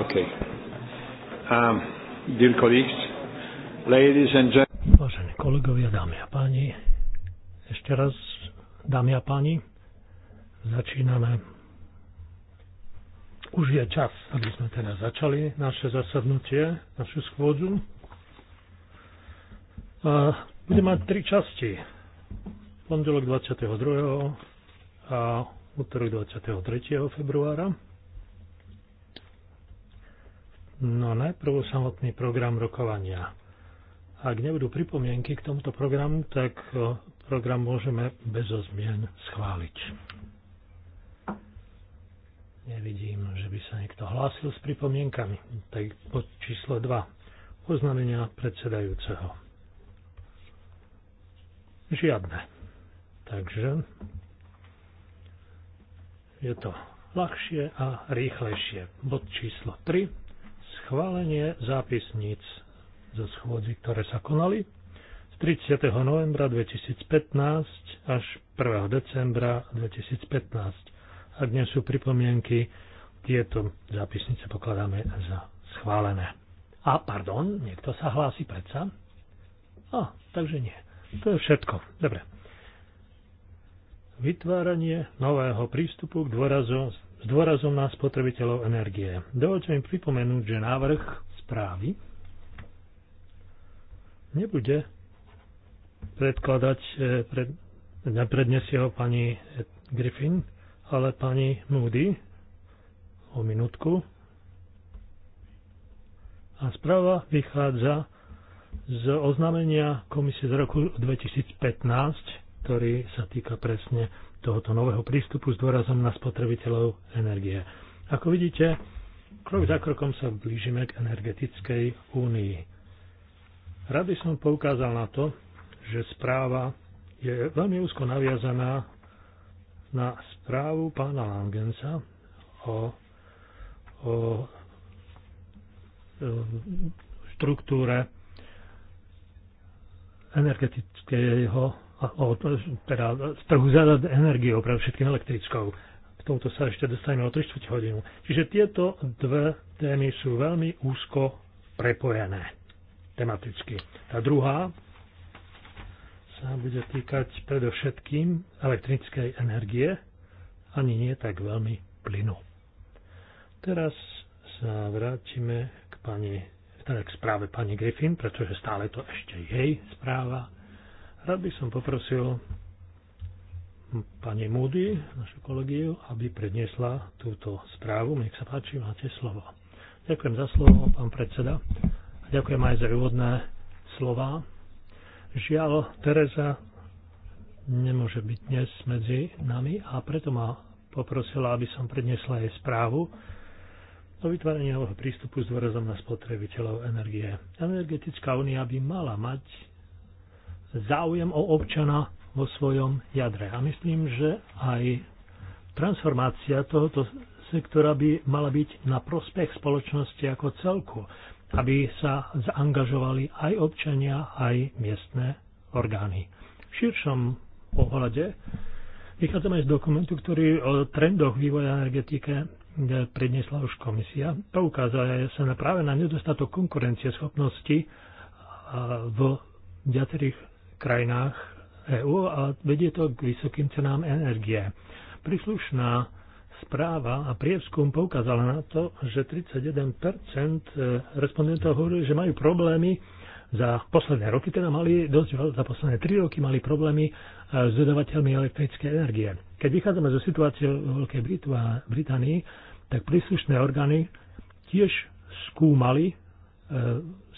Okay. Um, dear colleagues, ladies and gentlemen. Vážení kolegovia, dámy a páni, ešte raz, dámy a páni, začíname. Už je čas, aby sme teda začali naše zasadnutie, našu schôdzu. A bude mať tri časti. Pondelok 22. a útorok 23. februára No najprv samotný program rokovania. Ak nebudú pripomienky k tomuto programu, tak e, program môžeme bez zmien schváliť. Nevidím, že by sa niekto hlásil s pripomienkami. Tak pod číslo 2. Oznamenia predsedajúceho. Žiadne. Takže je to ľahšie a rýchlejšie. Bod číslo 3 schválenie zápisníc zo schôdzi, ktoré sa konali z 30. novembra 2015 až 1. decembra 2015. A dnes sú pripomienky, tieto zápisnice pokladáme za schválené. A pardon, niekto sa hlási predsa? A, takže nie. To je všetko. Dobre. Vytváranie nového prístupu k dôrazu s dôrazom na spotrebiteľov energie. Dovolte mi pripomenúť, že návrh správy nebude predkladať, e, pred, neprednesie ho pani Griffin, ale pani Moody o minútku. A správa vychádza z oznámenia komisie z roku 2015, ktorý sa týka presne tohoto nového prístupu s dôrazom na spotrebiteľov energie. Ako vidíte, krok za krokom sa blížime k energetickej únii. Rád by som poukázal na to, že správa je veľmi úzko naviazaná na správu pána Langensa o, o, štruktúre energetického o, teda z trhu za energiou, pre všetkým elektrickou. K tomuto sa ešte dostaneme o 3 hodinu. Čiže tieto dve témy sú veľmi úzko prepojené tematicky. Tá druhá sa bude týkať predovšetkým elektrickej energie, ani nie tak veľmi plynu. Teraz sa vrátime k pani, teda k správe pani Griffin, pretože stále to ešte jej správa Rád by som poprosil pani Moody, našu kolegiu, aby predniesla túto správu. Nech sa páči, máte slovo. Ďakujem za slovo, pán predseda. A ďakujem aj za úvodné slova. Žiaľ, Tereza nemôže byť dnes medzi nami a preto ma poprosila, aby som predniesla jej správu o vytvorení nového prístupu s dôrazom na spotrebiteľov energie. Energetická únia by mala mať záujem o občana vo svojom jadre. A myslím, že aj transformácia tohoto sektora by mala byť na prospech spoločnosti ako celku, aby sa zaangažovali aj občania, aj miestne orgány. V širšom pohľade vychádzame z dokumentu, ktorý o trendoch vývoja energetike predniesla už komisia. Poukázala sa na práve na nedostatok schopnosti v viacerých krajinách EÚ a vedie to k vysokým cenám energie. Príslušná správa a prieskum poukázala na to, že 31 e, respondentov hovorí, že majú problémy za posledné roky, teda mali dosť, za posledné tri roky mali problémy e, s dodávateľmi elektrickej energie. Keď vychádzame zo situácie v Veľkej Británii, tak príslušné orgány tiež skúmali e,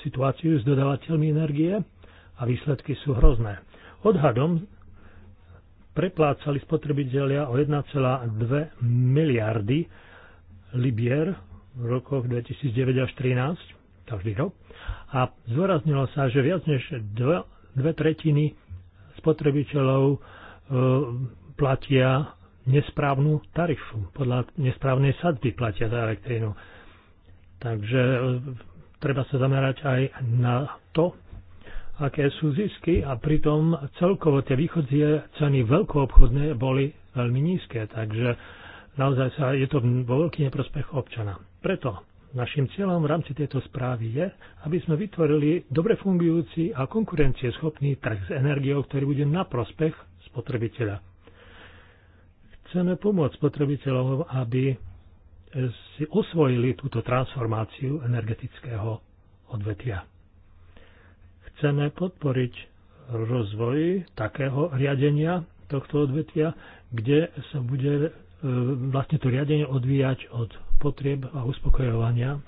situáciu s dodávateľmi energie a výsledky sú hrozné. Odhadom preplácali spotrebitelia o 1,2 miliardy libier v rokoch 2009 až 2013, každý rok. A zdôraznilo sa, že viac než dve, dve tretiny spotrebiteľov e, platia nesprávnu tarifu, podľa nesprávnej sadby platia za elektrínu. Takže e, treba sa zamerať aj na to, aké sú zisky a pritom celkovo tie východzie ceny veľkoobchodné boli veľmi nízke, takže naozaj sa, je to vo veľký neprospech občana. Preto našim cieľom v rámci tejto správy je, aby sme vytvorili dobre fungujúci a konkurencieschopný trh s energiou, ktorý bude na prospech spotrebiteľa. Chceme pomôcť spotrebiteľom, aby si osvojili túto transformáciu energetického odvetia. Chceme podporiť rozvoj takého riadenia tohto odvetvia, kde sa bude e, vlastne to riadenie odvíjať od potrieb a uspokojovania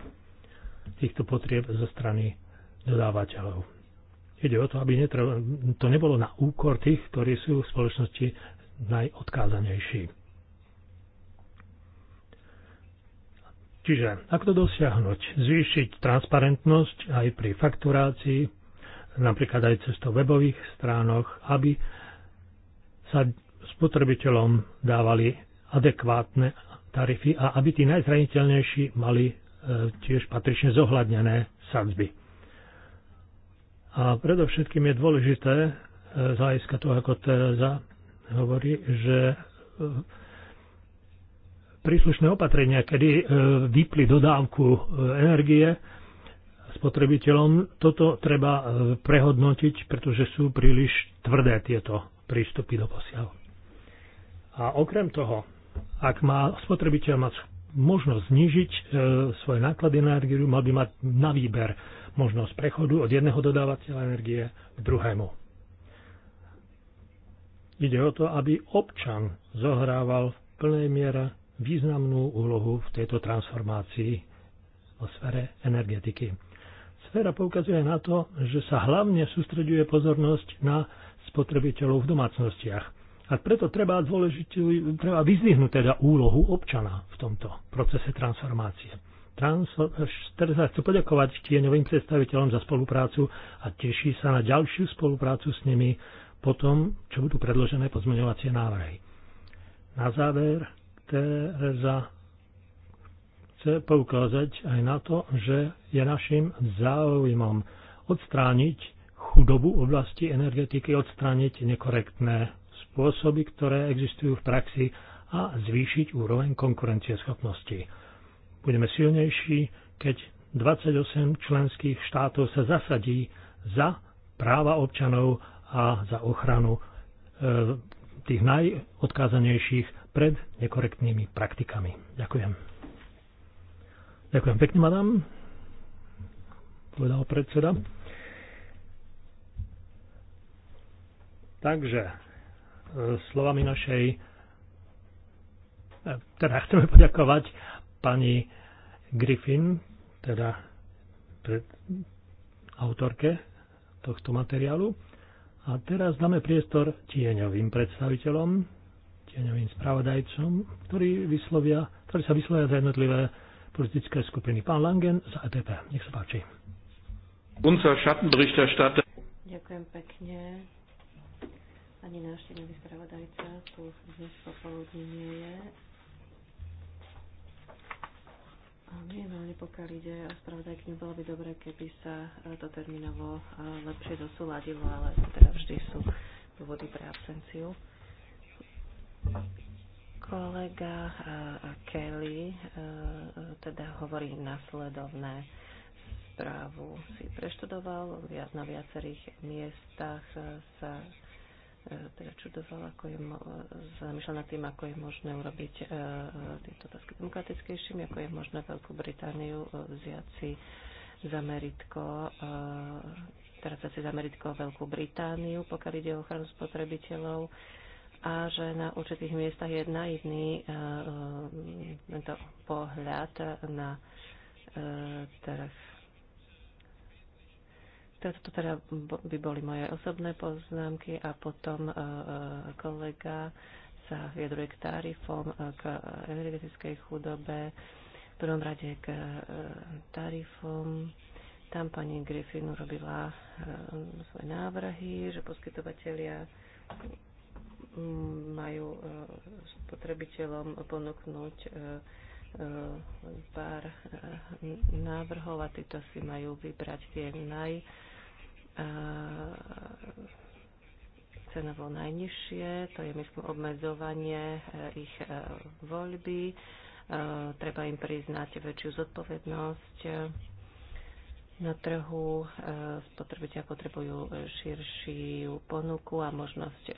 týchto potrieb zo strany dodávateľov. Ide o to, aby to nebolo na úkor tých, ktorí sú v spoločnosti najodkázanejší. Čiže, ako to dosiahnuť? Zvýšiť transparentnosť aj pri fakturácii, napríklad aj to webových stránoch, aby sa spotrebiteľom dávali adekvátne tarify a aby tí najzraniteľnejší mali e, tiež patrične zohľadnené sadzby. A predovšetkým je dôležité e, zájska toho, ako Tereza hovorí, že e, príslušné opatrenia, kedy vypli dodávku energie, spotrebiteľom. Toto treba e, prehodnotiť, pretože sú príliš tvrdé tieto prístupy do posiaľ. A okrem toho, ak má spotrebiteľ mať možnosť znižiť e, svoje náklady na energiu, mal by mať na výber možnosť prechodu od jedného dodávateľa energie k druhému. Ide o to, aby občan zohrával v plnej miere významnú úlohu v tejto transformácii vo sfere energetiky sféra poukazuje na to, že sa hlavne sústreďuje pozornosť na spotrebiteľov v domácnostiach. A preto treba, treba vyzvihnúť teda úlohu občana v tomto procese transformácie. teraz sa chcú poďakovať tieňovým predstaviteľom za spoluprácu a teší sa na ďalšiu spoluprácu s nimi po tom, čo budú predložené pozmeňovacie návrhy. Na záver, Tereza chce poukázať aj na to, že je našim záujmom odstrániť chudobu v oblasti energetiky, odstrániť nekorektné spôsoby, ktoré existujú v praxi a zvýšiť úroveň konkurencieschopnosti. Budeme silnejší, keď 28 členských štátov sa zasadí za práva občanov a za ochranu e, tých najodkázanejších pred nekorektnými praktikami. Ďakujem. Ďakujem pekne, madam, povedal predseda. Takže, e, slovami našej, e, teda chceme poďakovať pani Griffin, teda pred autorke tohto materiálu. A teraz dáme priestor tieňovým predstaviteľom, tieňovým spravodajcom, ktorí, vyslovia, ktorí sa vyslovia za jednotlivé politické skupiny. Pán Langen za EPP. Nech sa páči. Unser Schattenberichterstatter. Ďakujem pekne. Ani náš nový spravodajca tu dnes popoludní nie je. A minimálne no, pokiaľ ide o spravodajkyňu, bolo by dobré, keby sa e, to termínovo e, lepšie dosúladilo, ale teda vždy sú dôvody pre absenciu. Kolega eh, Kelly eh, teda hovorí nasledovné správu si preštudoval, na viacerých miestach eh, sa teda čudoval, ako je, zamýšľal nad tým, ako je možné urobiť tieto otázky demokratickejšími, ako je možné Veľkú Britániu vziať si za meritko, teraz si za meritko Veľkú Britániu, pokiaľ ide o ochranu spotrebiteľov a že na určitých miestach je naivný e, e, tento pohľad na e, trh. Toto teda by boli moje osobné poznámky a potom kolega sa viedruje k tarifom, k energetickej chudobe, v prvom rade k tarifom. Tam pani Griffin urobila svoje návrhy, že poskytovateľia majú e, spotrebiteľom ponúknuť e, e, pár návrhov a títo si majú vybrať tie naj cenovo najnižšie, to je myslím obmedzovanie ich voľby, treba im priznať väčšiu zodpovednosť na trhu. E, spotrebitelia potrebujú e, širšiu ponuku a možnosť e,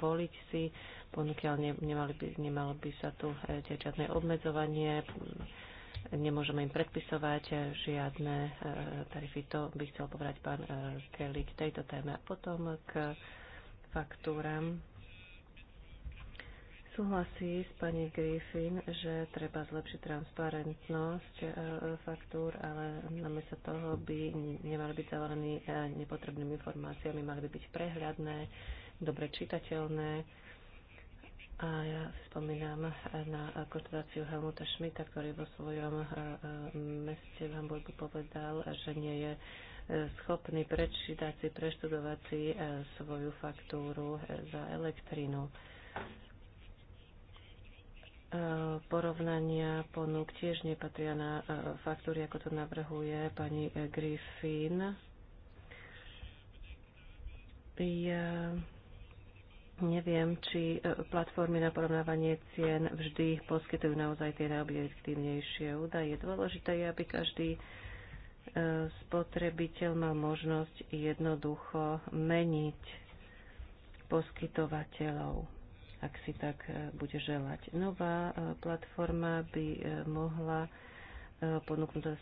voliť si ponuky, ale nemali by, nemalo by sa tu diať žiadne obmedzovanie. Nemôžeme im predpisovať žiadne tarify. To by chcel povedať pán Kelly k tejto téme. A potom k faktúram súhlasí s pani Griffin, že treba zlepšiť transparentnosť e, e, faktúr, ale namiesto toho by nemali byť zavolení e, nepotrebnými informáciami, mali by byť prehľadné, dobre čitateľné. A ja spomínam na konštatáciu Helmuta Schmidta, ktorý vo svojom meste v Hamburgu povedal, že nie je schopný prečítať si, preštudovať si svoju faktúru za elektrínu porovnania ponúk tiež nepatria na e, faktúry, ako to navrhuje pani Griffin. Ja neviem, či e, platformy na porovnávanie cien vždy poskytujú naozaj tie najobjektívnejšie údaje. Dôležité je, aby každý e, spotrebiteľ mal možnosť jednoducho meniť poskytovateľov ak si tak e, bude želať. Nová e, platforma by e, mohla ponúknúť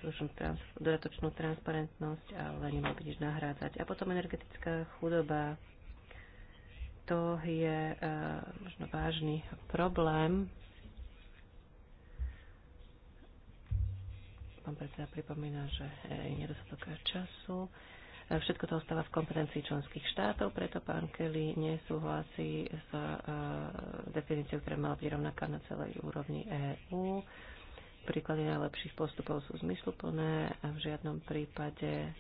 dodatočnú transparentnosť, ale nemá byť nahrádzať. A potom energetická chudoba. To je možno vážny problém. Pán predseda pripomína, že je nedostatok času. Všetko to ostáva v kompetencii členských štátov, preto pán Kelly nesúhlasí s e, definíciou, ktorá mala byť rovnaká na celej úrovni EÚ. Príklady najlepších postupov sú zmysluplné a v žiadnom prípade e,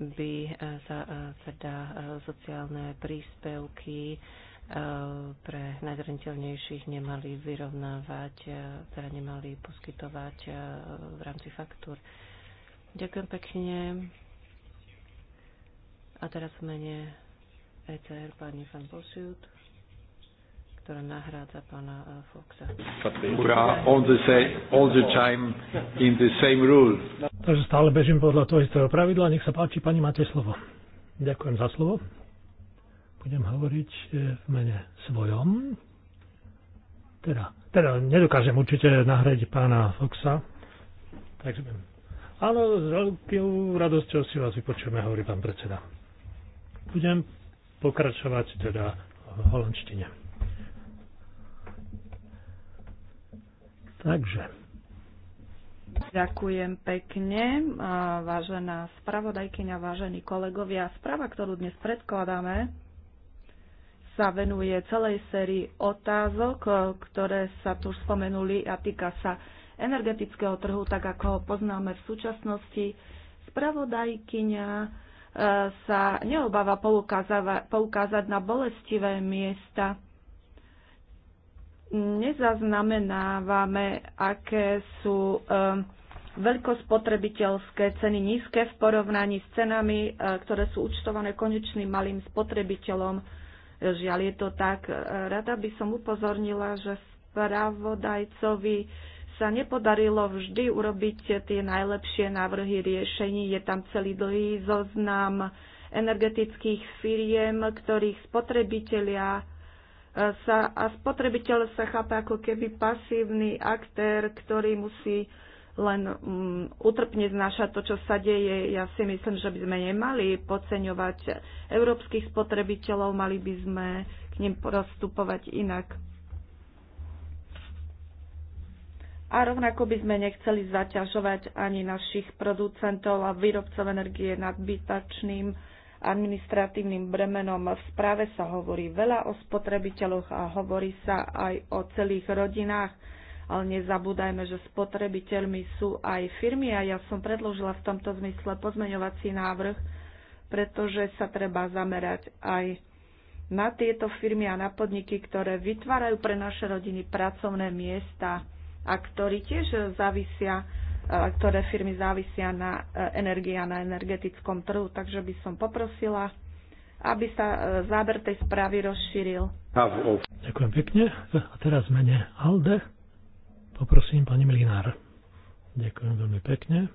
by e, sa teda sociálne príspevky pre najzraniteľnejších nemali vyrovnávať, teda nemali poskytovať v rámci faktúr. Ďakujem pekne. A teraz v mene ECR pani Fan Bosiut, ktorá nahrádza pana e, Foxa. Ura, the, same, all the time in the same rule. Takže stále bežím podľa toho istého pravidla. Nech sa páči, pani, máte slovo. Ďakujem za slovo. Budem hovoriť e, v mene svojom. Teda, teda nedokážem určite nahradiť pána Foxa, takže budem Áno, s veľkou radosťou si vás vypočujeme, hovorí pán predseda. Budem pokračovať teda v holandštine. Takže. Ďakujem pekne, vážená spravodajkyňa, vážení kolegovia. Správa, ktorú dnes predkladáme, sa venuje celej sérii otázok, ktoré sa tu spomenuli a týka sa energetického trhu, tak ako ho poznáme v súčasnosti. Spravodajkyňa e, sa neobáva poukázať na bolestivé miesta. Nezaznamenávame, aké sú e, veľkospotrebiteľské ceny nízke v porovnaní s cenami, e, ktoré sú účtované konečným malým spotrebiteľom. Žiaľ je to tak. Rada by som upozornila, že spravodajcovi sa nepodarilo vždy urobiť tie najlepšie návrhy riešení. Je tam celý dlhý zoznam energetických firiem, ktorých spotrebitelia e, sa, a spotrebiteľ sa chápe ako keby pasívny aktér, ktorý musí len um, utrpne znášať to, čo sa deje. Ja si myslím, že by sme nemali podceňovať európskych spotrebiteľov, mali by sme k ním postupovať inak. A rovnako by sme nechceli zaťažovať ani našich producentov a výrobcov energie nadbytačným administratívnym bremenom. V správe sa hovorí veľa o spotrebiteľoch a hovorí sa aj o celých rodinách, ale nezabúdajme, že spotrebiteľmi sú aj firmy a ja som predložila v tomto zmysle pozmeňovací návrh, pretože sa treba zamerať aj na tieto firmy a na podniky, ktoré vytvárajú pre naše rodiny pracovné miesta a ktorí tiež závisia, e, ktoré firmy závisia na e, energii a na energetickom trhu. Takže by som poprosila, aby sa e, záber tej správy rozšíril. Ďakujem pekne. A teraz mene Alde. Poprosím pani Milinár. Ďakujem veľmi pekne.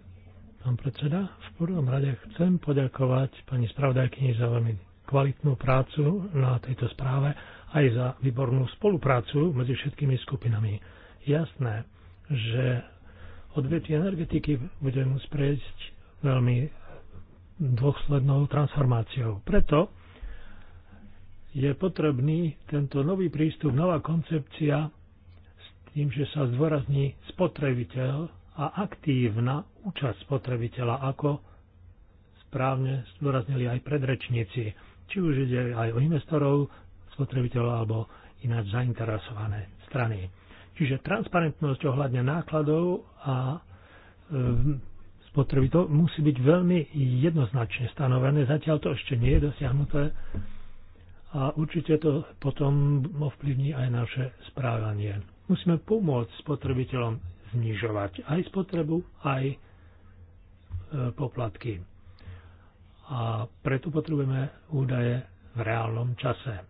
Pán predseda, v prvom rade chcem poďakovať pani spravodajkyni za veľmi kvalitnú prácu na tejto správe aj za výbornú spoluprácu medzi všetkými skupinami jasné, že odvetvie energetiky bude musieť prejsť veľmi dôslednou transformáciou. Preto je potrebný tento nový prístup, nová koncepcia s tým, že sa zdôrazní spotrebiteľ a aktívna účasť spotrebiteľa, ako správne zdôraznili aj predrečníci, či už ide aj o investorov, spotrebiteľov alebo ináč zainteresované strany. Čiže transparentnosť ohľadne nákladov a e, spotreby to musí byť veľmi jednoznačne stanovené. Zatiaľ to ešte nie je dosiahnuté a určite to potom ovplyvní aj naše správanie. Musíme pomôcť spotrebiteľom znižovať aj spotrebu, aj e, poplatky. A preto potrebujeme údaje v reálnom čase.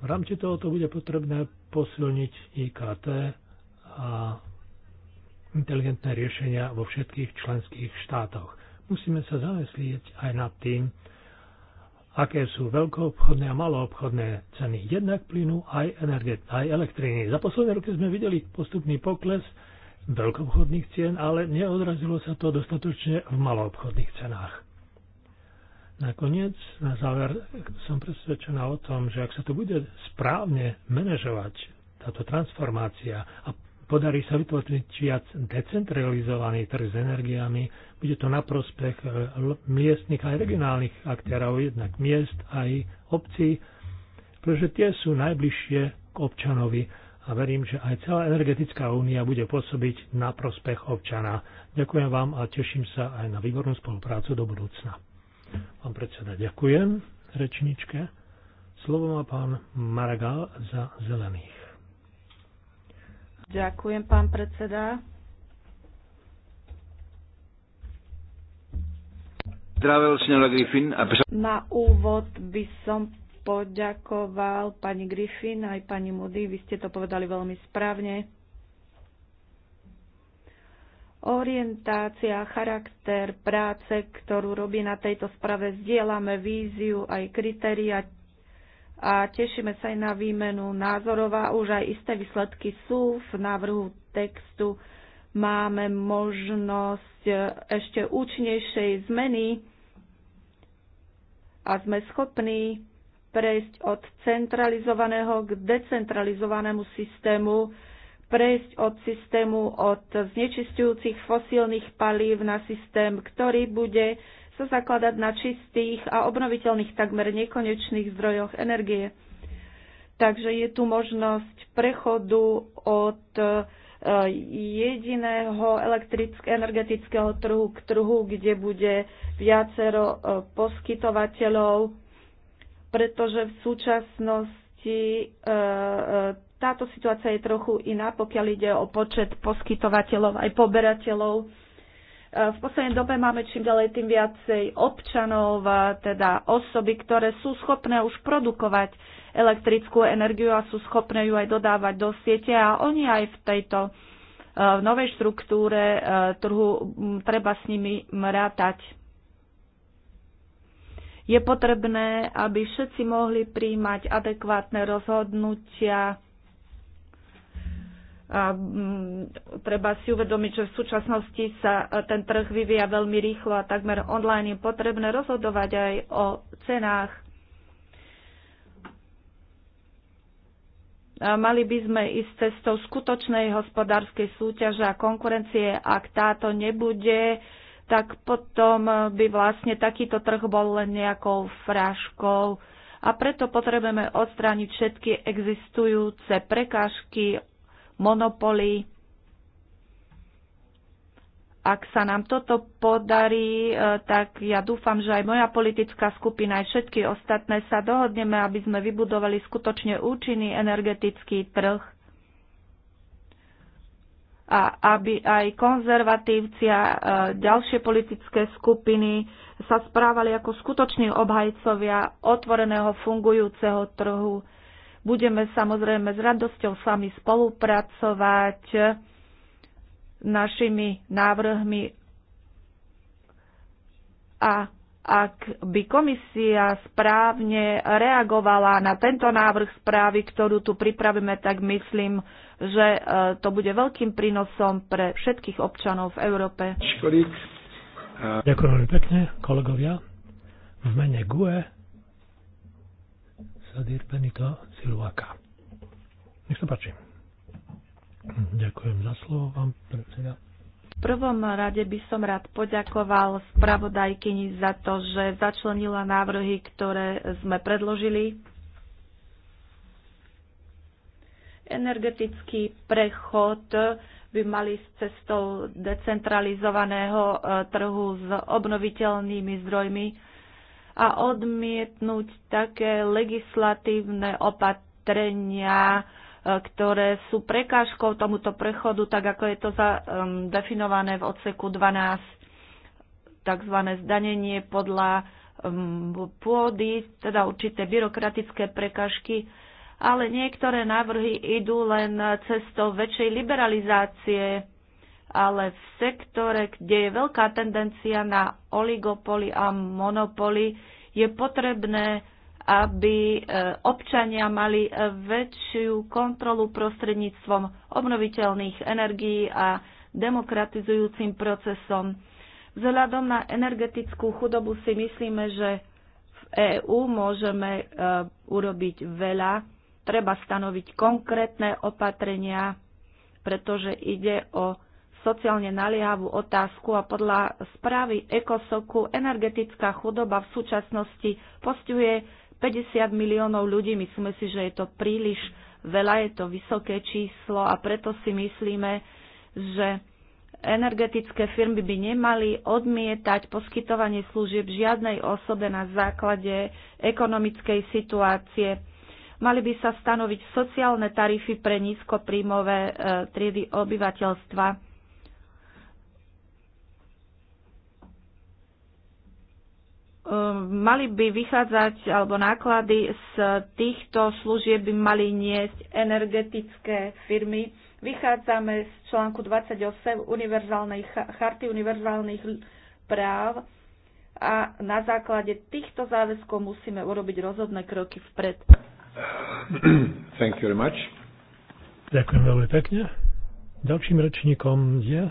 V rámci toho to bude potrebné posilniť IKT a inteligentné riešenia vo všetkých členských štátoch. Musíme sa zamyslieť aj nad tým, aké sú veľkoobchodné a maloobchodné ceny jednak plynu aj, energie, aj elektriny. Za posledné roky sme videli postupný pokles veľkoobchodných cien, ale neodrazilo sa to dostatočne v maloobchodných cenách. Nakoniec, na záver, som presvedčená o tom, že ak sa tu bude správne manažovať táto transformácia a podarí sa vytvoriť viac decentralizovaný trh s energiami, bude to na prospech e, miestnych aj regionálnych aktérov, jednak miest aj obcí, pretože tie sú najbližšie k občanovi a verím, že aj celá energetická únia bude pôsobiť na prospech občana. Ďakujem vám a teším sa aj na výbornú spoluprácu do budúcna. Pán predseda, ďakujem rečničke. Slovo má pán Maragal za zelených. Ďakujem, pán predseda. Na úvod by som poďakoval pani Griffin aj pani Moody. Vy ste to povedali veľmi správne Orientácia, charakter práce, ktorú robí na tejto sprave, zdieľame víziu aj kritéria a tešíme sa aj na výmenu názorov a už aj isté výsledky sú v návrhu textu. Máme možnosť ešte účnejšej zmeny a sme schopní prejsť od centralizovaného k decentralizovanému systému, prejsť od systému od znečistujúcich fosílnych palív na systém, ktorý bude sa zakladať na čistých a obnoviteľných takmer nekonečných zdrojoch energie. Takže je tu možnosť prechodu od e, jediného energetického trhu k trhu, kde bude viacero e, poskytovateľov, pretože v súčasnosti e, táto situácia je trochu iná, pokiaľ ide o počet poskytovateľov aj poberateľov. E, v poslednej dobe máme čím ďalej tým viacej občanov, teda osoby, ktoré sú schopné už produkovať elektrickú energiu a sú schopné ju aj dodávať do siete a oni aj v tejto e, v novej štruktúre e, trhu treba s nimi mrátať. Je potrebné, aby všetci mohli príjmať adekvátne rozhodnutia a mm, treba si uvedomiť, že v súčasnosti sa e, ten trh vyvíja veľmi rýchlo a takmer online je potrebné rozhodovať aj o cenách. A mali by sme ísť cestou skutočnej hospodárskej súťaže a konkurencie. Ak táto nebude, tak potom by vlastne takýto trh bol len nejakou fráškou a preto potrebujeme odstrániť všetky existujúce prekážky, monopoly. Ak sa nám toto podarí, e, tak ja dúfam, že aj moja politická skupina, aj všetky ostatné sa dohodneme, aby sme vybudovali skutočne účinný energetický trh a aby aj konzervatívci a e, ďalšie politické skupiny sa správali ako skutoční obhajcovia otvoreného fungujúceho trhu Budeme samozrejme s radosťou s vami spolupracovať našimi návrhmi a ak by komisia správne reagovala na tento návrh správy, ktorú tu pripravíme, tak myslím, že e, to bude veľkým prínosom pre všetkých občanov v Európe. Ďakujem veľmi pekne, kolegovia. V mene GUE Sadir Benito Siluaka. Nech sa páči. Ďakujem za slovo vám, predseda. V prvom rade by som rád poďakoval spravodajkyni za to, že začlenila návrhy, ktoré sme predložili. Energetický prechod by mali s cestou decentralizovaného eh, trhu s obnoviteľnými zdrojmi a odmietnúť také legislatívne opatrenia, e, ktoré sú prekážkou tomuto prechodu, tak ako je to e, definované v odseku 12, tzv. zdanenie podľa pôdy, teda určité byrokratické prekažky, ale niektoré návrhy idú len cestou väčšej liberalizácie ale v sektore, kde je veľká tendencia na oligopoly a monopoly, je potrebné, aby e, občania mali e, väčšiu kontrolu prostredníctvom obnoviteľných energií a demokratizujúcim procesom. Vzhľadom na energetickú chudobu si myslíme, že v EÚ môžeme e, urobiť veľa. Treba stanoviť konkrétne opatrenia, pretože ide o sociálne naliehavú otázku a podľa správy Ekosoku energetická chudoba v súčasnosti postihuje 50 miliónov ľudí. Myslíme si, že je to príliš veľa, je to vysoké číslo a preto si myslíme, že energetické firmy by nemali odmietať poskytovanie služieb žiadnej osobe na základe ekonomickej situácie. Mali by sa stanoviť sociálne tarify pre nízkopríjmové e, triedy obyvateľstva Ehm, mali by vychádzať, alebo náklady z týchto služieb by mali niesť energetické firmy. Vychádzame z článku 28 univerzálnej, charty univerzálnych práv a na základe týchto záväzkov musíme urobiť rozhodné kroky vpred. Thank you very much. Ďakujem veľmi pekne. Ďalším rečníkom je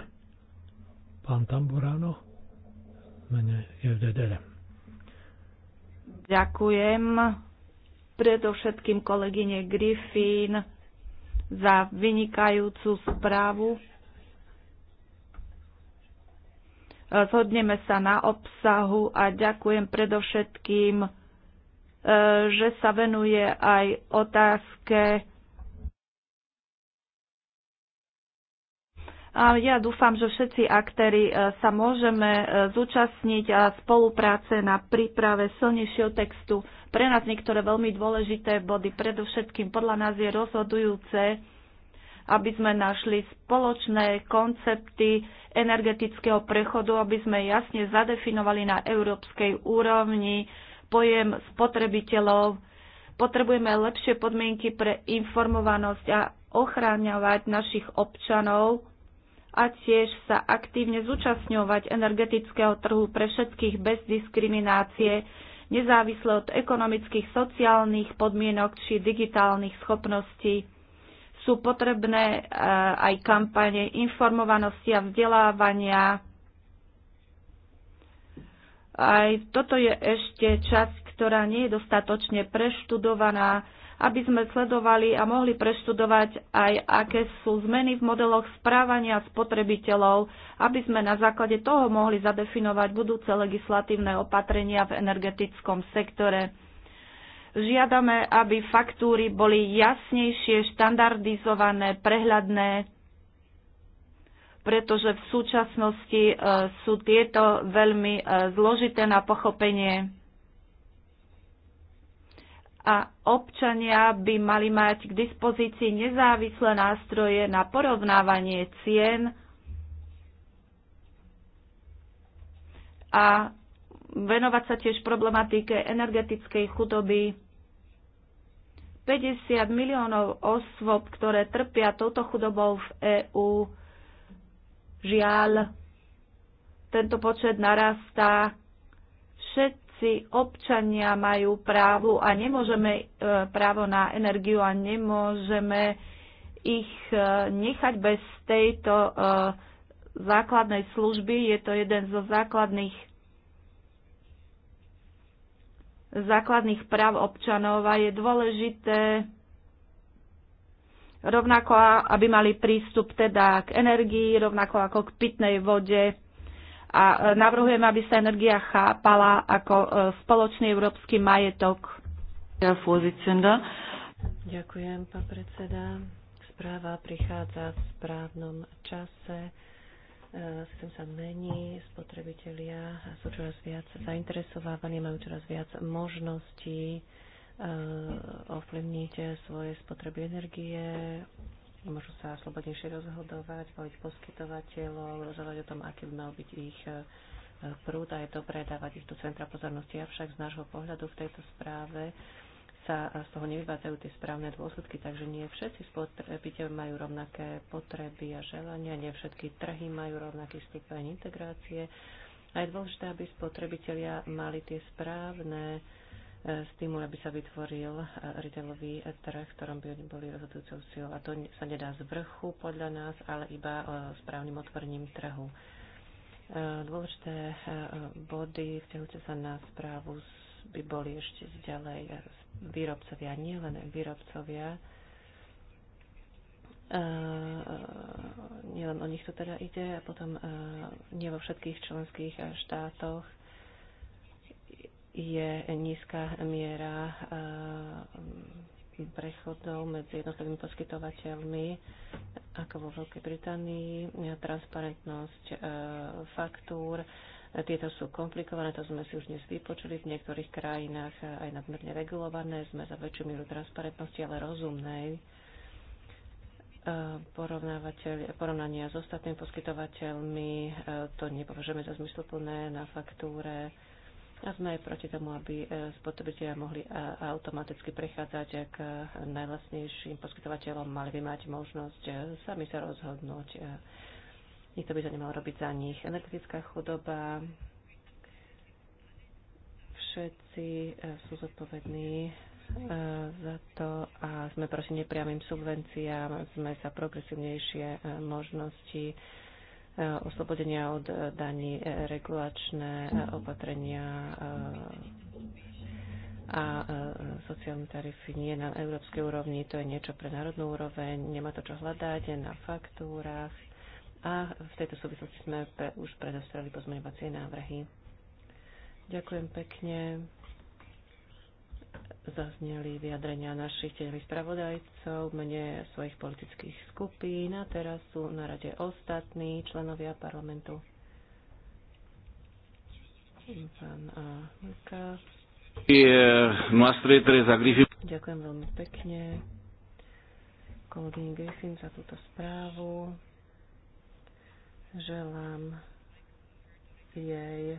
pán Tamburano, mene je FDD. Ďakujem predovšetkým kolegyne Griffin za vynikajúcu správu. Zhodneme sa na obsahu a ďakujem predovšetkým, eh, že sa venuje aj otázke A ja dúfam, že všetci aktéry e, sa môžeme e, zúčastniť a spolupráce na príprave silnejšieho textu. Pre nás niektoré veľmi dôležité body, predovšetkým podľa nás je rozhodujúce, aby sme našli spoločné koncepty energetického prechodu, aby sme jasne zadefinovali na európskej úrovni pojem spotrebiteľov. Potrebujeme lepšie podmienky pre informovanosť a ochráňovať našich občanov a tiež sa aktívne zúčastňovať energetického trhu pre všetkých bez diskriminácie, nezávisle od ekonomických, sociálnych podmienok či digitálnych schopností. Sú potrebné e, aj kampane informovanosti a vzdelávania. Aj toto je ešte časť, ktorá nie je dostatočne preštudovaná aby sme sledovali a mohli preštudovať aj, aké sú zmeny v modeloch správania spotrebiteľov, aby sme na základe toho mohli zadefinovať budúce legislatívne opatrenia v energetickom sektore. Žiadame, aby faktúry boli jasnejšie, štandardizované, prehľadné, pretože v súčasnosti e, sú tieto veľmi e, zložité na pochopenie a občania by mali mať k dispozícii nezávislé nástroje na porovnávanie cien a venovať sa tiež problematike energetickej chudoby. 50 miliónov osôb, ktoré trpia touto chudobou v EÚ, žiaľ, tento počet narastá. Všetci všetci občania majú právo a nemôžeme e, právo na energiu a nemôžeme ich e, nechať bez tejto e, základnej služby. Je to jeden zo základných základných práv občanov a je dôležité rovnako, aby mali prístup teda k energii, rovnako ako k pitnej vode, a e, navrhujem, aby sa energia chápala ako e, spoločný európsky majetok. Ďakujem, pán predseda. Správa prichádza v správnom čase. Systém e, sa mení, spotrebitelia sú čoraz viac zainteresovávaní, majú čoraz viac možností ovplyvniť svoje spotreby energie, Môžu sa slobodnejšie rozhodovať, voliť poskytovateľov, rozhodovať o tom, aký by mal byť ich e, prúd a je dobré dávať ich do centra pozornosti. Avšak z nášho pohľadu v tejto správe sa e, z toho nevyvádzajú tie správne dôsledky, takže nie všetci spotrebiteľ majú rovnaké potreby a želania, nie všetky trhy majú rovnaký stupeň integrácie. A je dôležité, aby spotrebitelia mali tie správne s tým, aby sa vytvoril e, retailový trh, ktorom by oni boli rozhodujúcou silou. A to sa nedá z vrchu podľa nás, ale iba e, správnym otvorením trhu. E, dôležité body vzťahujúce sa na správu by boli ešte ďalej výrobcovia, nie len výrobcovia, nielen o nich to teda ide, a potom nie vo všetkých členských štátoch je nízka miera eh, prechodov medzi jednotlivými poskytovateľmi, ako vo Veľkej Británii, transparentnosť eh, faktúr. Eh, tieto sú komplikované, to sme si už dnes vypočuli. V niektorých krajinách aj nadmerne regulované. Sme za väčšiu mieru transparentnosti, ale rozumnej porovnania s ostatnými poskytovateľmi. To nepovažujeme za zmysluplné na faktúre a sme aj proti tomu, aby e, spotrebitelia mohli e, automaticky prechádzať e, k najlasnejším poskytovateľom, mali by mať možnosť sami sa rozhodnúť. Nikto by sa nemal robiť za nich. Energetická chudoba. Všetci sú zodpovední za to a sme proti nepriamým subvenciám, sme za progresívnejšie možnosti E, oslobodenia od e, daní, e, regulačné opatrenia a sociálne tarify nie na európskej úrovni, to je niečo pre národnú úroveň, nemá to čo hľadať na faktúrach a v tejto súvislosti sme už predostrali pozmeňovacie návrhy. Ďakujem pekne zazneli vyjadrenia našich tieňových spravodajcov, mne svojich politických skupín a teraz sú na rade ostatní členovia parlamentu. Pán Mika. Ďakujem veľmi pekne kolegyni Griffin za túto správu. Želám jej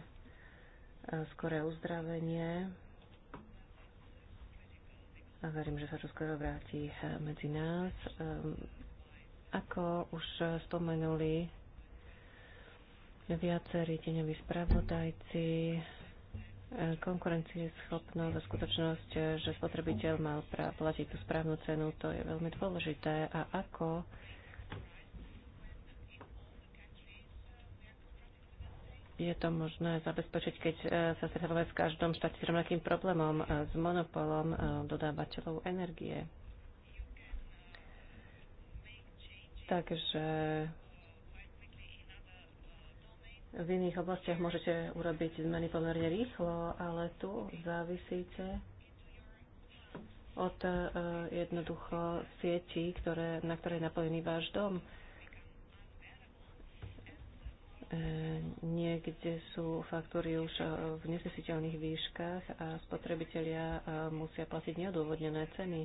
skoré uzdravenie Verím, že sa čoskoro vráti eh, medzi nás. Ehm, ako už spomenuli viacerí deňoví spravodajci, eh, konkurencie schopnosť a skutočnosť, eh, že spotrebiteľ mal platiť tú správnu cenu, to je veľmi dôležité. A ako je to možné zabezpečiť, keď e, sa stretávame v každom štáte s rovnakým problémom, e, s monopolom e, dodávateľov energie. Takže v iných oblastiach môžete urobiť zmeny pomerne rýchlo, ale tu závisíte od jednoducho sietí, ktoré, na ktoré je napojený váš dom. E, niekde sú faktúry už e, v nesnesiteľných výškach a spotrebitelia e, musia platiť neodôvodnené ceny.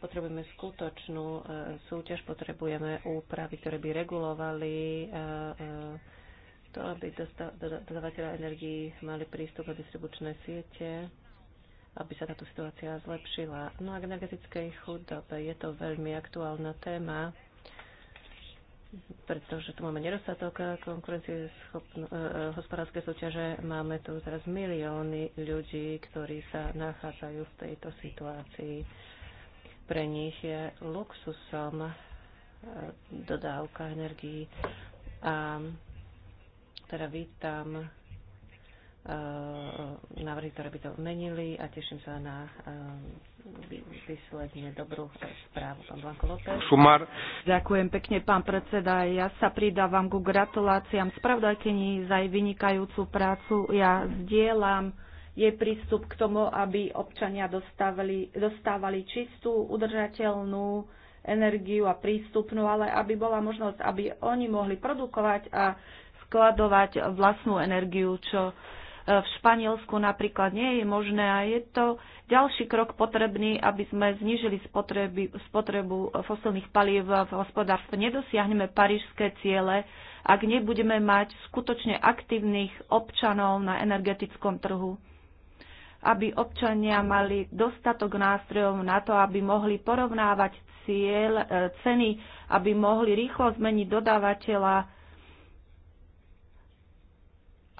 Potrebujeme skutočnú súťaž, potrebujeme úpravy, ktoré by regulovali to, aby dodávateľa energií mali prístup na distribučné siete, aby sa táto situácia zlepšila. No a k energetickej chudobe je to veľmi aktuálna téma pretože tu máme nedostatok eh, konkurencie schopno, e, eh, eh, hospodárskej súťaže. Máme tu teraz milióny ľudí, ktorí sa nachádzajú v tejto situácii. Pre nich je luxusom e, dodávka energií. A teda vítam E, návrhy, ktoré by to menili a teším sa na e, vysledne dobrú správu. Pán Blanko López. Sumar. Ďakujem pekne, pán predseda. Ja sa pridávam ku gratuláciám spravodajkyni za jej vynikajúcu prácu. Ja zdieľam je prístup k tomu, aby občania dostávali, dostávali čistú, udržateľnú energiu a prístupnú, ale aby bola možnosť, aby oni mohli produkovať a skladovať vlastnú energiu, čo E, v Španielsku napríklad nie je možné a je to ďalší krok potrebný, aby sme znížili spotreby, spotrebu fosilných palív v hospodárstve. Nedosiahneme parížské ciele, ak nebudeme mať skutočne aktívnych občanov na energetickom trhu aby občania mali dostatok nástrojov na to, aby mohli porovnávať cieľ, e, ceny, aby mohli rýchlo zmeniť dodávateľa,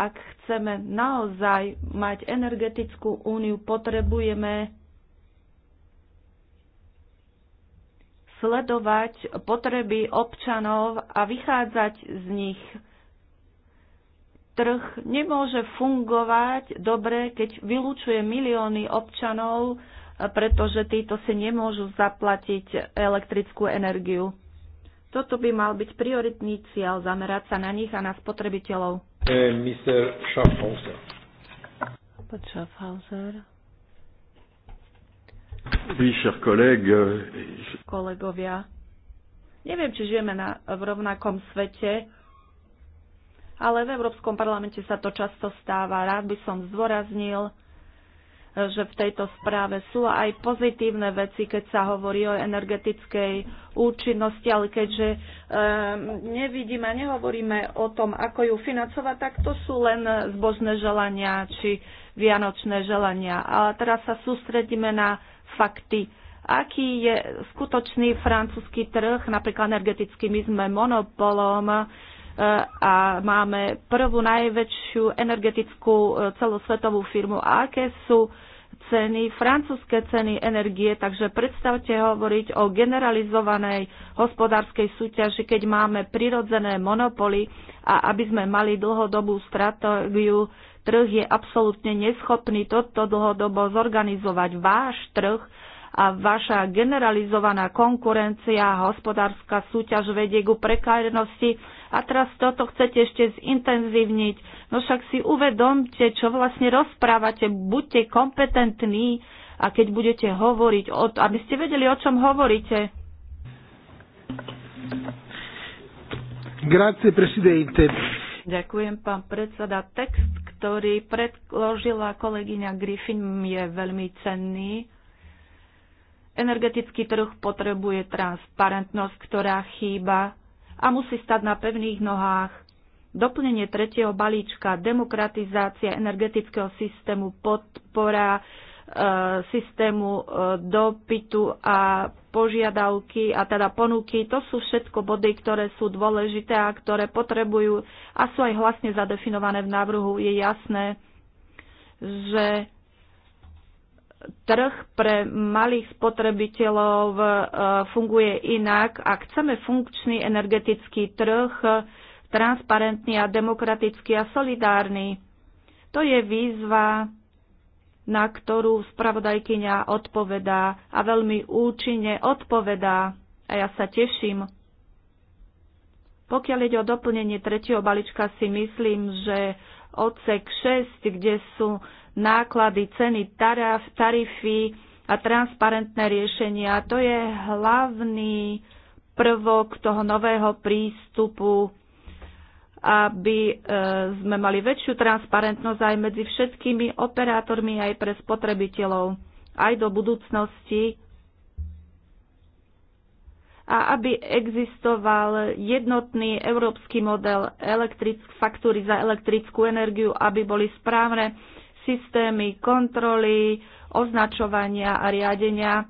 ak chceme naozaj mať energetickú úniu, potrebujeme sledovať potreby občanov a vychádzať z nich. Trh nemôže fungovať dobre, keď vylúčuje milióny občanov, pretože títo si nemôžu zaplatiť elektrickú energiu. Toto by mal byť prioritný cieľ zamerať sa na nich a na spotrebiteľov. Uh, Mr. Schaffhauser. Schaffhauser. Oui, chers collègues. Euh, Kolegovia, neviem, či žijeme na, v rovnakom svete, ale v Európskom parlamente sa to často stáva. Rád by som zdôraznil, že v tejto správe sú aj pozitívne veci, keď sa hovorí o energetickej účinnosti, ale keďže um, nevidíme a nehovoríme o tom, ako ju financovať, tak to sú len zbožné želania či vianočné želania. Ale teraz sa sústredíme na fakty. Aký je skutočný francúzsky trh, napríklad energetický, my sme monopolom, a máme prvú najväčšiu energetickú e, celosvetovú firmu. A aké sú ceny, francúzske ceny energie, takže predstavte hovoriť o generalizovanej hospodárskej súťaži, keď máme prirodzené monopoly a aby sme mali dlhodobú stratégiu, trh je absolútne neschopný toto dlhodobo zorganizovať. Váš trh a vaša generalizovaná konkurencia a hospodárska súťaž vedie ku prekárnosti a teraz toto chcete ešte zintenzívniť. No však si uvedomte, čo vlastne rozprávate, buďte kompetentní a keď budete hovoriť, o to, aby ste vedeli, o čom hovoríte. Grazie, presidente. Ďakujem, pán predseda. Text, ktorý predložila kolegyňa Griffin, je veľmi cenný. Energetický trh potrebuje transparentnosť, ktorá chýba a musí stať na pevných nohách. Doplnenie tretieho balíčka, demokratizácia energetického systému, podpora e, systému e, dopytu a požiadavky a teda ponuky, to sú všetko body, ktoré sú dôležité a ktoré potrebujú a sú aj hlasne zadefinované v návrhu. Je jasné, že trh pre malých spotrebiteľov e, funguje inak. Ak chceme funkčný energetický trh, e, transparentný a demokratický a solidárny, to je výzva, na ktorú spravodajkyňa odpovedá a veľmi účinne odpovedá. A ja sa teším. Pokiaľ ide o doplnenie tretieho balička, si myslím, že odsek 6, kde sú náklady, ceny, taraf, tarify a transparentné riešenia. To je hlavný prvok toho nového prístupu, aby e, sme mali väčšiu transparentnosť aj medzi všetkými operátormi, aj pre spotrebiteľov, aj do budúcnosti a aby existoval jednotný európsky model elektrick, faktúry za elektrickú energiu, aby boli správne systémy kontroly, označovania a riadenia.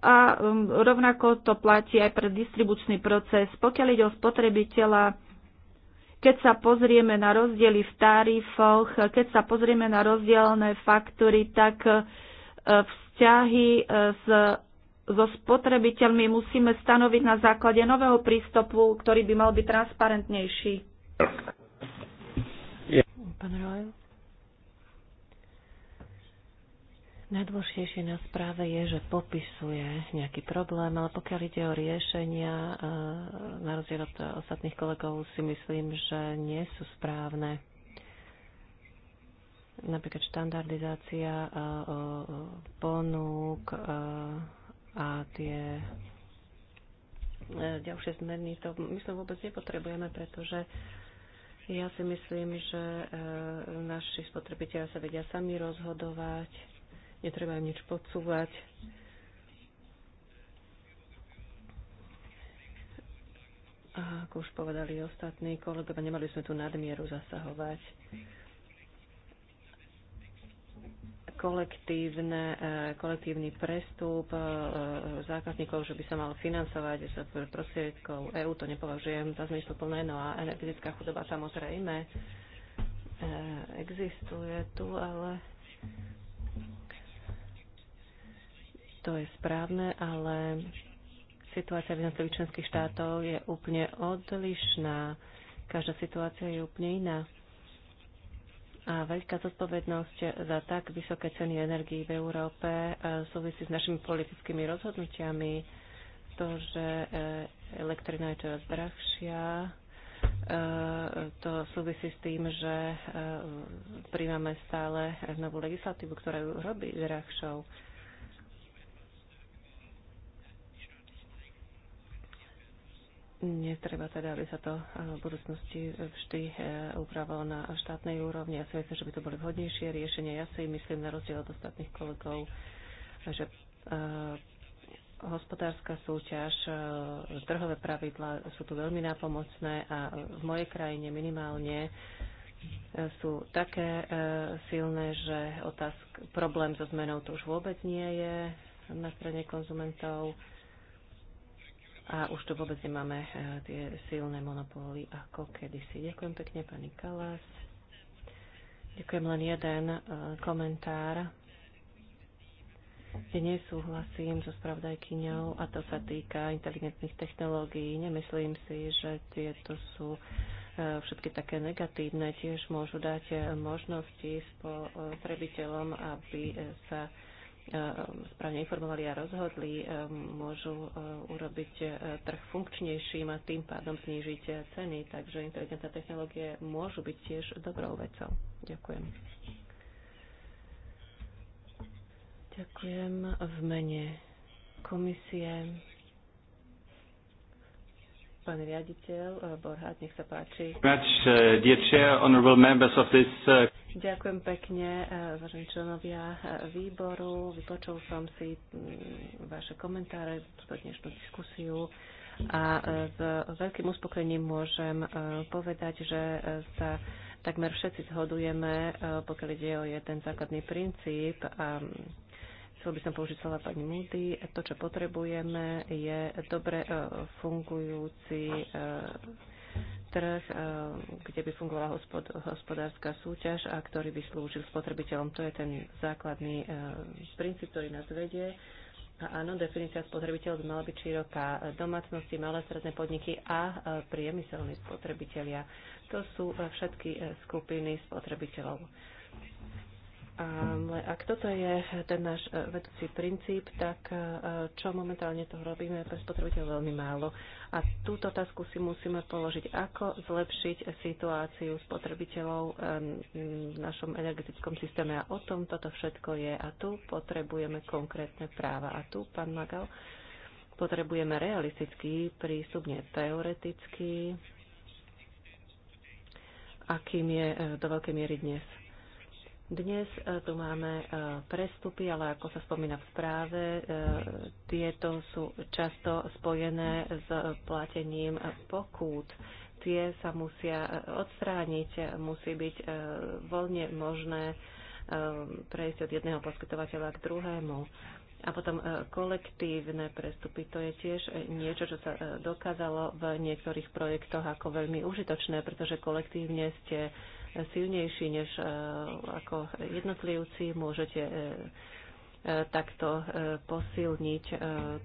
A um, rovnako to platí aj pre distribučný proces. Pokiaľ ide o spotrebiteľa, keď sa pozrieme na rozdiely v tarifoch, keď sa pozrieme na rozdielne faktúry, tak e, vzťahy e, s, so spotrebiteľmi musíme stanoviť na základe nového prístupu, ktorý by mal byť transparentnejší. Pán Royal? Najdôležitejšie na správe je, že popisuje nejaký problém, ale pokiaľ ide o riešenia, eh, na rozdiel od ostatných kolegov, si myslím, že nie sú správne. Napríklad štandardizácia eh, ponúk eh, a tie ďalšie zmeny, to myslím vôbec nepotrebujeme, pretože ja si myslím, že e, naši spotrebitelia sa vedia sami rozhodovať, netreba im nič podsúvať. A ako už povedali ostatní kolegovia, nemali sme tu nadmieru zasahovať kolektívne, e, kolektívny prestup e, e, zákazníkov, že by sa mal financovať z prostriedkov EÚ, to nepovažujem za zmysluplné, no a energetická chudoba samozrejme existuje tu, ale to je správne, ale situácia v jednotlivých členských štátov je úplne odlišná. Každá situácia je úplne iná. A veľká zodpovednosť za tak vysoké ceny energií v Európe e, súvisí s našimi politickými rozhodnutiami. To, že e, elektrina je čoraz drahšia, e, to súvisí s tým, že príjmame stále novú legislatívu, ktorá ju robí drahšou Netreba teda, aby sa to eh, v budúcnosti vždy eh, upravovalo na štátnej úrovni. Ja si myslím, že by to boli vhodnejšie riešenia. Ja si myslím, na rozdiel od ostatných kolegov, že eh, hospodárska súťaž, trhové pravidla sú tu veľmi nápomocné a v mojej krajine minimálne sú také silné, že problém so zmenou to už vôbec nie je na strane konzumentov a už tu vôbec nemáme e, tie silné monopóly ako kedysi. Ďakujem pekne, pani Kalas. Ďakujem len jeden e, komentár, kde nesúhlasím so spravdajkyňou a to sa týka inteligentných technológií. Nemyslím si, že tieto sú e, všetky také negatívne, tiež môžu dať možnosti spotrebiteľom, aby sa Ehm, správne informovali a rozhodli, ehm, môžu ehm, urobiť e, trh funkčnejším a tým pádom znížiť e, ceny. Takže inteligentné technológie môžu byť tiež dobrou vecou. Ďakujem. Ďakujem v mene komisie. Pán riaditeľ eh, Borhát, nech sa páči. Uh, uh, Ďakujem pekne, eh, vážení členovia eh, výboru. Vypočul som si mm, vaše komentáre, túto dnešnú diskusiu a s veľkým uspokojením môžem povedať, že sa takmer všetci zhodujeme, pokiaľ ide o jeden základný princíp a mm, Chcel by som použiť slova pani Moody. To, čo potrebujeme, je dobre e, fungujúci e, trh, e, kde by fungovala hospodárska súťaž a ktorý by slúžil spotrebiteľom. To je ten základný princíp, ktorý nás vedie. A áno, definícia spotrebiteľov by mala byť široká. Domácnosti, malé stredné podniky a priemyselní spotrebitelia. To sú všetky skupiny spotrebiteľov. Ale ak toto je ten náš e, vedúci princíp, tak e, čo momentálne to robíme pre spotrebiteľ veľmi málo. A túto otázku si musíme položiť, ako zlepšiť situáciu spotrebiteľov e, v našom energetickom systéme. A o tom toto všetko je. A tu potrebujeme konkrétne práva. A tu, pán Magal, potrebujeme realistický prístup, nie teoretický, akým je do veľkej miery dnes. Dnes e, tu máme e, prestupy, ale ako sa spomína v správe, e, tieto sú často spojené s platením pokút. Tie sa musia odstrániť, musí byť voľne možné prejsť od jedného poskytovateľa k druhému. A potom kolektívne prestupy, to je tiež niečo, čo sa dokázalo v niektorých projektoch ako veľmi užitočné, pretože kolektívne ste silnejší než e, ako jednotlivci. Môžete e, e, takto posilniť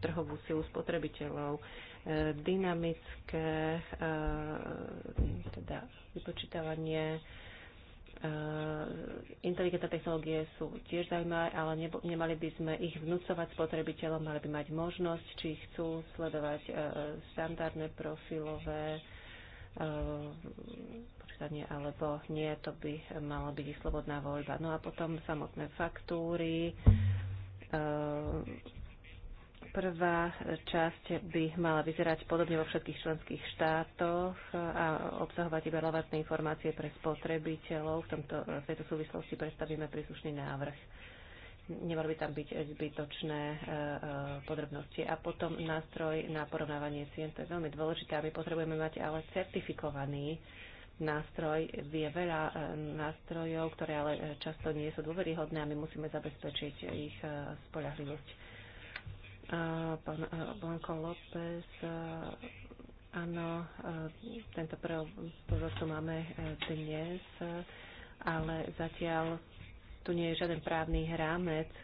trhovú silu spotrebiteľov. Dynamické teda vypočítavanie inteligentné technológie sú tiež zaujímavé, ale nemali by sme ich vnúcovať spotrebiteľom, mali by mať možnosť, či chcú sledovať štandardné profilové Eh, prípadne alebo nie, to by mala byť slobodná voľba. No a potom samotné faktúry. Eh, prvá časť by mala vyzerať podobne vo všetkých členských štátoch a obsahovať iba relevantné informácie pre spotrebiteľov. V, tomto, v tejto súvislosti predstavíme príslušný návrh nemali by tam byť zbytočné e, e, podrobnosti. A potom nástroj na porovnávanie cien, to je veľmi dôležité my potrebujeme mať ale certifikovaný nástroj. Je veľa e, nástrojov, ktoré ale často nie sú dôveryhodné a my musíme zabezpečiť ich spolahlivosť. Pán Blanko López, áno, tento pozor tu máme dnes, ale zatiaľ tu nie je žiaden právny rámec e,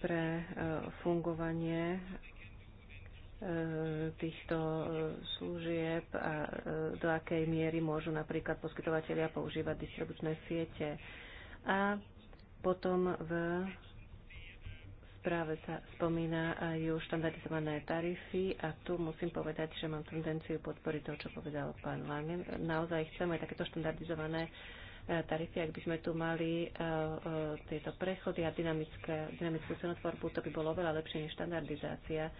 pre e, fungovanie e, týchto služieb a do akej miery môžu napríklad poskytovateľia používať distribučné siete. A potom v správe sa spomínajú štandardizované tarify a tu musím povedať, že mám tendenciu podporiť to, čo povedal pán Langen. Naozaj chceme takéto štandardizované tarify tarify, ak by sme tu mali e, e, tieto prechody a dynamickú cenotvorbu, to by bolo oveľa lepšie než štandardizácia. E,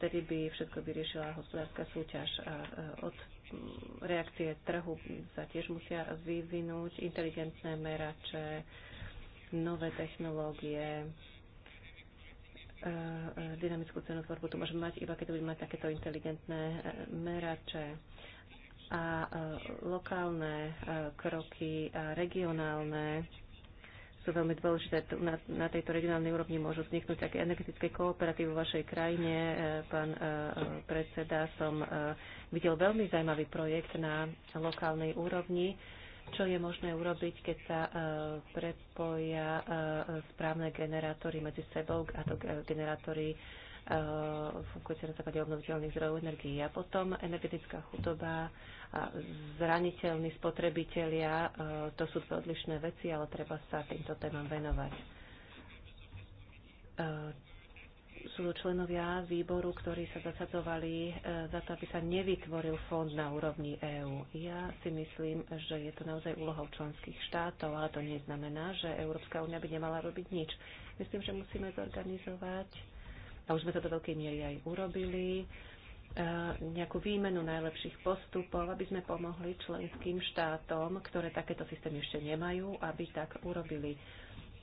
vtedy by všetko vyriešila hospodárska súťaž. Od mm, reakcie trhu sa tiež musia vyvinúť inteligentné merače, nové technológie, dynamickú cenotvorbu tu môžeme mať iba keď budeme mať takéto inteligentné merače a e, lokálne e, kroky a regionálne sú veľmi dôležité. Na, tejto regionálnej úrovni môžu vzniknúť také energetické kooperatívy vo vašej krajine. E, pán predseda, som videl veľmi zaujímavý projekt na lokálnej úrovni, čo je možné urobiť, keď sa prepoja správne generátory medzi sebou a to generátory Eh, fungujúce na základe obnoviteľných zdrojov energie. A potom energetická chudoba zraniteľní spotrebitelia, eh, to sú dve odlišné veci, ale treba sa týmto témam venovať. Eh, sú to členovia výboru, ktorí sa zasadzovali za to, aby sa nevytvoril fond na úrovni EÚ. Ja si myslím, že je to naozaj úlohou členských štátov, ale to neznamená, že Európska únia by nemala robiť nič. Myslím, že musíme zorganizovať a už sme to do veľkej miery aj urobili, e, nejakú výmenu najlepších postupov, aby sme pomohli členským štátom, ktoré takéto systémy ešte nemajú, aby tak urobili.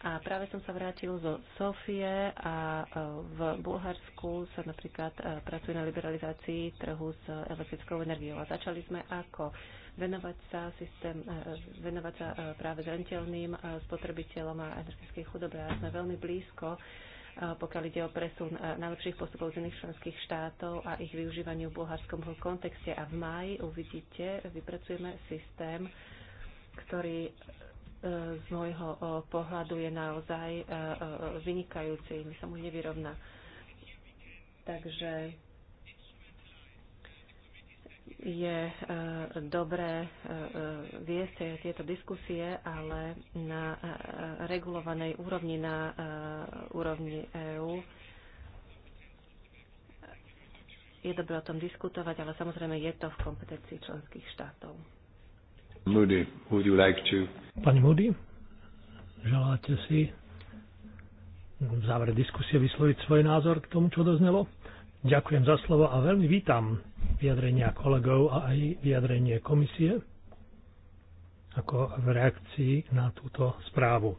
A práve som sa vrátil zo Sofie a e, v Bulharsku sa napríklad e, pracuje na liberalizácii trhu s elektrickou energiou. A začali sme ako venovať sa, systém, venovať sa práve zrentelným spotrebiteľom a energetickej chudobe. A sme veľmi blízko pokiaľ ide o presun e, najlepších postupov z iných členských štátov a ich využívanie v bulharskom kontexte. A v máji uvidíte, vypracujeme systém, ktorý e, z môjho e, pohľadu je naozaj vynikajúci, mi sa mu nevyrovná. Takže je e, dobré e, e, viesť tieto diskusie, ale na regulovanej úrovni, na úrovni EÚ je dobré o tom diskutovať, ale samozrejme je to v kompetencii členských štátov. Moody, would you like to... Pani Moody, želáte si v závere diskusie vysloviť svoj názor k tomu, čo doznelo? Ďakujem za slovo a veľmi vítam vyjadrenia kolegov a aj vyjadrenie komisie ako v reakcii na túto správu.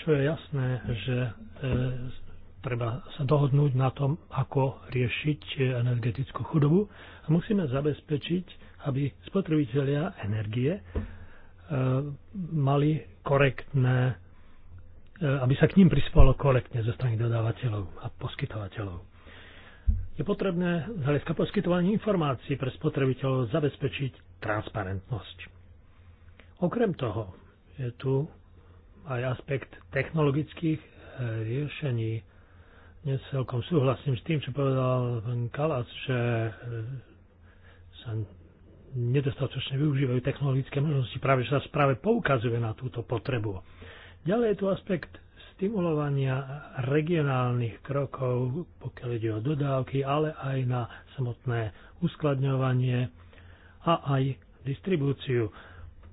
Čo je jasné, že e, treba sa dohodnúť na tom, ako riešiť energetickú chudobu a musíme zabezpečiť, aby spotrebitelia energie e, mali korektné, e, aby sa k ním prispalo korektne zo strany dodávateľov a poskytovateľov je potrebné z hľadiska poskytovania informácií pre spotrebiteľov zabezpečiť transparentnosť. Okrem toho je tu aj aspekt technologických eh, riešení. Dnes celkom súhlasím s tým, čo povedal pán Kalas, že eh, sa nedostatočne využívajú technologické možnosti, práve že sa správe poukazuje na túto potrebu. Ďalej je tu aspekt stimulovania regionálnych krokov, pokiaľ ide o dodávky, ale aj na samotné uskladňovanie a aj distribúciu.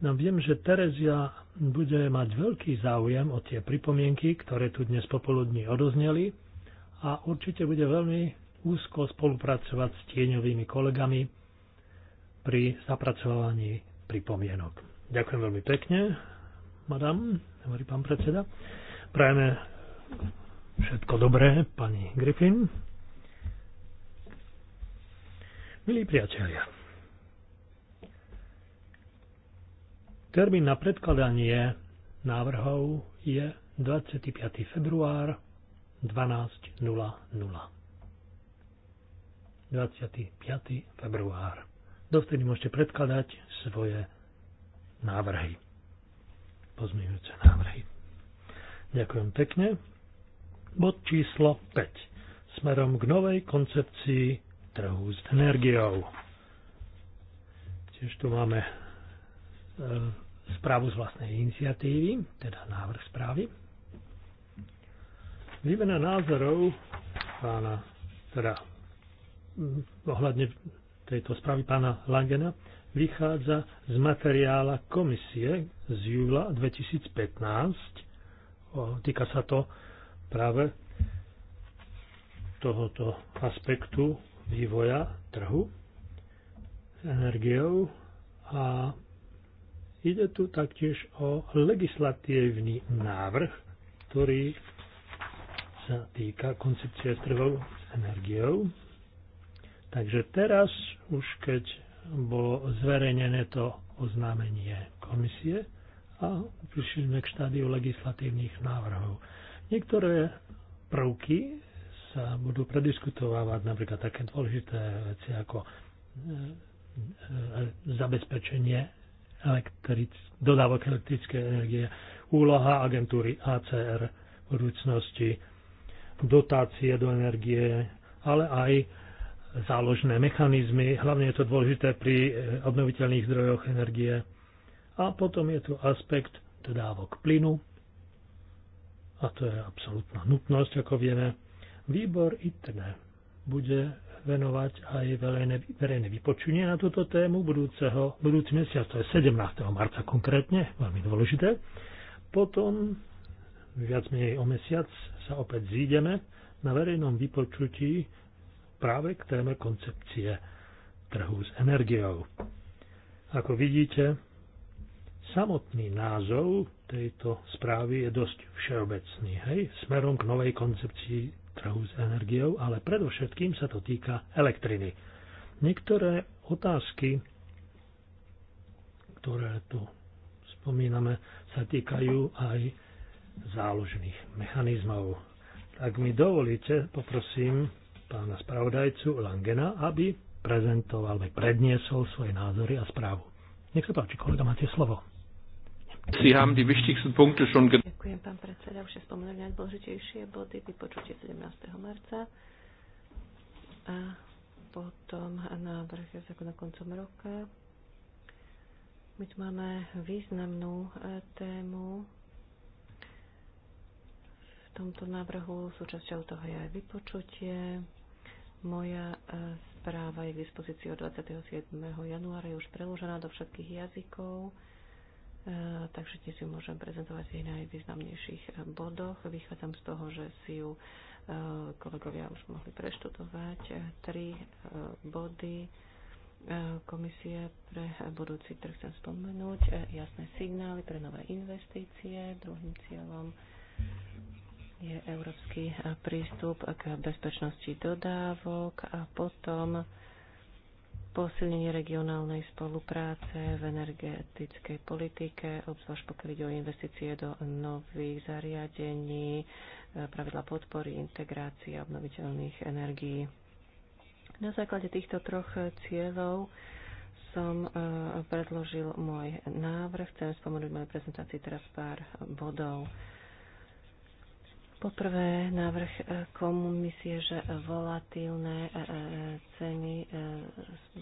No, viem, že Terezia bude mať veľký záujem o tie pripomienky, ktoré tu dnes popoludní odozneli a určite bude veľmi úzko spolupracovať s tieňovými kolegami pri zapracovaní pripomienok. Ďakujem veľmi pekne, madam, hovorí pán predseda. Prajeme všetko dobré, pani Griffin. Milí priatelia, termín na predkladanie návrhov je 25. február 12.00. 25. február. Dovtedy môžete predkladať svoje návrhy. Pozmeňujúce návrhy. Ďakujem pekne. Bod číslo 5. Smerom k novej koncepcii trhu s energiou. Tiež tu máme e, správu z vlastnej iniciatívy, teda návrh správy. Výmena názorov pána, teda ohľadne tejto správy pána Langena, vychádza z materiála komisie z júla 2015, týka sa to práve tohoto aspektu vývoja trhu s energiou a ide tu taktiež o legislatívny návrh, ktorý sa týka koncepcie trhov s energiou. Takže teraz, už keď bolo zverejnené to oznámenie komisie, a prišli sme k štádiu legislatívnych návrhov. Niektoré prvky sa budú prediskutovávať, napríklad také dôležité veci ako e, e, zabezpečenie elektric, dodávok elektrické energie, úloha agentúry ACR v budúcnosti, dotácie do energie, ale aj záložné mechanizmy. Hlavne je to dôležité pri e, obnoviteľných zdrojoch energie a potom je tu aspekt dodávok plynu, a to je absolútna nutnosť, ako vieme. Výbor ITN bude venovať aj verejné, verejné vypočunie na túto tému budúceho, budúci mesiac, to je 17. marca konkrétne, veľmi dôležité. Potom, viac menej o mesiac, sa opäť zídeme na verejnom vypočutí práve k téme koncepcie trhu s energiou. Ako vidíte, Samotný názov tejto správy je dosť všeobecný, hej, smerom k novej koncepcii trhu s energiou, ale predovšetkým sa to týka elektriny. Niektoré otázky, ktoré tu spomíname, sa týkajú aj záložných mechanizmov. Tak mi dovolíte, poprosím pána spravodajcu Langena, aby prezentoval, predniesol svoje názory a správu. Nech sa páči, kolega, máte slovo. Sie haben die wichtigsten Punkte schon Ďakujem, pán predseda. Už je spomenuli najdôležitejšie body vypočutie 17. marca a potom návrh na koncom roka. My tu máme významnú e, tému v tomto návrhu. Súčasťou toho je aj vypočutie. Moja e, správa je k dispozícii od 27. januára, je už preložená do všetkých jazykov. E, takže dnes ju môžem prezentovať v jej najvýznamnejších e, bodoch. Vychádzam z toho, že si ju e, kolegovia už mohli preštudovať. Tri body komisie pre budúci trh chcem spomenúť. Jasné signály pre nové investície. Druhým cieľom je európsky prístup k bezpečnosti dodávok a potom posilnenie regionálnej spolupráce v energetickej politike, obzvlášť pokiaľ ide o investície do nových zariadení, e, pravidla podpory, integrácie obnoviteľných energií. Na základe týchto troch cieľov som e, predložil môj návrh. Chcem spomenúť v mojej prezentácii teraz pár bodov. Poprvé návrh e, komisie, že volatilné e, e, ceny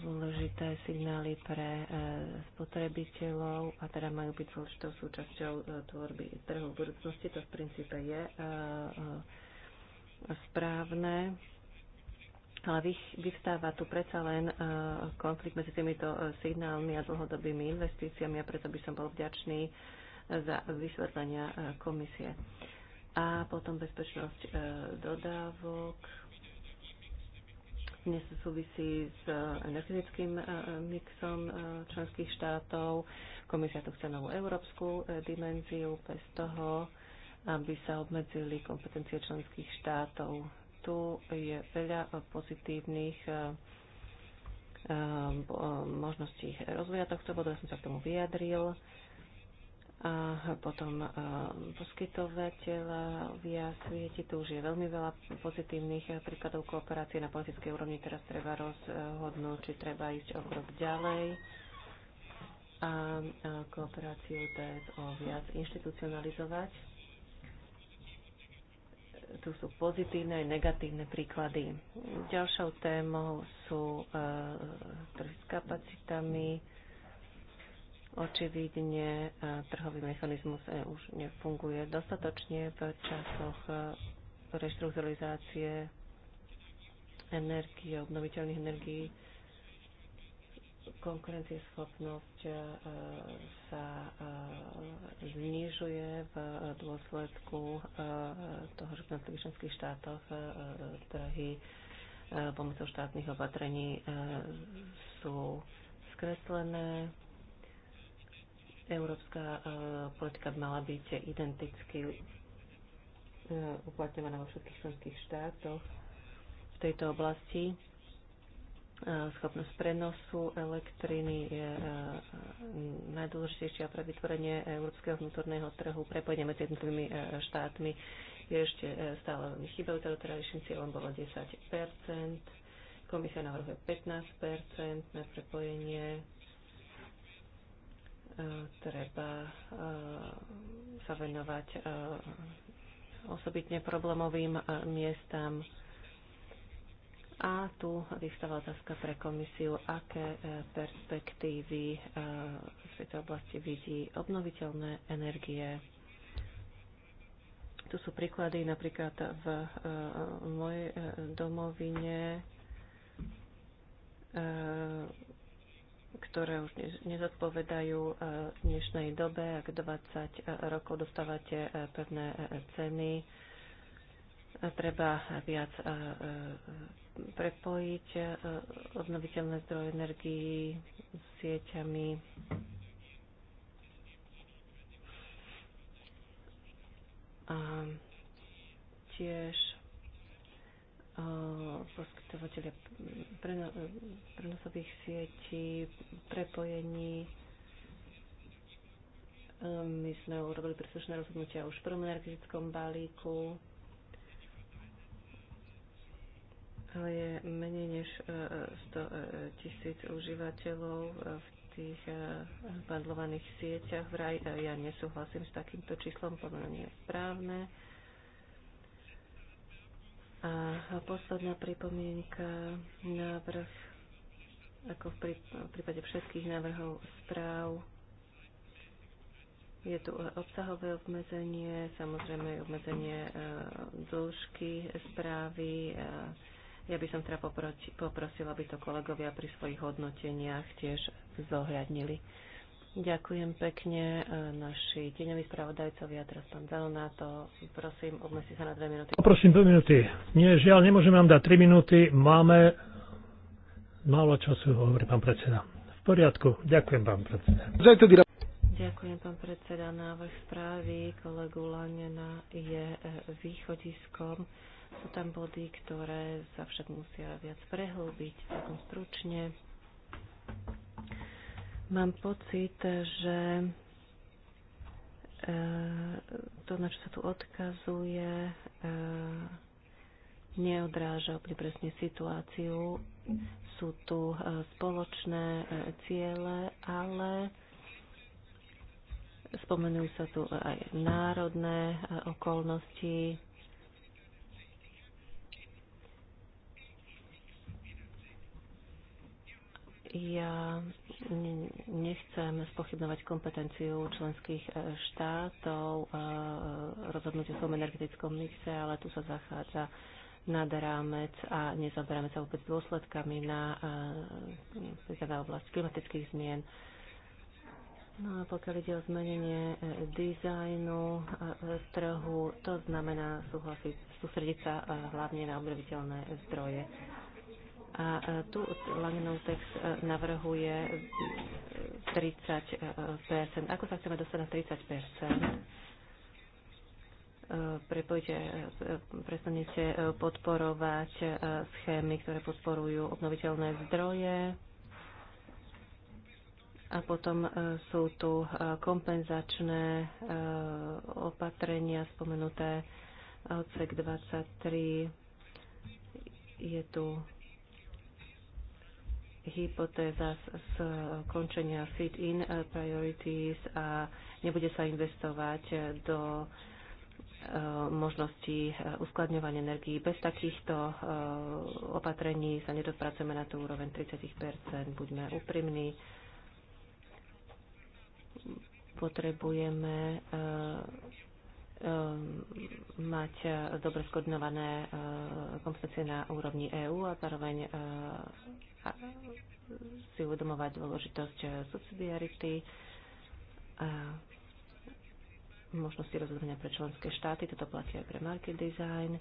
sú dôležité signály pre spotrebiteľov a teda majú byť dôležitou súčasťou tvorby trhu v budúcnosti. To v princípe je správne. Ale vyvstáva tu predsa len konflikt medzi týmito signálmi a dlhodobými investíciami a preto by som bol vďačný za vysvetlenia komisie a potom bezpečnosť e, dodávok. Dnes súvisí s e, energetickým e, mixom členských štátov. Komisia tu chce novú európsku dimenziu bez toho, aby sa obmedzili kompetencie členských štátov. Tu je veľa pozitívnych možností rozvoja tohto bodu. Ja som sa k tomu vyjadril a potom e, poskytovateľ via svieti. Tu už je veľmi veľa pozitívnych príkladov kooperácie na politickej úrovni. Teraz treba rozhodnúť, či treba ísť o krok ďalej a kooperáciu TSO viac inštitucionalizovať. Tu sú pozitívne aj negatívne príklady. Ďalšou témou sú e, trhy s kapacitami, Očividne e, trhový mechanizmus e už nefunguje dostatočne v časoch e, reštrukturalizácie energie, obnoviteľných energií konkurencieschopnosť sa znižuje v dôsledku toho, že v jednotlivých členských štátoch trhy pomocou štátnych opatrení sú skreslené. Európska e, politika by mala byť identicky e, uplatňovaná vo všetkých členských štátoch v tejto oblasti. E, schopnosť prenosu elektriny je najdôležitejšia pre vytvorenie európskeho vnútorného trhu. Prepojenie medzi jednotlivými štátmi je ešte stále veľmi chýbajú. Teda terajším cieľom bolo 10 Komisia navrhuje 15 na prepojenie treba eh, sa venovať eh, osobitne problémovým eh, miestam. A tu vystáva otázka pre komisiu, aké perspektívy v tejto oblasti vidí obnoviteľné energie. Tu sú príklady napríklad v mojej domovine ktoré už nezodpovedajú e, dnešnej dobe. Ak 20 e, rokov dostávate e, pevné ceny, treba viac prepojiť obnoviteľné zdroje energii s sieťami. A tiež poskytovateľia prenosových sietí, prepojení. My sme urobili príslušné rozhodnutia už v prvom energetickom balíku. Ale je menej než 100 e, e, tisíc užívateľov v tých bandlovaných e, sieťach. Vraj ja nesúhlasím s takýmto číslom, podľa mňa nie je správne a posledná pripomienka, návrh, ako v prípade všetkých návrhov správ, je tu obsahové obmedzenie, samozrejme obmedzenie e, dĺžky správy. E, ja by som teda poprosila, aby to kolegovia pri svojich hodnoteniach tiež zohľadnili. Ďakujem pekne e, naši tieňoví spravodajcovia, teraz pán Zanonáto. Prosím, obmeste sa na dve minúty. Prosím, dve minúty. Nie, žiaľ, nemôžem vám dať tri minúty. Máme málo času, hovorí pán predseda. V poriadku. Ďakujem, pán predseda. Ďakujem, pán predseda. Návrh správy kolegu Lanena je e, východiskom. Sú tam body, ktoré sa však musia viac prehlbiť, takom stručne Mám pocit, že e, to, na čo sa tu odkazuje, e, neodráža úplne presne situáciu. Sú tu e, spoločné ciele, ale spomenujú sa tu aj národné okolnosti, Ja mm, nechcem spochybnovať kompetenciu členských e, štátov e, rozhodnúť o svojom energetickom mixe, ale tu sa zachádza nad rámec a nezaberáme sa vôbec dôsledkami na teda oblasť klimatických zmien. No a pokiaľ ide o zmenenie e, dizajnu trhu, to znamená súhlasiť, sústrediť sa hlavne na obnoviteľné zdroje. A e, tu text e, navrhuje 30 e, Ako sa chceme dostať na 30 Prepojte, prestanete podporovať schémy, ktoré podporujú obnoviteľné zdroje. A potom sú tu kompenzačné opatrenia spomenuté odsek 23. Je tu hypotéza končenia fit-in priorities a nebude sa investovať do eh, možností eh, uskladňovania energií. Bez takýchto eh, opatrení sa nedopracujeme na tú úroveň 30 Buďme úprimní. Potrebujeme Ehm, mať e, dobre skoordinované e, kompetencie na úrovni EÚ a zároveň e, si uvedomovať dôležitosť subsidiarity a možnosti rozhodovania pre členské štáty. Toto platí aj pre market design.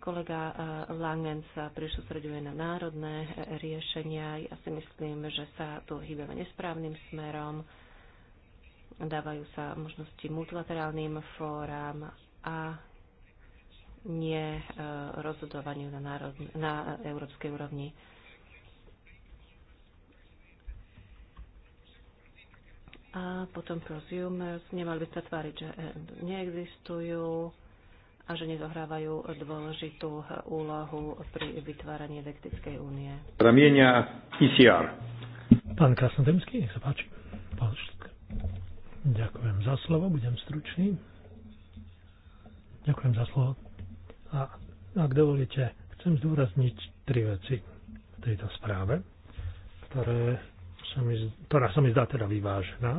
Kolega Langen sa príliš sústreduje na národné riešenia. Ja si myslím, že sa tu hýbeme nesprávnym smerom dávajú sa možnosti multilaterálnym fórám a nie e, rozhodovaniu na, národ, na európskej úrovni. A potom prosumers nemali by sa tváriť, že e, neexistujú a že nezohrávajú dôležitú úlohu pri vytváraní elektrickej únie. Pramienia ICR. E Pán Krasnodemský, nech sa páči. Pán Ďakujem za slovo, budem stručný. Ďakujem za slovo. A ak dovolíte, chcem zdôrazniť tri veci v tejto správe, ktoré sa mi, ktorá sa mi zdá teda vyvážená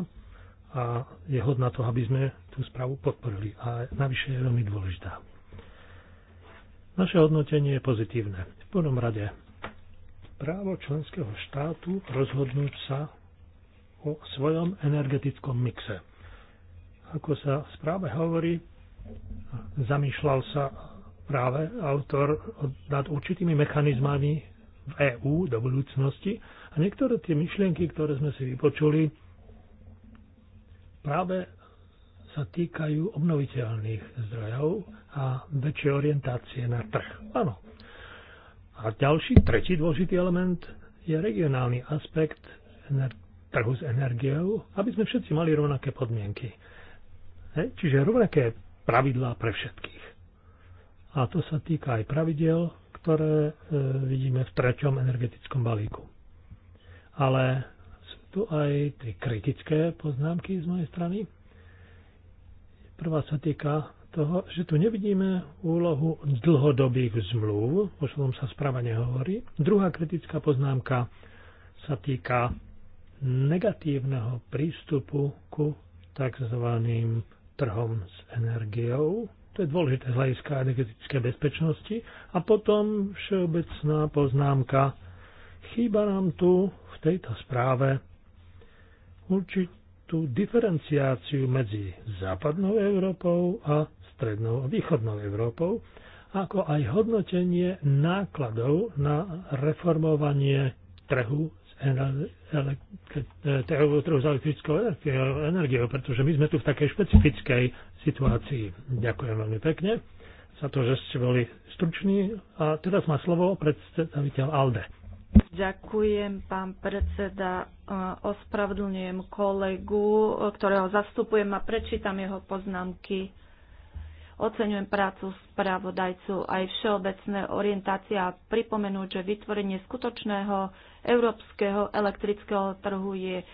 a je hodná toho, aby sme tú správu podporili. A navyše je veľmi dôležitá. Naše hodnotenie je pozitívne. V prvom rade právo členského štátu rozhodnúť sa o svojom energetickom mixe. Ako sa správe hovorí, zamýšľal sa práve autor nad určitými mechanizmami v EÚ do budúcnosti a niektoré tie myšlienky, ktoré sme si vypočuli, práve sa týkajú obnoviteľných zdrojov a väčšie orientácie na trh. Áno. A ďalší, tretí dôležitý element je regionálny aspekt ener- trhu s energiou, aby sme všetci mali rovnaké podmienky. He? Čiže rovnaké pravidlá pre všetkých. A to sa týka aj pravidel, ktoré e, vidíme v treťom energetickom balíku. Ale sú tu aj tri kritické poznámky z mojej strany. Prvá sa týka toho, že tu nevidíme úlohu dlhodobých zmluv, o čom sa správa nehovorí. Druhá kritická poznámka sa týka negatívneho prístupu ku tzv. trhom s energiou, to je dôležité z hľadiska energetické bezpečnosti, a potom všeobecná poznámka, chýba nám tu v tejto správe určitú diferenciáciu medzi západnou Európou a strednou a východnou Európou, ako aj hodnotenie nákladov na reformovanie trhu trhu s elektrickou energiou, pretože my sme tu v takej špecifickej situácii. Ďakujem veľmi pekne za to, že ste boli struční. A teraz má slovo predstaviteľ ALDE. Ďakujem, pán predseda. E, ospravedlňujem kolegu, ktorého zastupujem a prečítam jeho poznámky. Oceňujem prácu spravodajcu aj všeobecné orientácie a pripomenúť, že vytvorenie skutočného európskeho elektrického trhu je e,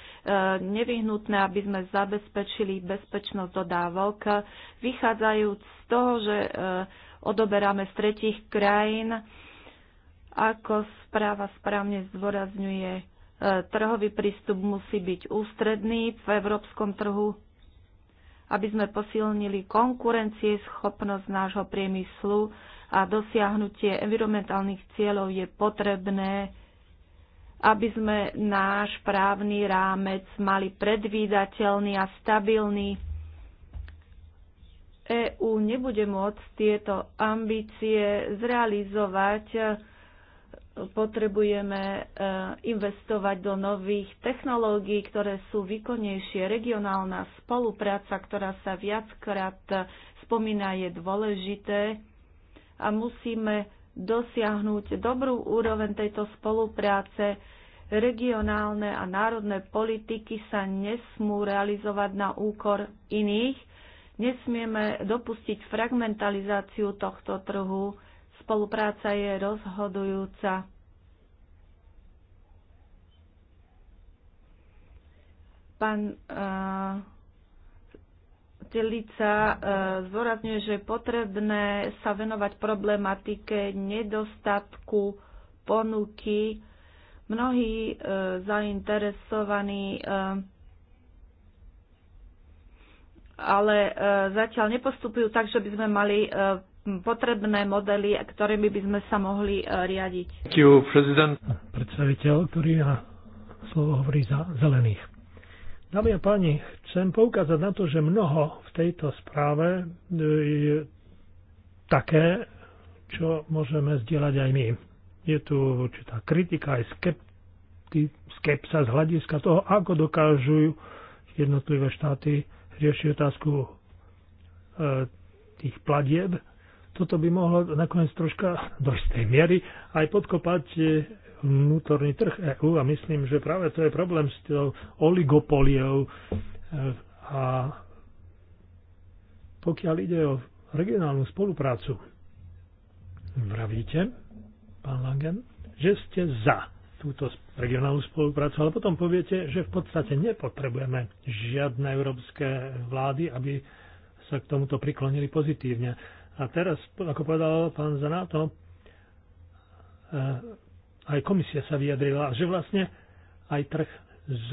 nevyhnutné, aby sme zabezpečili bezpečnosť dodávok, vychádzajúc z toho, že e, odoberáme z tretich krajín, ako správa správne zdôrazňuje, e, trhový prístup musí byť ústredný v európskom trhu, aby sme posilnili schopnosť nášho priemyslu a dosiahnutie environmentálnych cieľov je potrebné aby sme náš právny rámec mali predvídateľný a stabilný. EÚ nebude môcť tieto ambície zrealizovať. Potrebujeme e, investovať do nových technológií, ktoré sú výkonnejšie. Regionálna spolupráca, ktorá sa viackrát spomína, je dôležité a musíme dosiahnuť dobrú úroveň tejto spolupráce. Regionálne a národné politiky sa nesmú realizovať na úkor iných. Nesmieme dopustiť fragmentalizáciu tohto trhu. Spolupráca je rozhodujúca. Pán uh, Telica e, zdôrazňuje, že je potrebné sa venovať problematike nedostatku ponuky. Mnohí e, zainteresovaní e, ale zatiaľ nepostupujú tak, že by sme mali potrebné modely, ktorými by sme sa mohli riadiť. Predstaviteľ, ktorý na slovo hovorí za zelených. Dámy a páni, chcem poukázať na to, že mnoho v tejto správe e, je také, čo môžeme zdieľať aj my. Je tu určitá kritika aj skepti, skepsa z hľadiska toho, ako dokážu jednotlivé štáty riešiť otázku e, tých platieb toto by mohlo nakoniec troška do istej miery aj podkopať e, vnútorný trh EÚ a myslím, že práve to je problém s tou oligopoliou a pokiaľ ide o regionálnu spoluprácu, vravíte, pán Langen, že ste za túto regionálnu spoluprácu, ale potom poviete, že v podstate nepotrebujeme žiadne európske vlády, aby sa k tomuto priklonili pozitívne. A teraz, ako povedal pán Zanato, aj komisia sa vyjadrila, že vlastne aj trh s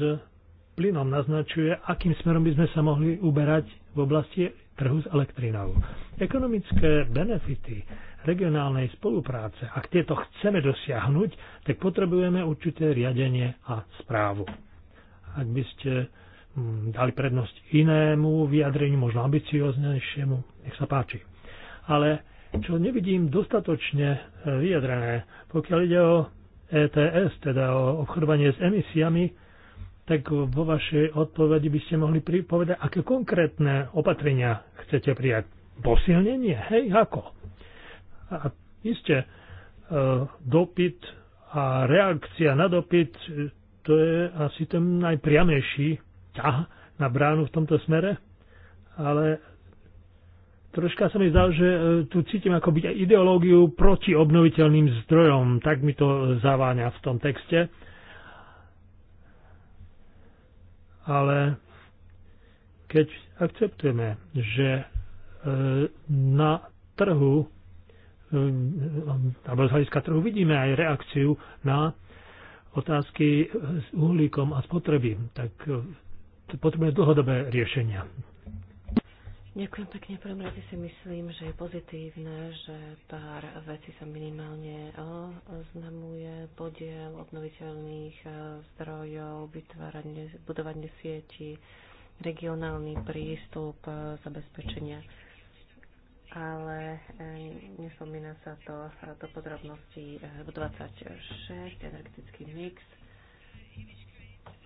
plynom naznačuje, akým smerom by sme sa mohli uberať v oblasti trhu s elektrinou. Ekonomické benefity regionálnej spolupráce, ak tieto chceme dosiahnuť, tak potrebujeme určité riadenie a správu. Ak by ste mm, dali prednosť inému vyjadreniu, možno ambicioznejšiemu, nech sa páči. Ale čo nevidím dostatočne e, vyjadrené, pokiaľ ide o ETS, teda o obchodovanie s emisiami, tak vo vašej odpovedi by ste mohli povedať, aké konkrétne opatrenia chcete prijať. Posilnenie? Hej, ako? A iste, e, dopyt a reakcia na dopyt, to je asi ten najpriamejší ťah na bránu v tomto smere, ale troška sa mi zdá, že e, tu cítim ako byť aj ideológiu proti obnoviteľným zdrojom. Tak mi to e, zaváňa v tom texte. Ale keď akceptujeme, že e, na trhu alebo z hľadiska trhu vidíme aj reakciu na otázky s uhlíkom a spotreby, tak potrebujeme dlhodobé riešenia. Ďakujem pekne. Prvom rade si myslím, že je pozitívne, že pár vecí sa minimálne oznamuje. Podiel obnoviteľných eh, zdrojov, vytváranie, budovanie sieti, regionálny prístup, eh, zabezpečenia. Ale eh, nespomína sa to do podrobností 26, energetický mix.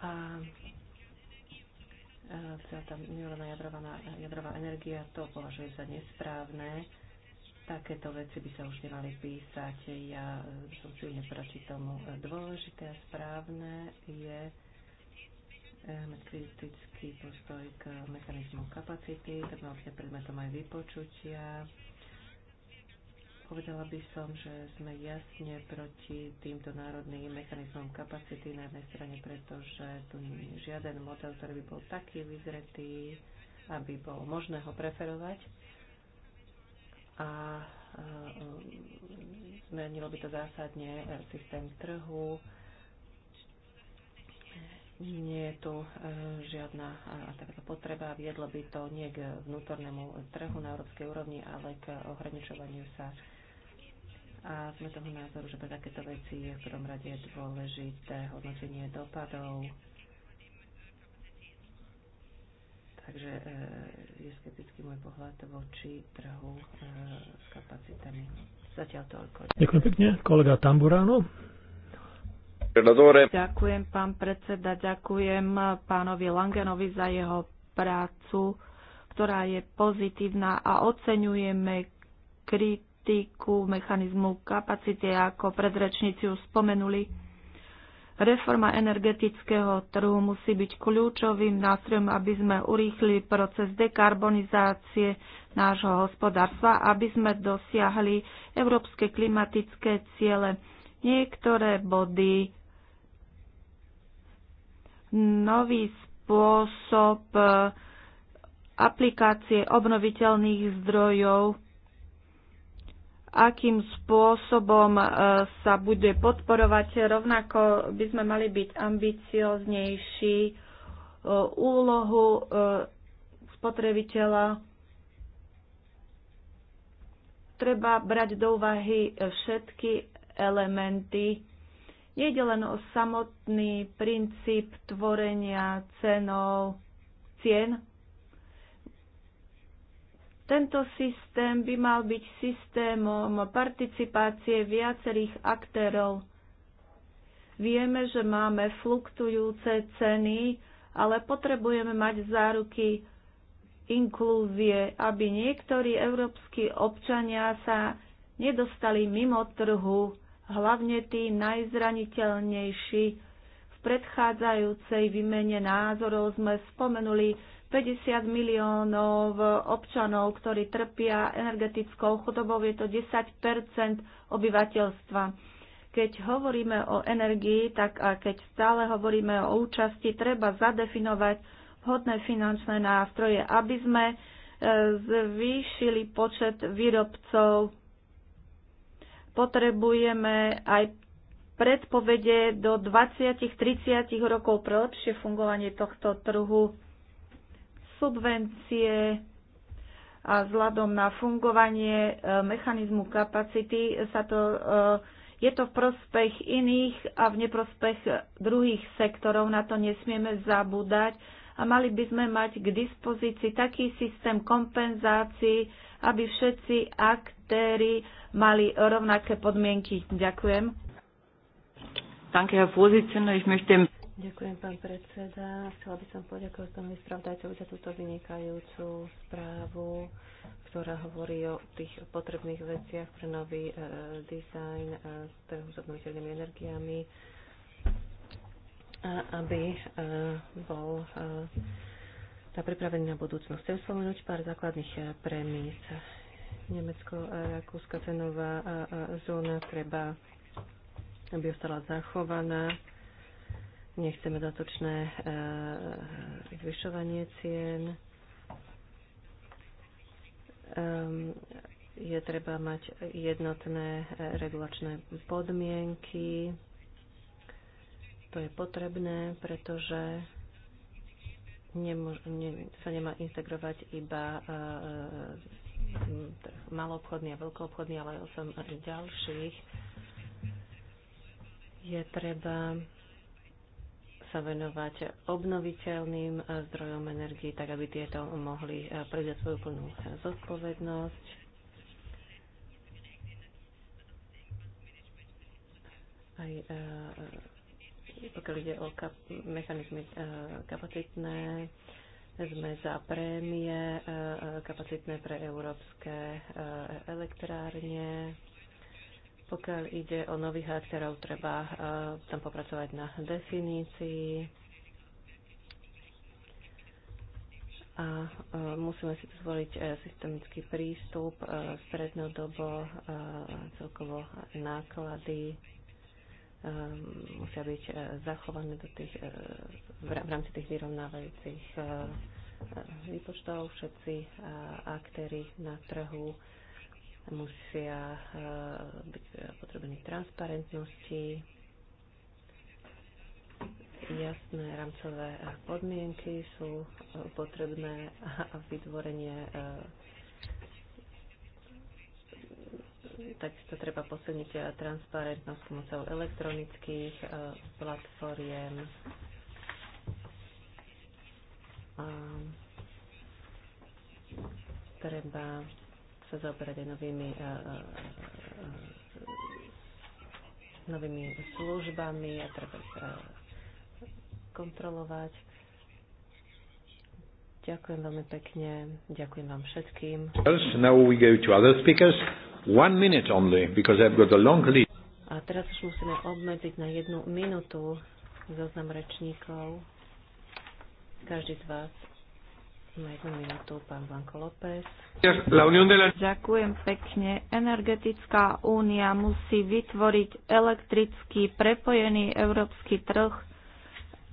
A celá tá nevolená jadrová, jadrová energia, to považuje za nesprávne. Takéto veci by sa už nemali písať. Ja som si proti tomu. Dôležité a správne je eh, mať kritický postoj k mechanizmu kapacity, tak máme predmetom aj vypočutia. Povedala by som, že sme jasne proti týmto národným mechanizmom kapacity na jednej strane, pretože tu nie je žiaden model, ktorý by bol taký vyzretý, aby bolo možné ho preferovať. A e, zmenilo by to zásadne e, systém trhu. Nie je tu e, žiadna takáto potreba. Viedlo by to nie k vnútornému trhu na európskej úrovni, ale k ohraničovaniu sa a sme toho názoru, že pre takéto veci je v prvom rade dôležité hodnotenie dopadov. Takže e, je skeptický môj pohľad voči trhu e, s kapacitami. Zatiaľ toľko. Ďakujem pekne. Kolega Tamburáno. Ďakujem, pán predseda, ďakujem pánovi Langenovi za jeho prácu, ktorá je pozitívna a oceňujeme krit týku mechanizmu kapacity, ako predrečníci už spomenuli. Reforma energetického trhu musí byť kľúčovým nástrojom, aby sme urýchli proces dekarbonizácie nášho hospodárstva, aby sme dosiahli európske klimatické ciele. Niektoré body, nový spôsob eh, aplikácie obnoviteľných zdrojov akým spôsobom e, sa bude podporovať. Rovnako by sme mali byť ambicioznejší e, úlohu e, spotrebiteľa. Treba brať do úvahy všetky elementy. ide len o samotný princíp tvorenia cenov, cien, tento systém by mal byť systémom participácie viacerých aktérov. Vieme, že máme fluktujúce ceny, ale potrebujeme mať záruky inklúzie, aby niektorí európsky občania sa nedostali mimo trhu, hlavne tí najzraniteľnejší. V predchádzajúcej výmene názorov sme spomenuli 50 miliónov občanov, ktorí trpia energetickou chudobou, je to 10 obyvateľstva. Keď hovoríme o energii, tak a keď stále hovoríme o účasti, treba zadefinovať vhodné finančné nástroje, aby sme e, zvýšili počet výrobcov. Potrebujeme aj predpovede do 20-30 rokov pre lepšie fungovanie tohto trhu subvencie a vzhľadom na fungovanie e, mechanizmu kapacity sa to, e, je to v prospech iných a v neprospech druhých sektorov. Na to nesmieme zabúdať a mali by sme mať k dispozícii taký systém kompenzácií, aby všetci aktéry mali rovnaké podmienky. Ďakujem. Danke, Herr Vorsitzender. Ich möchte Ďakujem, pán predseda. Chcela by som poďakovať pánovi spravodajcovi za túto vynikajúcu správu, ktorá hovorí o tých potrebných veciach pre nový e, dizajn e, trhu s obnoviteľnými energiami, a aby e, bol e, tá pripravený na budúcnosť. Chcem spomenúť pár základných e, premis. Nemecko-Rakúska e, cenová e, zóna treba, aby ostala zachovaná Nechceme dotočné e, zvyšovanie cien. Ehm, je treba mať jednotné e, regulačné podmienky. To je potrebné, pretože sa nemá integrovať iba e, maloobchodný a veľkoobchodný, ale aj 8 ďalších. Je treba sa venovať obnoviteľným zdrojom energii, tak aby tieto mohli eh, prevziať svoju plnú zodpovednosť. Aj eh, eh, pokiaľ ide o kap- mechanizmy kapacitné, sme za prémie kapacitné pre európske elektrárne pokiaľ ide o nových aktérov, treba e, tam popracovať na definícii. A e, musíme si zvoliť e, systemický prístup, strednodobo, celkovo náklady musia byť zachované do tých, v rámci tých vyrovnávajúcich výpočtov všetci aktéry na trhu musia e, byť potrebení transparentnosti, jasné rámcové podmienky sú potrebné a vytvorenie e, takisto treba posilniť e, transparentnosť pomocou elektronických platformiem. Treba sa zaoberať aj novými, e, e, novými službami a treba sa e, kontrolovať. Ďakujem veľmi pekne, ďakujem vám všetkým. A teraz už musíme obmedziť na jednu minútu zoznam rečníkov. Každý z vás Ďakujem pekne. Energetická únia musí vytvoriť elektrický prepojený európsky trh,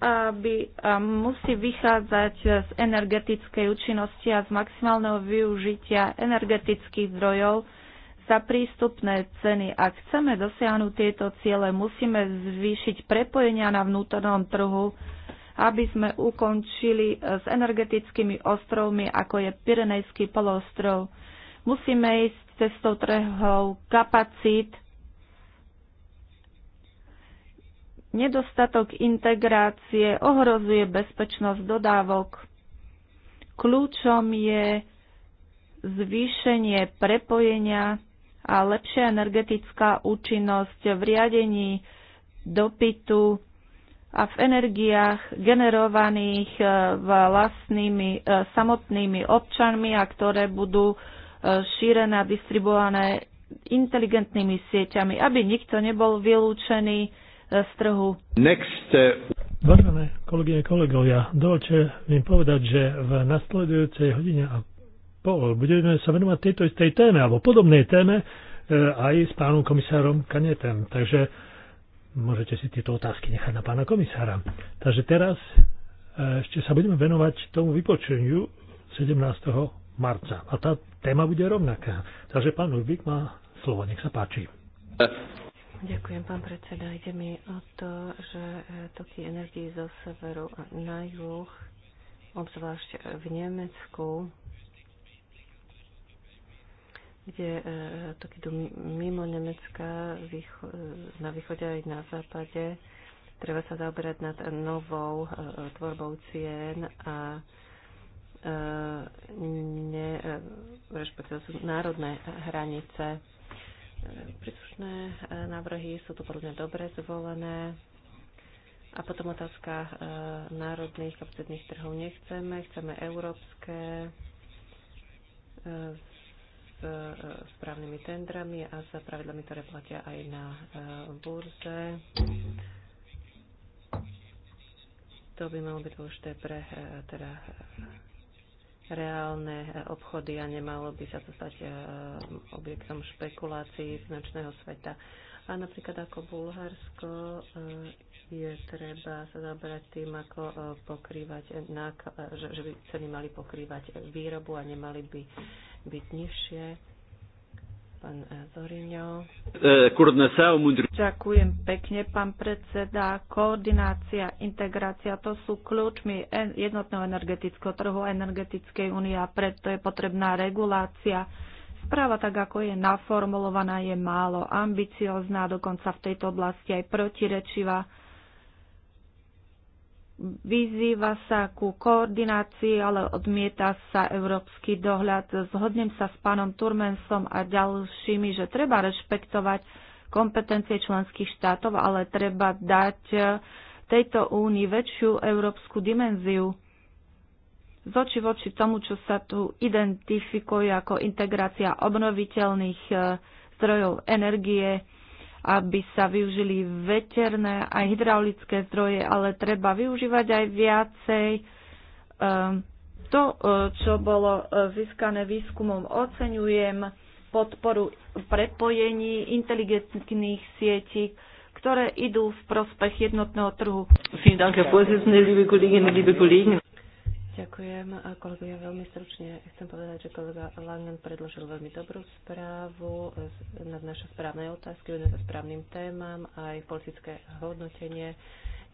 aby musí vychádzať z energetickej účinnosti a z maximálneho využitia energetických zdrojov za prístupné ceny. Ak chceme dosiahnuť tieto ciele, musíme zvýšiť prepojenia na vnútornom trhu aby sme ukončili e, s energetickými ostrovmi, ako je Pirenejský polostrov. Musíme ísť cestou trhov kapacít, Nedostatok integrácie ohrozuje bezpečnosť dodávok. Kľúčom je zvýšenie prepojenia a lepšia energetická účinnosť v riadení dopytu a v energiách generovaných e, vlastnými e, samotnými občanmi a ktoré budú e, šírené a distribuované inteligentnými sieťami, aby nikto nebol vylúčený z trhu. Next. Vážené kolegyne, kolegovia, dovolte mi povedať, že v nasledujúcej hodine a pol budeme sa venovať tejto istej téme alebo podobnej téme aj s pánom komisárom Kanetem. Takže Môžete si tieto otázky nechať na pána komisára. Takže teraz e, ešte sa budeme venovať tomu vypočeniu 17. marca. A tá téma bude rovnaká. Takže pán Lubík má slovo. Nech sa páči. Ďakujem, pán predseda. Ide mi o to, že e, toky energii zo severu a na juh, obzvlášť v Nemecku, kde e, to mimo Nemecka, e, na východe aj na západe. Treba sa zaoberať nad novou e, tvorbou cien a ne, rešpektíve sú národné hranice. Príslušné návrhy sú tu podobne dobre zvolené. A potom otázka národných kapacitných trhov nechceme, chceme európske s e, správnymi tendrami a s pravidlami, ktoré platia aj na e, burze. To by malo byť dôležité pre e, teda, reálne obchody a nemalo by sa to stať objektom špekulácií značného sveta. A napríklad ako Bulharsko je treba sa zabrať tým, ako e, pokrývať, e, že, by ceny mali pokrývať výrobu a nemali by byť nižšie. Pán e, Zorino. Ďakujem pekne, pán predseda. Koordinácia, integrácia, to sú kľúčmi jednotného energetického trhu, energetickej únie a preto je potrebná regulácia Správa, tak ako je naformulovaná, je málo ambiciozná, dokonca v tejto oblasti aj protirečivá. Vyzýva sa ku koordinácii, ale odmieta sa európsky dohľad. Zhodnem sa s pánom Turmensom a ďalšími, že treba rešpektovať kompetencie členských štátov, ale treba dať e, tejto únii väčšiu európsku dimenziu. Z oči voči tomu, čo sa tu identifikuje ako integrácia obnoviteľných e, zdrojov energie, aby sa využili veterné a hydraulické zdroje, ale treba využívať aj viacej ehm, to, e, čo bolo e, získané výskumom. Oceňujem podporu prepojení inteligentných sietí, ktoré idú v prospech jednotného trhu. Ďakujem. Kolegovia, veľmi stručne chcem povedať, že kolega Langen predložil veľmi dobrú správu e, na naše správne otázky, venuje sa správnym témam, aj politické hodnotenie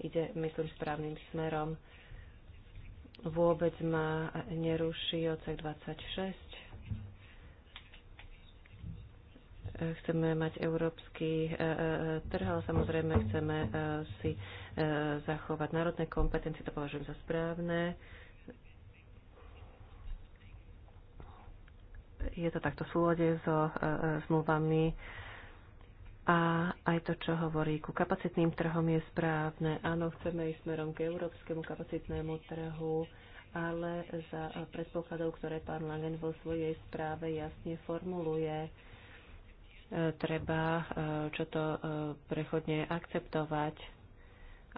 ide, myslím, správnym smerom. Vôbec ma neruší odsek 26. E, chceme mať európsky e, trh, ale samozrejme chceme si zachovať národné kompetencie, to považujem za správne. je to takto v súlade so e, e, zmluvami a aj to, čo hovorí ku kapacitným trhom, je správne. Áno, chceme ísť smerom k európskemu kapacitnému trhu, ale za predpokladov, ktoré pán Langen vo svojej správe jasne formuluje, e, treba čo to prechodne akceptovať,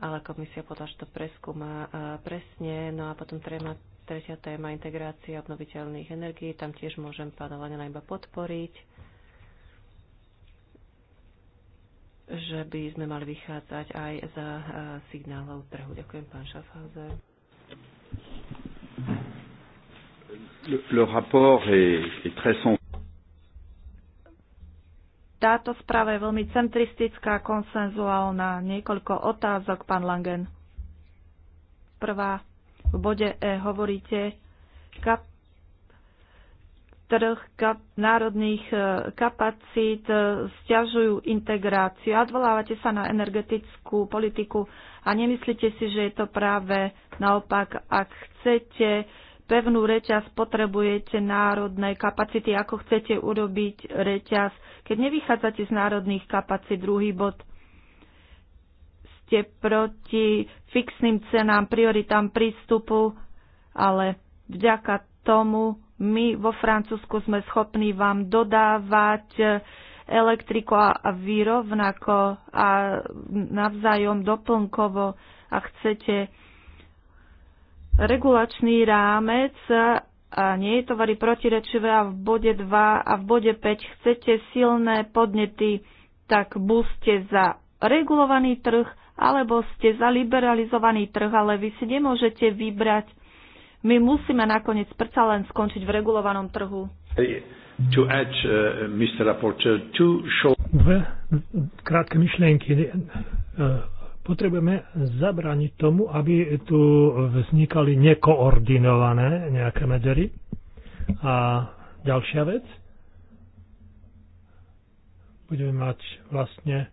ale komisia podľa to preskúma presne, no a potom treba Tretia téma integrácia obnoviteľných energií. Tam tiež môžem pána Lenina iba podporiť, že by sme mali vychádzať aj za eh, signálov trhu. Ďakujem, pán Schaffhauser. táto správa je veľmi centristická, konsenzuálna. Niekoľko otázok, pán Langen. Prvá. V bode E hovoríte kap, trh kap, národných e, kapacít e, stiažujú integráciu. Odvolávate sa na energetickú politiku a nemyslíte si, že je to práve naopak, ak chcete pevnú reťaz, potrebujete národné kapacity, ako chcete urobiť reťaz. Keď nevychádzate z národných kapacít, druhý bod – ste proti fixným cenám, prioritám prístupu, ale vďaka tomu my vo Francúzsku sme schopní vám dodávať elektriku a vy rovnako a navzájom doplnkovo a chcete regulačný rámec a nie je to vary protirečivé a v bode 2 a v bode 5 chcete silné podnety, tak buste za regulovaný trh alebo ste za liberalizovaný trh, ale vy si nemôžete vybrať. My musíme nakoniec predsa len skončiť v regulovanom trhu. To add, uh, Mr. Rapporteur, two short... Dve krátke myšlienky. Uh, potrebujeme zabrániť tomu, aby tu vznikali nekoordinované nejaké medzery. A ďalšia vec. Budeme mať vlastne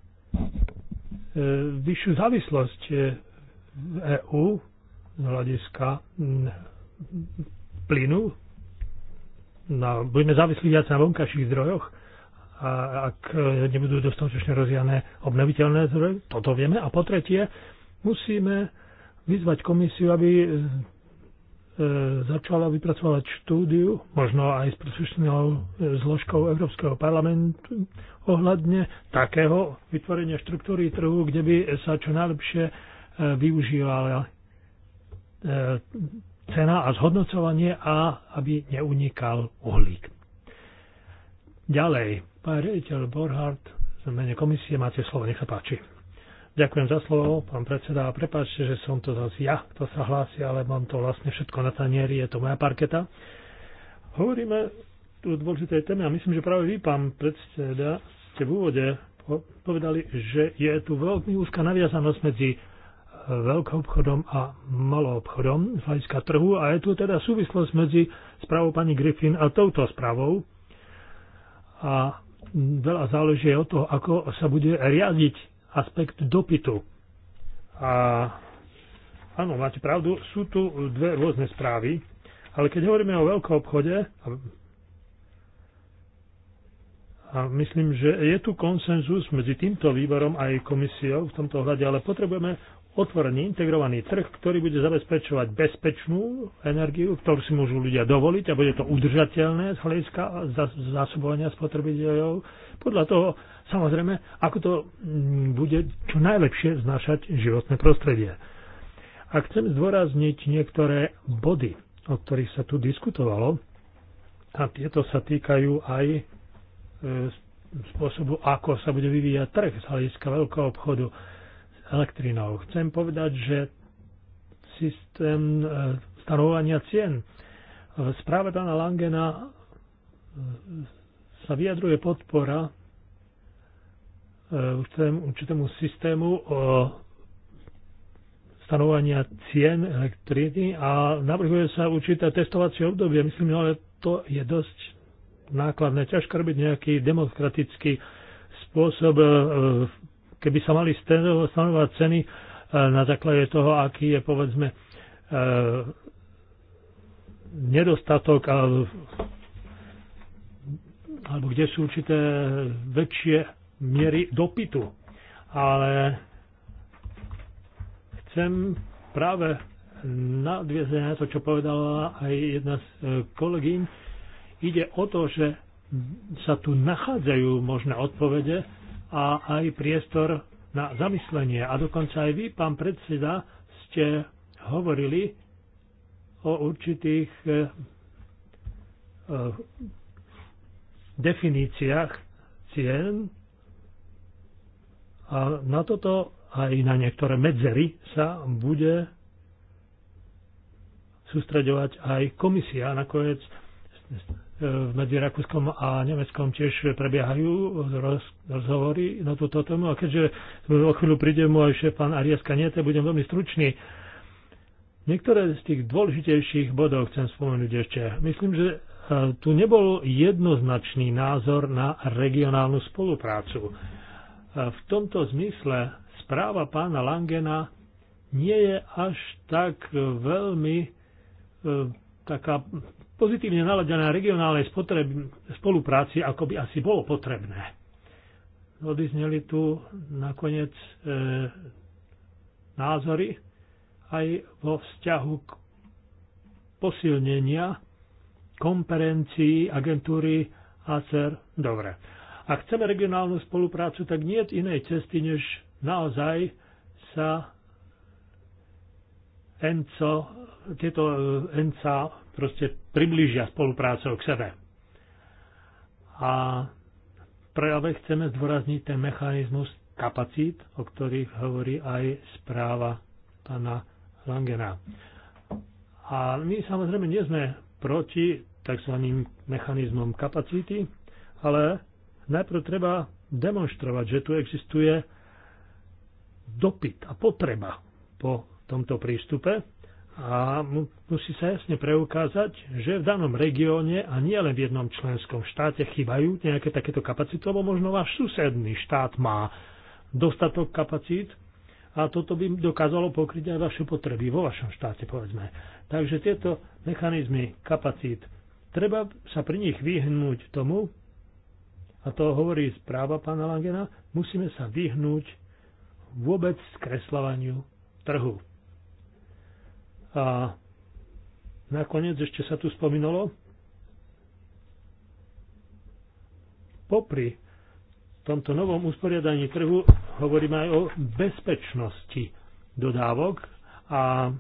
E, vyššiu závislosť e, v EÚ z hľadiska plynu. No, budeme závislí viac na vonkajších zdrojoch a ak e, nebudú dostatočne rozjané obnoviteľné zdroje, toto vieme. A po tretie, musíme vyzvať komisiu, aby E, začala vypracovať štúdiu, možno aj s príslušnou e, zložkou Európskeho parlamentu, ohľadne takého vytvorenia štruktúry trhu, kde by sa čo najlepšie e, využívala cena a zhodnocovanie a aby neunikal uhlík. Ďalej, pán riaditeľ Borhardt, z mene komisie máte slovo, nech sa páči. Ďakujem za slovo, pán predseda. A Prepáčte, že som to zase ja, kto sa hlási, ale mám to vlastne všetko na tanieri, je to moja parketa. Hovoríme tu o dôležitej téme a myslím, že práve vy, pán predseda, ste v úvode povedali, že je tu veľmi úzka naviazanosť medzi e, veľkou obchodom a malou obchodom z hľadiska trhu a je tu teda súvislosť medzi správou pani Griffin a touto správou. A veľa záleží od toho, ako sa bude riadiť aspekt dopytu. A áno, máte pravdu, sú tu dve rôzne správy, ale keď hovoríme o veľkom obchode, a myslím, že je tu konsenzus medzi týmto výborom a aj komisiou v tomto ohľade, ale potrebujeme otvorený, integrovaný trh, ktorý bude zabezpečovať bezpečnú energiu, ktorú si môžu ľudia dovoliť a bude to udržateľné z hľadiska zásobovania spotrebiteľov podľa toho, samozrejme, ako to mm, bude čo najlepšie znašať životné prostredie. A chcem zdôrazniť niektoré body, o ktorých sa tu diskutovalo, a tieto sa týkajú aj e, spôsobu, ako sa bude vyvíjať trh z hľadiska veľkého obchodu s elektrinou. Chcem povedať, že systém e, stanovania cien v e, správe pána Langena sa vyjadruje podpora určitému systému stanovania cien elektriny a navrhuje sa určité testovacie obdobie. Myslím, ale to je dosť nákladné. Ťažko robiť nejaký demokratický spôsob, e, keby sa mali stanovať ceny e, na základe toho, aký je povedzme e, nedostatok a, alebo kde sú určité väčšie miery dopytu. Ale chcem práve nadviezať na to, čo povedala aj jedna z e, kolegyň. Ide o to, že sa tu nachádzajú možné odpovede a aj priestor na zamyslenie. A dokonca aj vy, pán predseda, ste hovorili o určitých e, e, definíciách cien a na toto aj na niektoré medzery sa bude sústreďovať aj komisia. Nakoniec e, medzi Rakúskom a Nemeckom tiež prebiehajú roz, rozhovory na túto tému. A keďže o chvíľu príde môj šéf pán Arias Kaniete, budem veľmi stručný. Niektoré z tých dôležitejších bodov chcem spomenúť ešte. Myslím, že e, tu nebol jednoznačný názor na regionálnu spoluprácu. V tomto zmysle správa pána Langena nie je až tak veľmi e, taká pozitívne naladená regionálnej spolupráci, ako by asi bolo potrebné. Odizneli tu nakoniec e, názory aj vo vzťahu k posilnenia konferencií agentúry ACER. Dobre. Ak chceme regionálnu spoluprácu, tak nie je inej cesty, než naozaj sa ENCO, tieto e, ENCA proste priblížia spoluprácou k sebe. A prejave chceme zdôrazniť ten mechanizmus kapacít, o ktorých hovorí aj správa pána Langena. A my samozrejme nie sme proti tzv. mechanizmom kapacity, ale najprv treba demonstrovať, že tu existuje dopyt a potreba po tomto prístupe a musí sa jasne preukázať, že v danom regióne a nie len v jednom členskom štáte chýbajú nejaké takéto kapacity, lebo možno váš susedný štát má dostatok kapacít a toto by dokázalo pokryť aj vaše potreby vo vašom štáte, povedzme. Takže tieto mechanizmy kapacít, treba sa pri nich vyhnúť tomu, a to hovorí správa pána Langena, musíme sa vyhnúť vôbec skreslovaniu trhu. A nakoniec ešte sa tu spomínalo, popri tomto novom usporiadaní trhu hovoríme aj o bezpečnosti dodávok a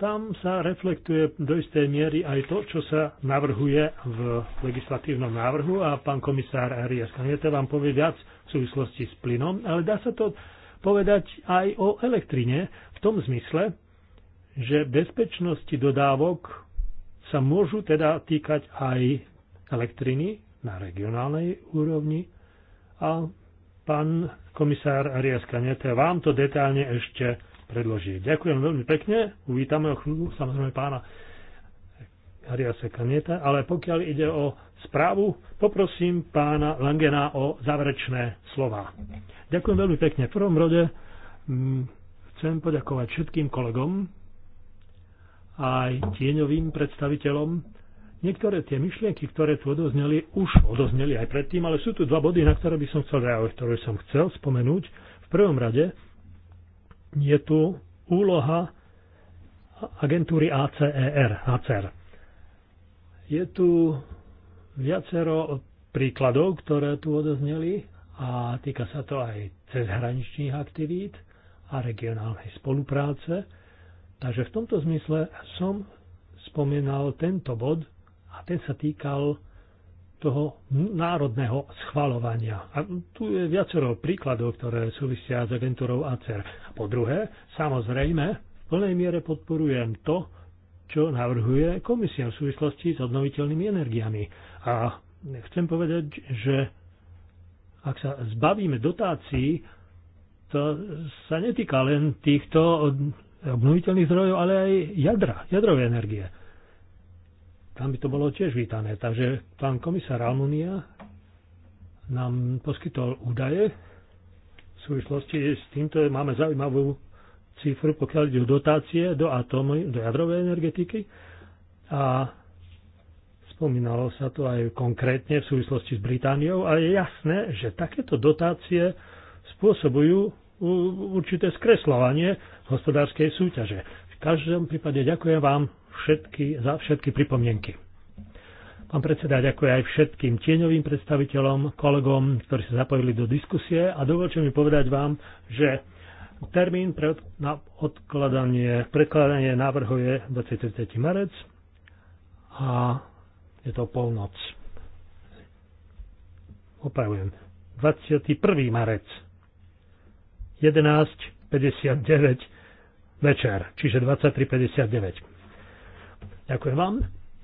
tam sa reflektuje do istej miery aj to, čo sa navrhuje v legislatívnom návrhu a pán komisár Arias Kaneta vám povie viac v súvislosti s plynom, ale dá sa to povedať aj o elektrine v tom zmysle, že bezpečnosti dodávok sa môžu teda týkať aj elektriny na regionálnej úrovni a pán komisár Arias Kaneta vám to detálne ešte predložiť. Ďakujem veľmi pekne. Uvítame o chvíľu samozrejme pána Ariasa Kanieta, ale pokiaľ ide o správu, poprosím pána Langena o záverečné slova. Ďakujem veľmi pekne. V prvom rode mm, chcem poďakovať všetkým kolegom, aj tieňovým predstaviteľom. Niektoré tie myšlienky, ktoré tu odozneli, už odozneli aj predtým, ale sú tu dva body, na ktoré by som chcel reagovať, ktoré som chcel spomenúť. V prvom rade je tu úloha agentúry ACER. ACER. Je tu viacero príkladov, ktoré tu odozneli a týka sa to aj cezhraničných aktivít a regionálnej spolupráce. Takže v tomto zmysle som spomínal tento bod a ten sa týkal toho národného schvalovania. A tu je viacero príkladov, ktoré súvisia s agentúrou ACER. Po druhé, samozrejme, v plnej miere podporujem to, čo navrhuje komisia v súvislosti s obnoviteľnými energiami. A chcem povedať, že ak sa zbavíme dotácií, to sa netýka len týchto obnoviteľných zdrojov, ale aj jadra, jadrovej energie tam by to bolo tiež vítané. Takže pán komisár Almunia nám poskytol údaje v súvislosti s týmto. Máme zaujímavú cifru, pokiaľ ide o dotácie do atómy, do jadrovej energetiky. A spomínalo sa to aj konkrétne v súvislosti s Britániou a je jasné, že takéto dotácie spôsobujú určité skreslovanie hospodárskej súťaže. V každom prípade ďakujem vám všetky, za všetky pripomienky. Pán predseda, ďakujem aj všetkým tieňovým predstaviteľom, kolegom, ktorí sa zapojili do diskusie a dovolte mi povedať vám, že termín pre na odkladanie, predkladanie návrhu je 23. marec a je to polnoc. Opravujem. 21. marec 11.59 večer, čiže 23.59. Ďakujem vám.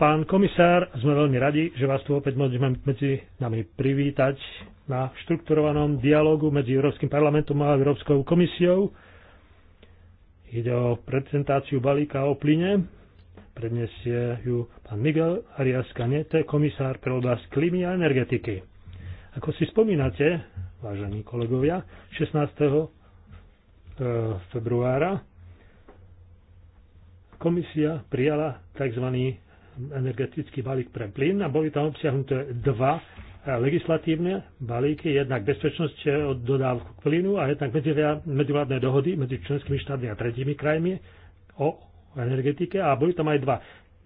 Pán komisár, sme veľmi radi, že vás tu opäť môžeme medzi nami privítať na štrukturovanom dialogu medzi Európskym parlamentom a Európskou komisiou. Ide o prezentáciu balíka o plyne. Predniesie ju pán Miguel Arias Canete, komisár pre oblasť klímy a energetiky. Ako si spomínate, vážení kolegovia, 16. Eh, februára komisia prijala tzv. energetický balík pre plyn a boli tam obsiahnuté dva e, legislatívne balíky, jednak bezpečnosť e, od dodávku k plynu a jednak medzivládne dohody medzi členskými štátmi a tretími krajmi o energetike a boli tam aj dva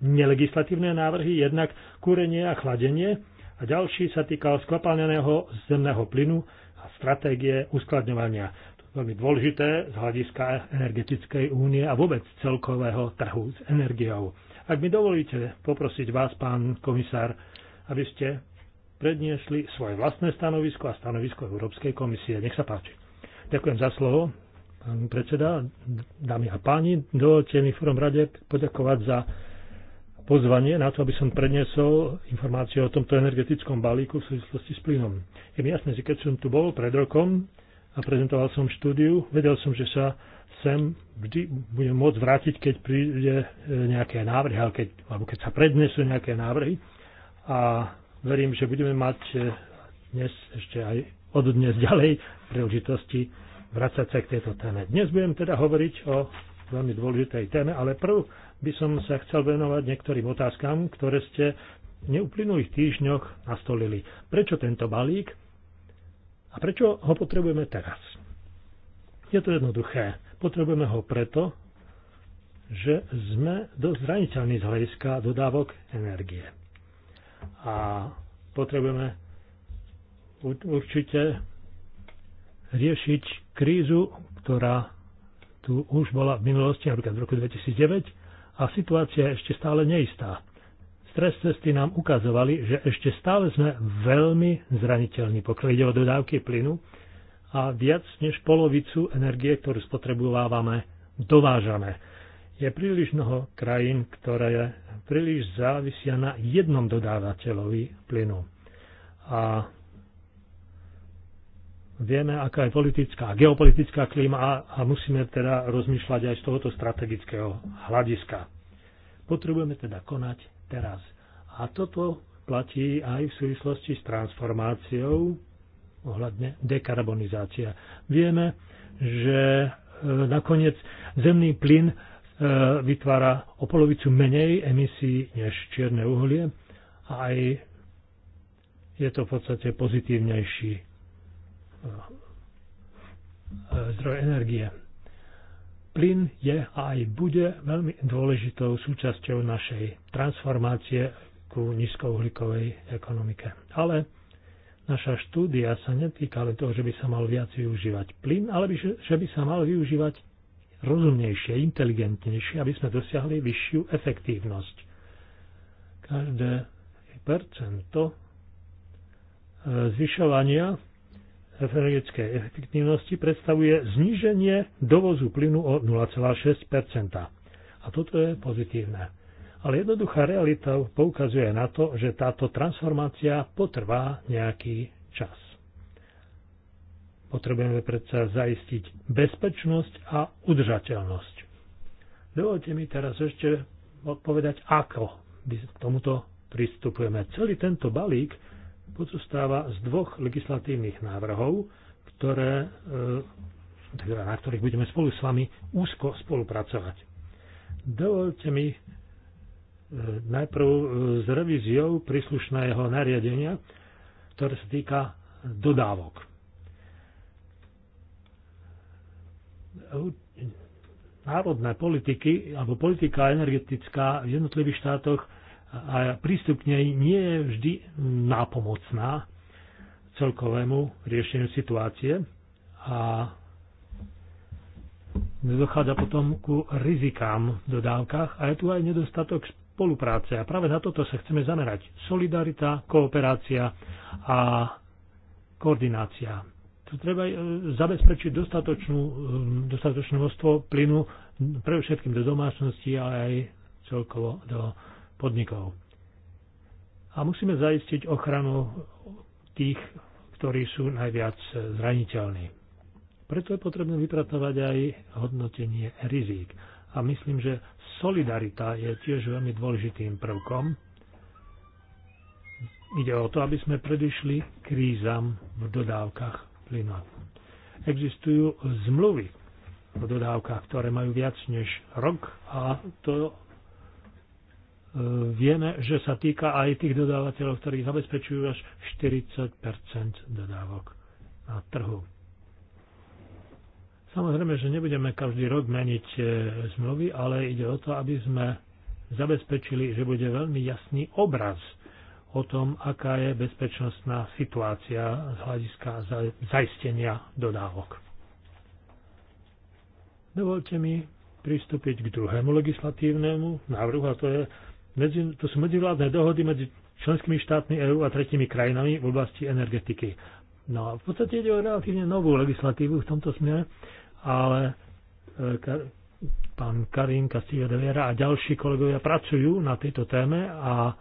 nelegislatívne návrhy, jednak kúrenie a chladenie a ďalší sa týkal skvapalneného zemného plynu a stratégie uskladňovania veľmi dôležité z hľadiska energetickej únie a vôbec celkového trhu s energiou. Ak mi dovolíte poprosiť vás, pán komisár, aby ste predniesli svoje vlastné stanovisko a stanovisko Európskej komisie. Nech sa páči. Ďakujem za slovo, pán predseda, dámy a páni. Dovolte mi v prvom rade poďakovať za pozvanie na to, aby som predniesol informáciu o tomto energetickom balíku v súvislosti s plynom. Je mi jasné, že keď som tu bol pred rokom, a prezentoval som štúdiu. Vedel som, že sa sem vždy budem môcť vrátiť, keď príde e, nejaké návrhy, ale keď, alebo keď sa prednesú nejaké návrhy. A verím, že budeme mať e, dnes ešte aj od dnes ďalej príležitosti vrácať sa k tejto téme. Dnes budem teda hovoriť o veľmi dôležitej téme, ale prv by som sa chcel venovať niektorým otázkam, ktoré ste v neuplynulých týždňoch nastolili. Prečo tento balík? A prečo ho potrebujeme teraz? Je to jednoduché. Potrebujeme ho preto, že sme dosť zraniteľní z hľadiska dodávok energie. A potrebujeme určite riešiť krízu, ktorá tu už bola v minulosti, napríklad v roku 2009, a situácia je ešte stále neistá. Stres testy nám ukazovali, že ešte stále sme veľmi zraniteľní, pokiaľ ide o dodávky plynu a viac než polovicu energie, ktorú spotrebovávame, dovážame. Je príliš mnoho krajín, ktoré príliš závisia na jednom dodávateľovi plynu. A vieme, aká je politická a geopolitická klíma a, a musíme teda rozmýšľať aj z tohoto strategického hľadiska. Potrebujeme teda konať teraz. A toto platí aj v súvislosti s transformáciou ohľadne dekarbonizácia. Vieme, že e, nakoniec zemný plyn e, vytvára o polovicu menej emisí než čierne uhlie a aj je to v podstate pozitívnejší e, zdroj energie plyn je a aj bude veľmi dôležitou súčasťou našej transformácie ku nízkouhlíkovej ekonomike. Ale naša štúdia sa netýka len toho, že by sa mal viac využívať plyn, ale by, že by sa mal využívať rozumnejšie, inteligentnejšie, aby sme dosiahli vyššiu efektívnosť. Každé percento e, zvyšovania energetickej efektivnosti predstavuje zníženie dovozu plynu o 0,6 A toto je pozitívne. Ale jednoduchá realita poukazuje na to, že táto transformácia potrvá nejaký čas. Potrebujeme predsa zaistiť bezpečnosť a udržateľnosť. Dovolte mi teraz ešte odpovedať, ako k tomuto pristupujeme. Celý tento balík pozostáva z dvoch legislatívnych návrhov, ktoré, e, teda na ktorých budeme spolu s vami úzko spolupracovať. Dovolte mi e, najprv e, s revíziou príslušného nariadenia, ktoré sa týka dodávok. Národné politiky alebo politika energetická v jednotlivých štátoch a prístup k nej nie je vždy nápomocná celkovému riešeniu situácie a dochádza potom ku rizikám v dodávkach a je tu aj nedostatok spolupráce. A práve na toto sa chceme zamerať. Solidarita, kooperácia a koordinácia. Tu treba e, zabezpečiť dostatočnú, e, dostatočné množstvo plynu pre všetkým do domácnosti, ale aj celkovo do podnikov. A musíme zaistiť ochranu tých, ktorí sú najviac zraniteľní. Preto je potrebné vypratovať aj hodnotenie rizík. A myslím, že solidarita je tiež veľmi dôležitým prvkom. Ide o to, aby sme predišli krízam v dodávkach plynu. Existujú zmluvy v dodávkach, ktoré majú viac než rok a to E, vieme, že sa týka aj tých dodávateľov, ktorí zabezpečujú až 40 dodávok na trhu. Samozrejme, že nebudeme každý rok meniť e, zmluvy, ale ide o to, aby sme zabezpečili, že bude veľmi jasný obraz o tom, aká je bezpečnostná situácia z hľadiska zaistenia dodávok. Dovolte mi pristúpiť k druhému legislatívnemu návrhu, a to je medzi, to sú medzivládne dohody medzi členskými štátmi EÚ a tretimi krajinami v oblasti energetiky. No a v podstate ide o relatívne novú legislatívu v tomto smere, ale e, ka, pán Karin Castillo de Vera a ďalší kolegovia pracujú na tejto téme a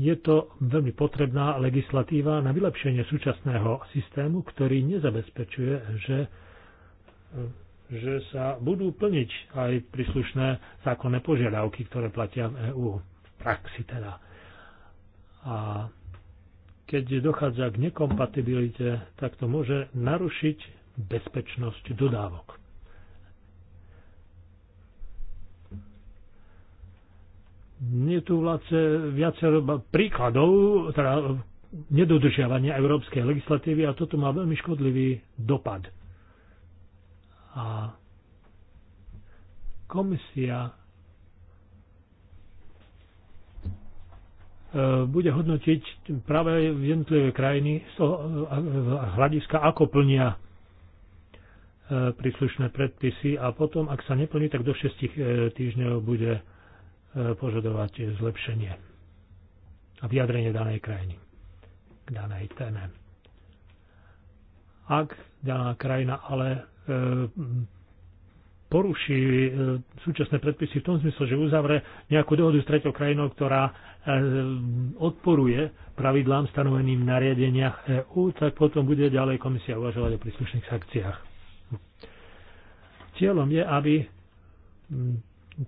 je to veľmi potrebná legislatíva na vylepšenie súčasného systému, ktorý nezabezpečuje, že e, že sa budú plniť aj príslušné zákonné požiadavky, ktoré platia v EÚ, v praxi teda. A keď dochádza k nekompatibilite, tak to môže narušiť bezpečnosť dodávok. Nie tu vlastne viacero príkladov, teda nedodržiavania európskej legislatívy a toto má veľmi škodlivý dopad a komisia e, bude hodnotiť práve jednotlivé krajiny z e, hľadiska, ako plnia e, príslušné predpisy a potom, ak sa neplní, tak do 6 týždňov bude požadovať zlepšenie a vyjadrenie danej krajiny k danej téme. Ak daná krajina ale E, poruší e, súčasné predpisy v tom zmysle, že uzavre nejakú dohodu s treťou krajinou, ktorá e, odporuje pravidlám stanoveným v nariadeniach EÚ, tak potom bude ďalej komisia uvažovať o príslušných sankciách. Cieľom je, aby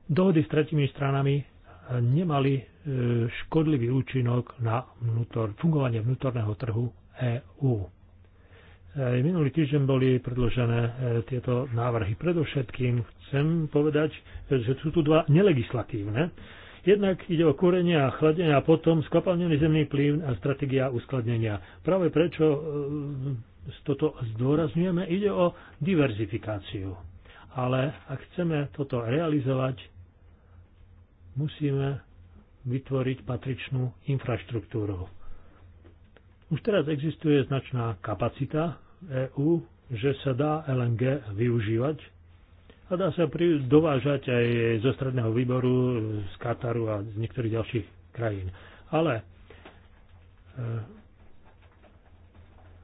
dohody s tretími stranami nemali škodlivý účinok na vnútor, fungovanie vnútorného trhu EÚ. Aj minulý týždeň boli predložené e, tieto návrhy. Predovšetkým chcem povedať, že sú tu dva nelegislatívne. Jednak ide o kúrenie a chladenie a potom skvapalnený zemný plyn a stratégia uskladnenia. Práve prečo e, toto zdôrazňujeme, ide o diverzifikáciu. Ale ak chceme toto realizovať, musíme vytvoriť patričnú infraštruktúru. Už teraz existuje značná kapacita EÚ, že sa dá LNG využívať a dá sa pri, dovážať aj zo stredného výboru, z Kataru a z niektorých ďalších krajín. Ale e,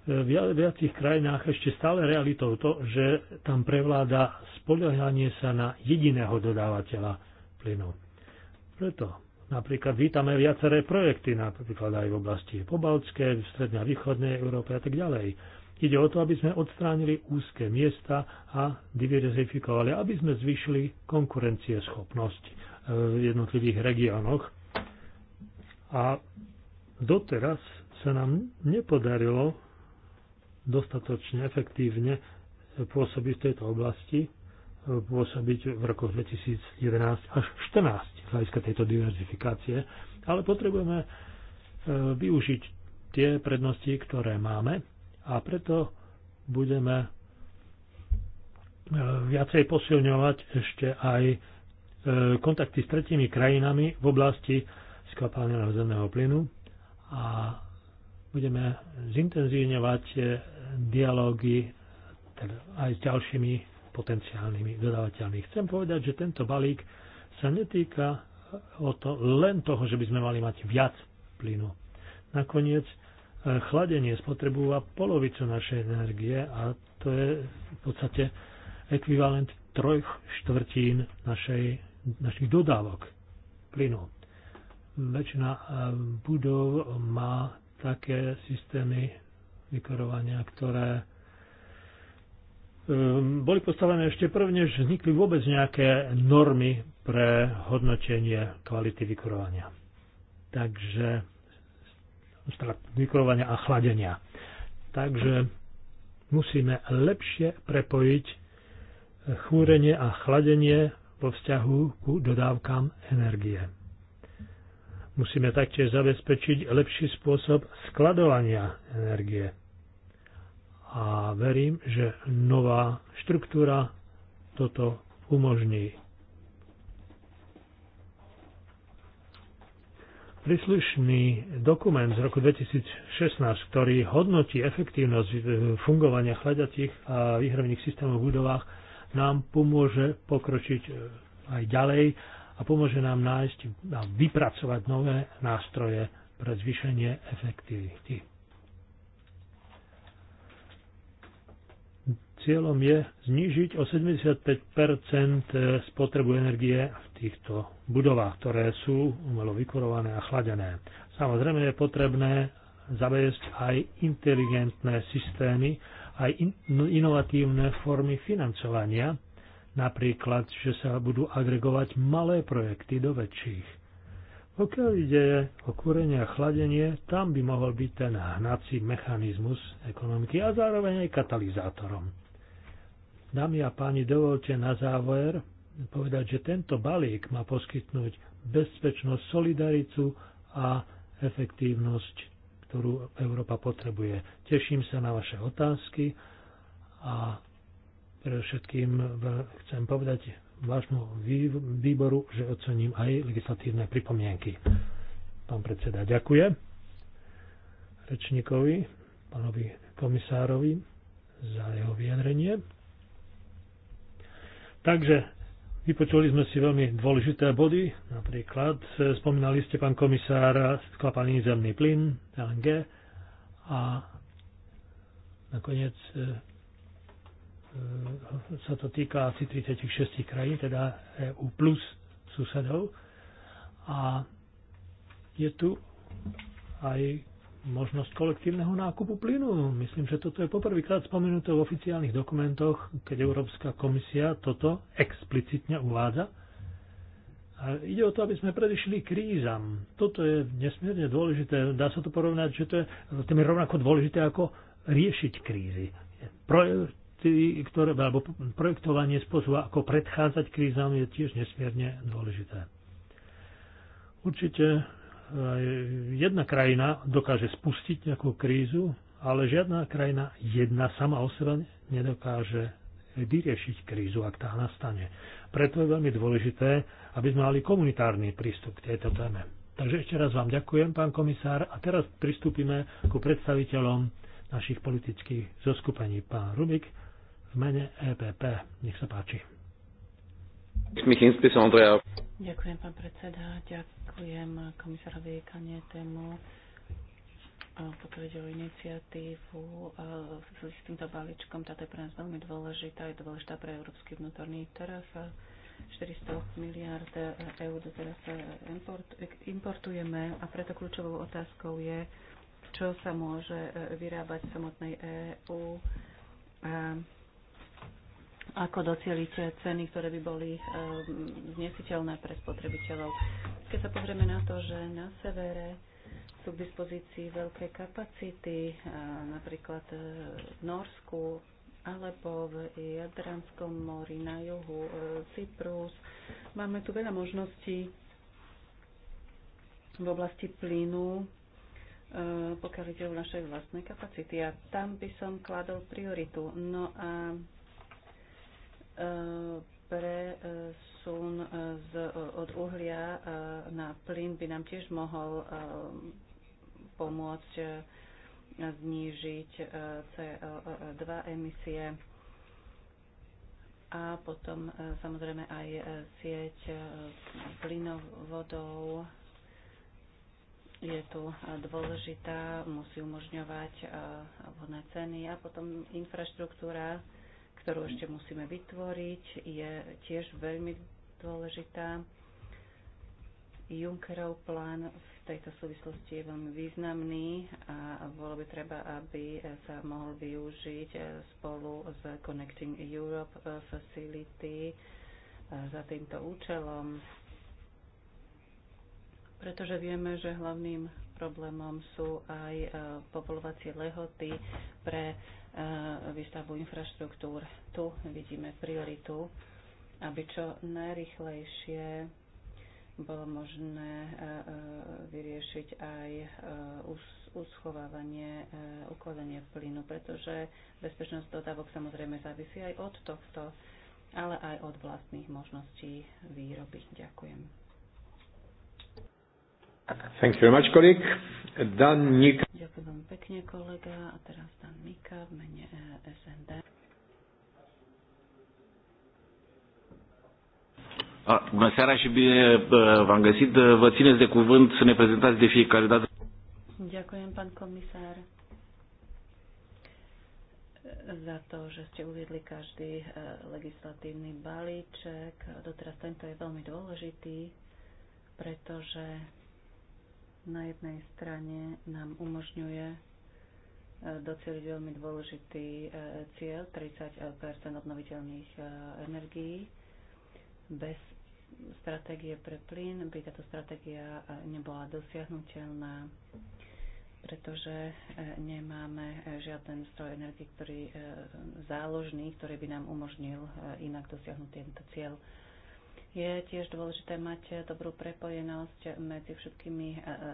e, v viacich krajinách ešte stále realitou to, že tam prevláda spoliehanie sa na jediného dodávateľa plynu. Preto Napríklad vítame viaceré projekty, napríklad aj v oblasti Pobaltské, v strednej a východnej Európe a tak ďalej. Ide o to, aby sme odstránili úzke miesta a diverzifikovali, aby sme zvyšili konkurencieschopnosť e, v jednotlivých regiónoch. A doteraz sa nám nepodarilo dostatočne efektívne pôsobiť v tejto oblasti, e, pôsobiť v rokoch 2011 až 2014 z hľadiska tejto diverzifikácie, ale potrebujeme e, využiť tie prednosti, ktoré máme a preto budeme e, viacej posilňovať ešte aj e, kontakty s tretími krajinami v oblasti skvapalneného zemného plynu a budeme zintenzívňovať e, dialógy teda aj s ďalšími potenciálnymi dodávateľmi. Chcem povedať, že tento balík sa netýka o to, len toho, že by sme mali mať viac plynu. Nakoniec E, chladenie spotrebúva polovicu našej energie a to je v podstate ekvivalent troch štvrtín našej, našich dodávok plynu. Väčšina e, budov má také systémy vykorovania, ktoré e, boli postavené ešte prvne, že vznikli vôbec nejaké normy pre hodnotenie kvality vykurovania. Takže mikrovania teda a chladenia. Takže musíme lepšie prepojiť eh, chúrenie a chladenie vo vzťahu ku dodávkam energie. Musíme taktiež zabezpečiť lepší spôsob skladovania energie. A verím, že nová štruktúra toto umožní. príslušný dokument z roku 2016, ktorý hodnotí efektívnosť e, fungovania chladiacich a výhravných systémov v budovách, nám pomôže pokročiť e, aj ďalej a pomôže nám nájsť a vypracovať nové nástroje pre zvýšenie efektivity. Cieľom je znížiť o 75 eh, spotrebu energie v týchto budovách, ktoré sú umelo vykurované a chladené. Samozrejme je potrebné zaviesť aj inteligentné systémy, aj in, no, inovatívne formy financovania, napríklad, že sa budú agregovať malé projekty do väčších. Pokiaľ ide o kúrenie a chladenie, tam by mohol byť ten hnací mechanizmus ekonomiky a zároveň aj katalizátorom. Dámy a páni, dovolte na záver povedať, že tento balík má poskytnúť bezpečnosť, solidaritu a efektívnosť, ktorú Európa potrebuje. Teším sa na vaše otázky a všetkým chcem povedať vášmu výboru, že ocením aj legislatívne pripomienky. Pán predseda, ďakujem rečníkovi, pánovi komisárovi za jeho vyjadrenie. Takže vypočuli sme si veľmi dôležité body, napríklad e, spomínali ste pán komisár sklapaný zemný plyn, LNG a nakoniec e, e, sa to týka asi 36 krajín, teda EU plus susedov. A je tu aj možnosť kolektívneho nákupu plynu. Myslím, že toto je poprvýkrát spomenuté v oficiálnych dokumentoch, keď Európska komisia toto explicitne uvádza. A ide o to, aby sme predišli krízam. Toto je nesmierne dôležité. Dá sa to porovnať, že to je to je rovnako dôležité ako riešiť krízy. Projekty, ktoré, alebo projektovanie spôsobu, ako predchádzať krízam, je tiež nesmierne dôležité. Určite jedna krajina dokáže spustiť nejakú krízu, ale žiadna krajina jedna sama o sebe nedokáže vyriešiť krízu, ak tá nastane. Preto je veľmi dôležité, aby sme mali komunitárny prístup k tejto téme. Takže ešte raz vám ďakujem, pán komisár, a teraz pristúpime ku predstaviteľom našich politických zoskupení. Pán Rubik v mene EPP. Nech sa páči. Ďakujem, pán predseda. Ďakujem komisárovi Kanietému eh, pokiaľ potvrdil o iniciatívu eh, s týmto balíčkom, táto je pre nás veľmi dôležitá, je dôležitá pre európsky vnútorný trh. 400 miliard eh, eur teraz import, importujeme a preto kľúčovou otázkou je, čo sa môže vyrábať v samotnej EÚ ako docieliť ceny, ktoré by boli eh, znesiteľné pre spotrebiteľov. Keď sa pozrieme na to, že na severe sú k dispozícii veľké kapacity, eh, napríklad eh, v Norsku alebo v Jadranskom mori na juhu Cyprus. Máme tu veľa možností v oblasti plynu, pokiaľ ide o naše vlastné kapacity. A tam by som kladol prioritu. No a E, Pre e, z, e, od uhlia na plyn by nám tiež mohol pomôcť znížiť CO2 emisie a potom samozrejme aj sieť plynovodov je tu dôležitá, musí umožňovať vhodné ceny a potom infraštruktúra ktorú ešte musíme vytvoriť, je tiež veľmi dôležitá. Junckerov plán v tejto súvislosti je veľmi významný a bolo by treba, aby sa mohol využiť spolu s Connecting Europe Facility za týmto účelom, pretože vieme, že hlavným problémom sú aj povolovacie lehoty pre E, výstavbu infraštruktúr. Tu vidíme prioritu, aby čo najrychlejšie bolo možné e, e, vyriešiť aj uschovávanie, ukladanie plynu, pretože bezpečnosť dodávok samozrejme závisí aj od tohto, ale aj od vlastných možností výroby. Ďakujem. Thank you very much, colleague. Dan Nika. Ďakujem veľmi pekne, kolega. A teraz Dan Nika v mene eh, SND. Bună seara și bine eh, v-am găsit. Vă țineți de cuvânt să ne prezentați de fiecare dată. Ďakujem, pán komisár, za to, že ste uviedli každý eh, legislatívny balíček. Doteraz tento je veľmi dôležitý, pretože na jednej strane nám umožňuje e, docieliť veľmi dôležitý e, cieľ 30 e, obnoviteľných energií. Bez stratégie pre plyn by táto stratégia nebola dosiahnutelná, pretože nemáme žiaden stroj energie, ktorý záložný, ktorý by nám umožnil inak dosiahnuť tento cieľ je tiež dôležité mať dobrú prepojenosť medzi všetkými e, e,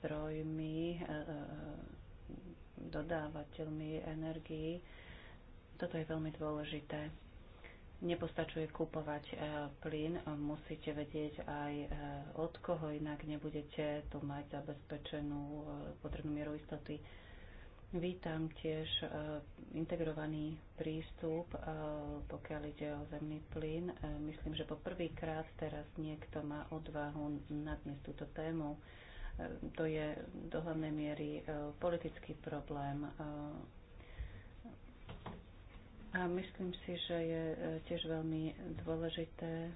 zdrojmi, e, dodávateľmi energií. Toto je veľmi dôležité. Nepostačuje kupovať plyn, musíte vedieť aj od koho, inak nebudete tu mať zabezpečenú potrebnú mieru istoty. Vítam tiež e, integrovaný prístup, e, pokiaľ ide o zemný plyn. E, myslím, že po prvýkrát teraz niekto má odvahu nadniesť túto tému. To je do hlavnej miery politický problém. A myslím si, že je tiež veľmi dôležité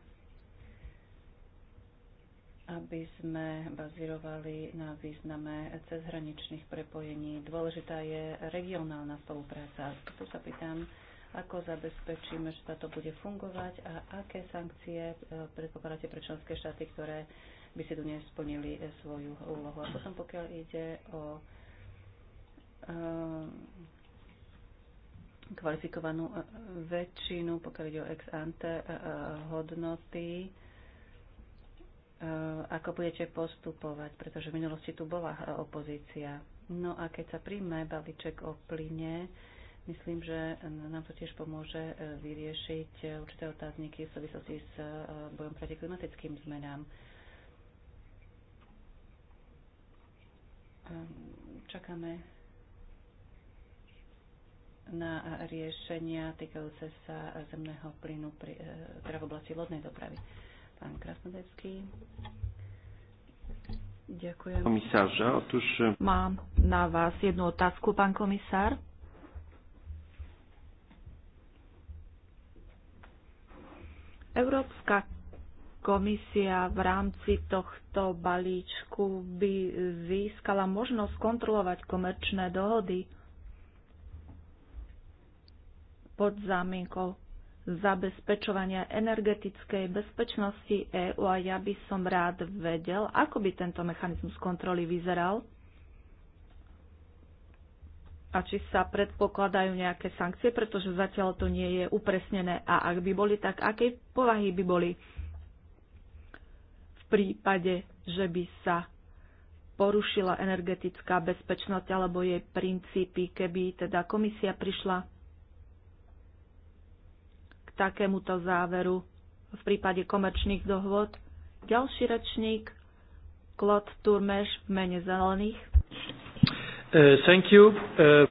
aby sme bazírovali na význame cezhraničných prepojení. Dôležitá je regionálna spolupráca. Tu sa pýtam, ako zabezpečíme, že táto bude fungovať a aké sankcie e, predpokladáte pre členské štáty, ktoré by si tu nesplnili e, svoju úlohu. A potom pokiaľ ide o e, kvalifikovanú väčšinu, pokiaľ ide o ex ante hodnoty, Eh, ako budete postupovať, pretože v minulosti tu bola eh, opozícia. No a keď sa príjme balíček o plyne, myslím, že nám to tiež pomôže eh, vyriešiť určité otázniky v súvislosti s bojom proti klimatickým zmenám. Ehm, čakáme na riešenia týkajúce sa zemného plynu pri, teda v oblasti lodnej dopravy. Pán Krasnodecký. Ďakujem. Komisárže, otuž... Mám na vás jednu otázku, pán komisár. Európska komisia v rámci tohto balíčku by získala možnosť kontrolovať komerčné dohody pod zámienkou zabezpečovania energetickej bezpečnosti EÚ a ja by som rád vedel, ako by tento mechanizmus kontroly vyzeral a či sa predpokladajú nejaké sankcie, pretože zatiaľ to nie je upresnené a ak by boli, tak akej povahy by boli v prípade, že by sa porušila energetická bezpečnosť alebo jej princípy, keby teda komisia prišla takémuto záveru v prípade komerčných dohôd. Ďalší rečník, Klod Turmeš v mene zelených. Uh, thank you. Uh...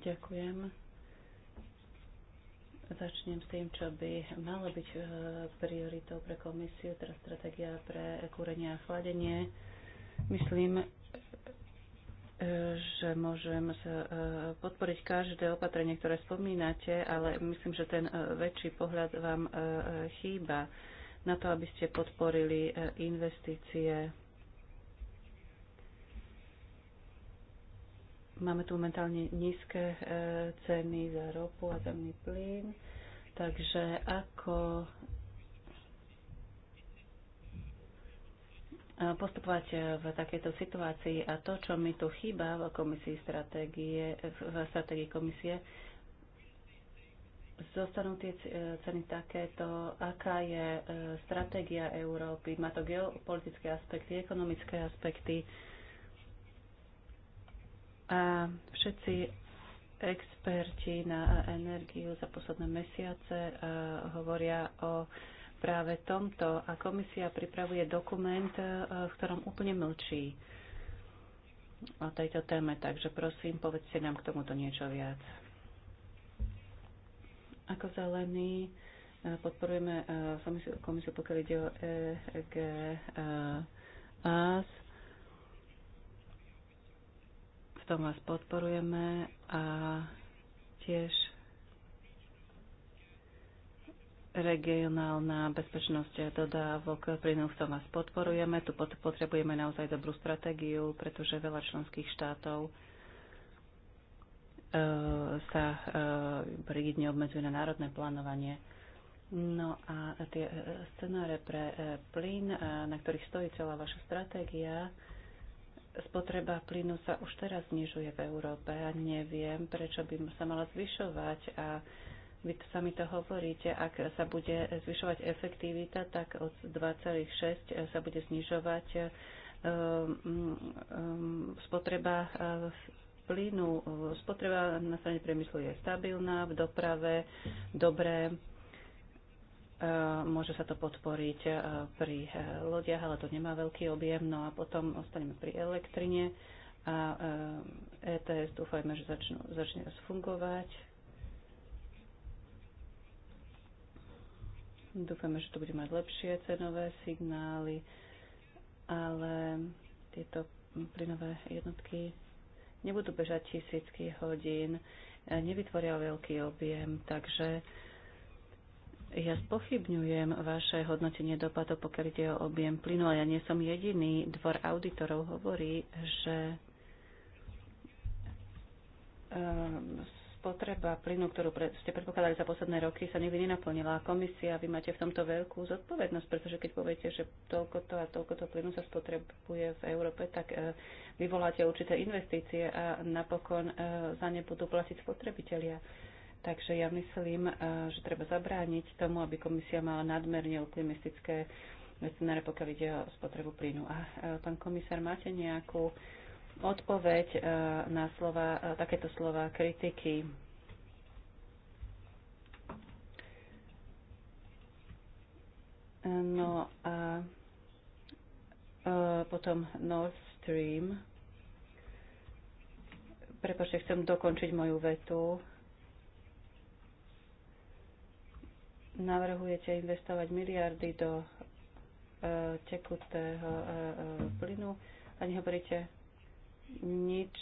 Ďakujem. Začnem s tým, čo by malo byť uh, prioritou pre komisiu, teda stratégia pre kúrenie a chladenie. Myslím, že môžem e, podporiť každé opatrenie, ktoré spomínate, ale myslím, že ten e, väčší pohľad vám e, chýba na to, aby ste podporili investície. Máme tu momentálne nízke ceny za ropu a zemný plyn, takže ako Eh, postupovať eh, v takejto situácii a to, čo mi tu chýba v komisii stratégie, v stratégii komisie, zostanú tie eh, ceny takéto, aká je stratégia Európy. Má to geopolitické aspekty, ekonomické aspekty. A všetci experti na energiu za posledné mesiace hovoria o práve tomto a komisia pripravuje dokument, e, v ktorom úplne mlčí o tejto téme, takže prosím, povedzte nám k tomuto niečo viac. Ako zelený e, podporujeme e, komisiu, komisiu pokiaľ ide o EGAS. V tom vás podporujeme a tiež regionálna bezpečnosť dodávok plynu v tom vás podporujeme. Tu potrebujeme naozaj dobrú stratégiu, pretože veľa členských štátov e, sa e, rigidne obmedzuje na národné plánovanie. No a tie e, scenáre pre plyn, na ktorých stojí celá vaša stratégia, spotreba plynu sa už teraz znižuje v Európe a neviem, prečo by sa mala zvyšovať a vy to sami to hovoríte, ak sa bude zvyšovať efektivita, tak od 2,6 sa bude znižovať eh, mm, eh, spotreba eh, plynu. Spotreba na strane priemyslu je stabilná, v doprave dobré, môže sa to podporiť pri lodiach, ale to nemá veľký objem. No a potom ostaneme pri elektrine a ETS e dúfajme, že začne fungovať Dúfame, že to bude mať lepšie cenové signály, ale tieto plynové jednotky nebudú bežať tisícky hodín, nevytvoria veľký objem, takže ja spochybňujem vaše hodnotenie dopadov, pokiaľ ide o objem plynu, ale ja nie som jediný. Dvor auditorov hovorí, že ehm, spotreba plynu, ktorú ste predpokladali za posledné roky, sa nikdy nenaplnila. A komisia, vy máte v tomto veľkú zodpovednosť, pretože keď poviete, že toľko to a toľko to plynu sa spotrebuje v Európe, tak e, vyvoláte určité investície a napokon e, za ne budú platiť spotrebitelia. Takže ja myslím, e, že treba zabrániť tomu, aby komisia mala nadmerne optimistické scenáre, pokiaľ ide o spotrebu plynu. A pán komisár, máte nejakú odpoveď e, na slova, e, takéto slova kritiky. No a e, potom Nord Stream. Prepočte, chcem dokončiť moju vetu. Navrhujete investovať miliardy do tekutého plynu a nehovoríte nič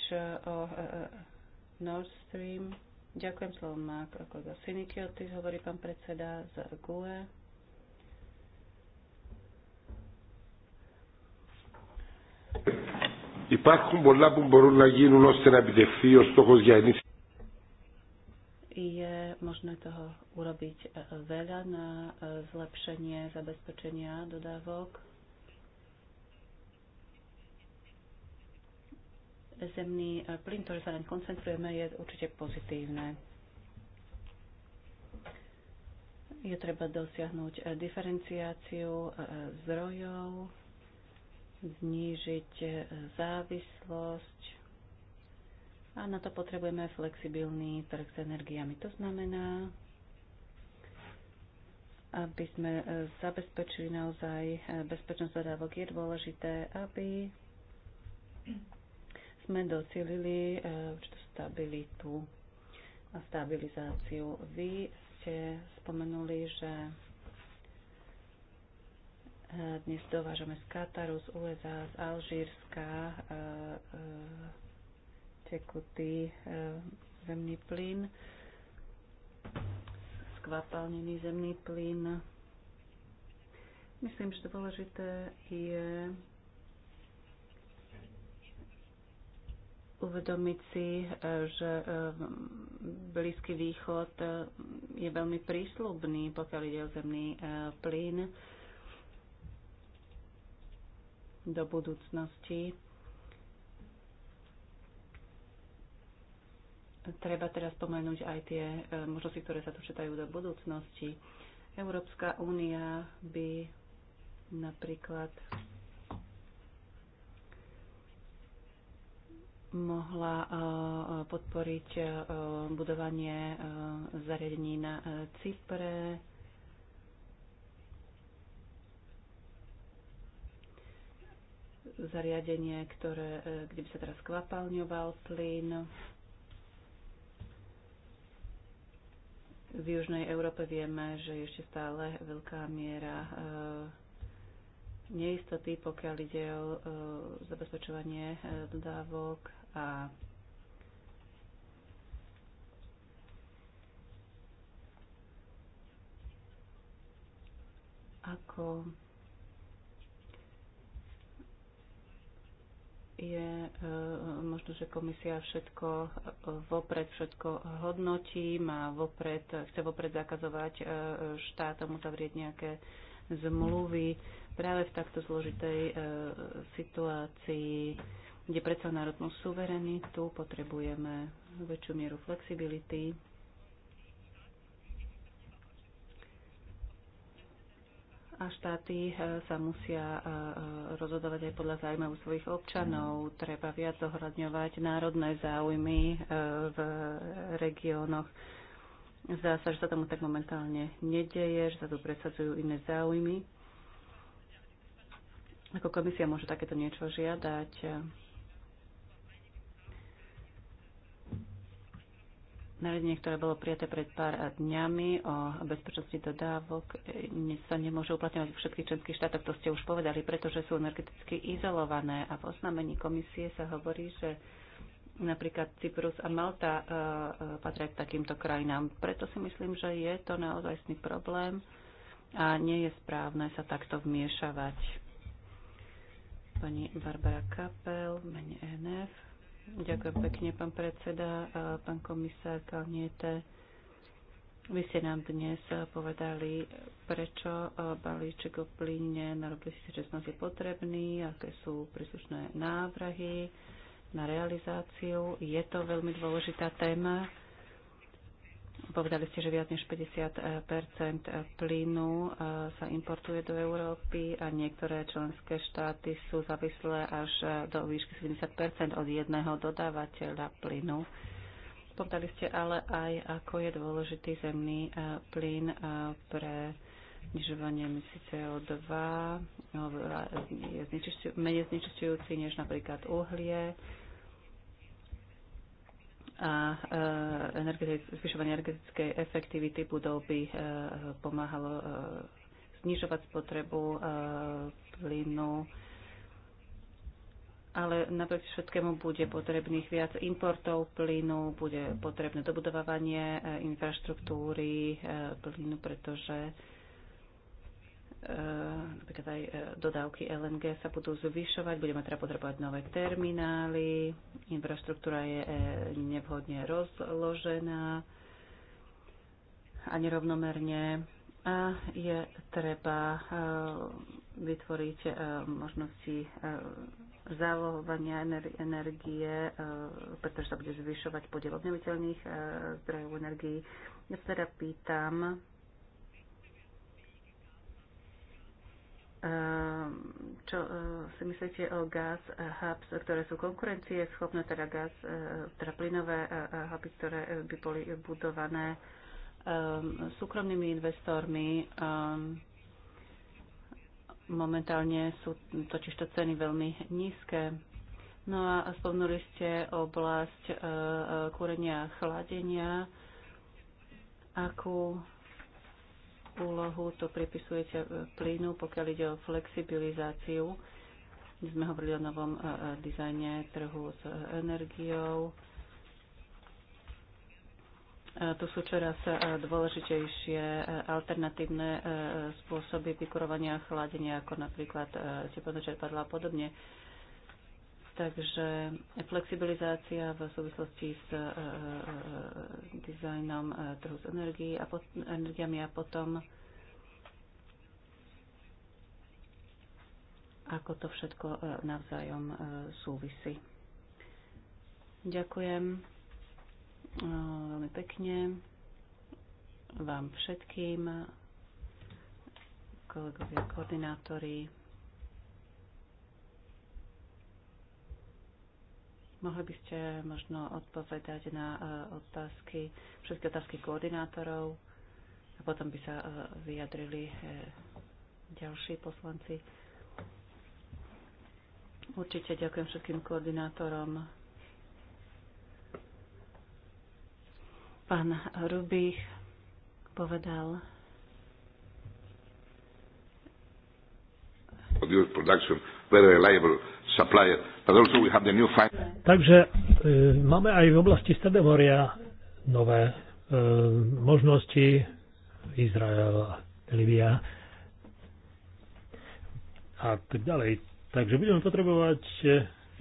o eh, eh, eh, Nord Stream. Ďakujem slovom slovo má kolega Sinikiotis, hovorí pán predseda z GUE. Υπάρχουν πολλά που μπορούν να γίνουν ώστε να επιτευχθεί ο στόχος για ενίσχυση. Je možné toho urobiť veľa na zlepšenie zabezpečenia dodávok. zemný e, plyn, ktorý sa naň koncentrujeme, je určite pozitívne. Je treba dosiahnuť e, diferenciáciu e, zdrojov, znížiť závislosť a na to potrebujeme flexibilný trh s energiami. To znamená, aby sme zabezpečili naozaj bezpečnosť dodávok, je dôležité, aby sme docielili e, určitú stabilitu a stabilizáciu. Vy ste spomenuli, že e, dnes dovážame z Kataru, z USA, z Alžírska e, tekutý zemný plyn, skvapalnený zemný plyn. Myslím, že dôležité je uvedomiť si, e, že e, Blízky východ e, je veľmi prísľubný, pokiaľ ide o zemný plyn do budúcnosti. Treba teraz spomenúť aj tie možnosti, ktoré sa dočítajú do budúcnosti. Európska únia by napríklad mohla eh, eh, podporiť eh, budovanie zariadení na Cypre. zariadenie, ktoré, kde by sa teraz kvapalňoval plyn. V Južnej Európe vieme, že je ešte stále veľká miera neistoty, pokiaľ ide o zabezpečovanie dodávok a ako je e, možno, že komisia všetko e, vopred všetko hodnotí, má vopred, chce vopred zakazovať e, štátom uzavrieť nejaké zmluvy práve v takto zložitej situácii kde predsa národnú suverenitu potrebujeme väčšiu mieru flexibility. A štáty eh, sa musia eh, eh, rozhodovať aj podľa zájmov svojich občanov. Mm. Treba viac zohľadňovať národné záujmy v regiónoch. Zdá sa, že sa tomu tak momentálne nedeje, že sa tu presadzujú iné záujmy. Ako komisia môže takéto niečo žiadať? Nariadenie, ktoré bolo prijaté pred pár dňami o bezpečnosti dodávok, sa nemôže uplatňovať v všetkých členských štátoch, to ste už povedali, pretože sú energeticky izolované. A v oznámení komisie sa hovorí, že napríklad Cyprus a Malta uh, patria k takýmto krajinám. Preto si myslím, že je to naozajstný problém a nie je správne sa takto vmiešavať. Pani Barbara Kapel, mene NF. Ďakujem pekne, pán predseda, pán komisár Kalniete. Vy ste nám dnes povedali, prečo balíček o plyne na rok 2016 je potrebný, aké sú príslušné návrhy na realizáciu. Je to veľmi dôležitá téma Povedali ste, že viac než 50 plynu e, sa importuje do Európy a niektoré členské štáty sú závislé až do výšky 70 od jedného dodávateľa plynu. Povedali ste ale aj, ako je dôležitý zemný e, plyn e, pre znižovanie emisí CO2, je menej znečistujúci než napríklad uhlie a e, zvyšovanie energetickej efektivity budov by e, pomáhalo e, znižovať spotrebu plynu ale napriek všetkému bude potrebných viac importov plynu, bude potrebné dobudovanie infraštruktúry plynu, pretože Eh, napríklad aj eh, dodávky LNG sa budú zvyšovať, budeme teda potrebovať nové terminály, infraštruktúra je eh, nevhodne rozložená a nerovnomerne a je treba vytvoriť možnosti zálohovania energie, pretože sa bude zvyšovať podiel obnoviteľných zdrojov energii. Ja sa teda pýtam, Ehm, čo e, si myslíte o gas hubs, ktoré sú konkurencie schopné, teda, gas, e, teda plynové e, huby, ktoré by boli budované ehm, súkromnými investormi. Ehm, momentálne sú totižto ceny veľmi nízke. No a spomnuli ste oblasť kúrenia a chladenia. Akú úlohu to pripisujete e, plynu, pokiaľ ide o flexibilizáciu. My sme hovorili o novom e, e, dizajne trhu s energiou. Tu sú čoraz dôležitejšie alternatívne spôsoby vykurovania a chladenia, ako napríklad tepločerpadla a podobne. Takže flexibilizácia v súvislosti s e, e, e, dizajnom trhu s energií a pot, energiami a potom ako to všetko navzájom súvisí. Ďakujem veľmi pekne vám všetkým, kolegovia koordinátori. Mohli by ste možno odpovedať na e, otázky, všetky otázky koordinátorov a potom by sa e, vyjadrili e, ďalší poslanci. Určite ďakujem všetkým koordinátorom. Pán Rubich povedal, production very reliable supplier. But also we have the new Takže e, máme aj v oblasti Stredomoria nové e, možnosti Izrael, Libia a tak ďalej. Takže budeme potrebovať e,